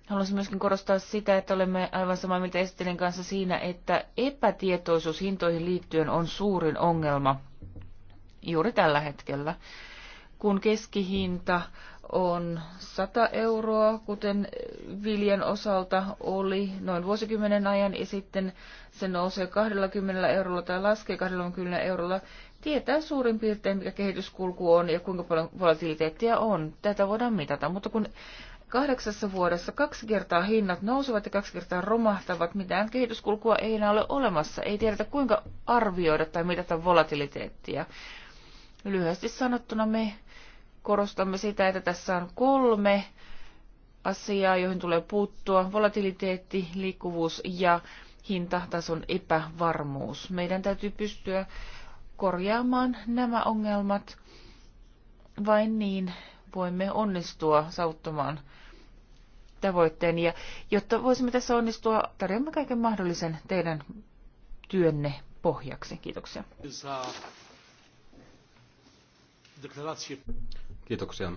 Haluaisin myöskin korostaa sitä, että olemme aivan samaa mieltä esittelen kanssa siinä, että epätietoisuus hintoihin liittyen on suurin ongelma juuri tällä hetkellä. Kun keskihinta on 100 euroa, kuten viljan osalta oli noin vuosikymmenen ajan, ja sitten se nousee 20 eurolla tai laskee 20 eurolla, tietää suurin piirtein, mikä kehityskulku on ja kuinka paljon volatiliteettia on. Tätä voidaan mitata, mutta kun Kahdeksassa vuodessa kaksi kertaa hinnat nousevat ja kaksi kertaa romahtavat. Mitään kehityskulkua ei enää ole olemassa. Ei tiedetä kuinka arvioida tai mitata volatiliteettia. Lyhyesti sanottuna me korostamme sitä, että tässä on kolme asiaa, joihin tulee puuttua. Volatiliteetti, liikkuvuus ja hintatason epävarmuus. Meidän täytyy pystyä korjaamaan nämä ongelmat. Vain niin voimme onnistua sauttamaan tavoitteen. Ja jotta voisimme tässä onnistua, tarjoamme kaiken mahdollisen teidän työnne pohjaksi. Kiitoksia. Kiitoksia.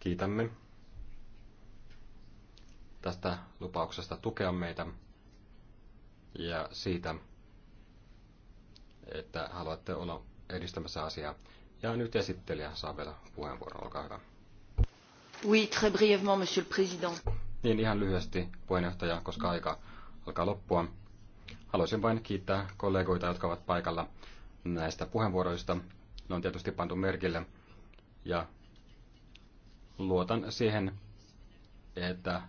Kiitämme tästä lupauksesta tukea meitä ja siitä, että haluatte olla edistämässä asiaa. Ja nyt esittelijä saa vielä puheenvuoron, olkaa hyvä. Oui, très brièvement, monsieur le président. Niin ihan lyhyesti puheenjohtaja, koska aika alkaa loppua. Haluaisin vain kiittää kollegoita, jotka ovat paikalla näistä puheenvuoroista. Ne on tietysti pantu merkille ja luotan siihen, että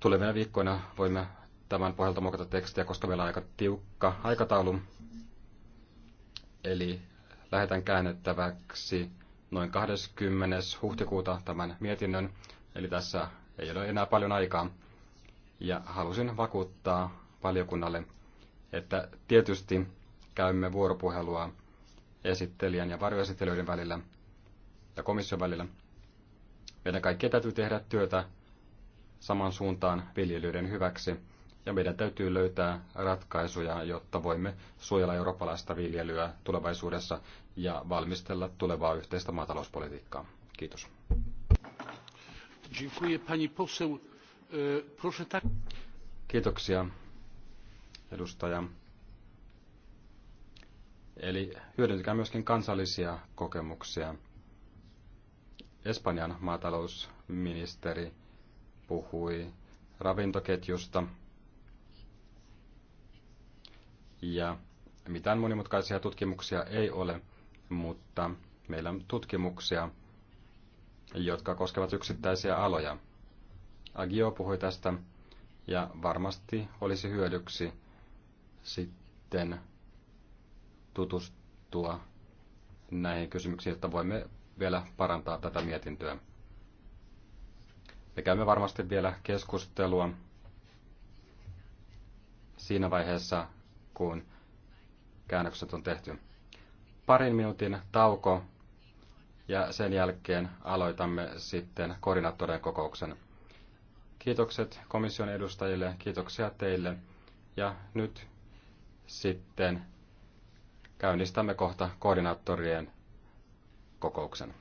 tulevina viikkoina voimme tämän pohjalta muokata tekstiä, koska meillä on aika tiukka aikataulu. Eli lähetän käännettäväksi noin 20. huhtikuuta tämän mietinnön, eli tässä ei ole enää paljon aikaa. Ja halusin vakuuttaa valiokunnalle, että tietysti käymme vuoropuhelua esittelijän ja varjoesittelijöiden välillä ja komission välillä. Meidän kaikkien täytyy tehdä työtä saman suuntaan viljelyiden hyväksi ja meidän täytyy löytää ratkaisuja, jotta voimme suojella eurooppalaista viljelyä tulevaisuudessa ja valmistella tulevaa yhteistä maatalouspolitiikkaa. Kiitos. E, Kiitoksia, edustaja. Eli hyödyntäkää myöskin kansallisia kokemuksia. Espanjan maatalousministeri puhui ravintoketjusta ja mitään monimutkaisia tutkimuksia ei ole, mutta meillä on tutkimuksia, jotka koskevat yksittäisiä aloja. Agio puhui tästä ja varmasti olisi hyödyksi sitten tutustua näihin kysymyksiin, että voimme vielä parantaa tätä mietintöä. Me käymme varmasti vielä keskustelua siinä vaiheessa, kun käännökset on tehty. Parin minuutin tauko ja sen jälkeen aloitamme sitten koordinaattoreiden kokouksen. Kiitokset komission edustajille, kiitoksia teille ja nyt sitten käynnistämme kohta koordinaattorien kokouksen.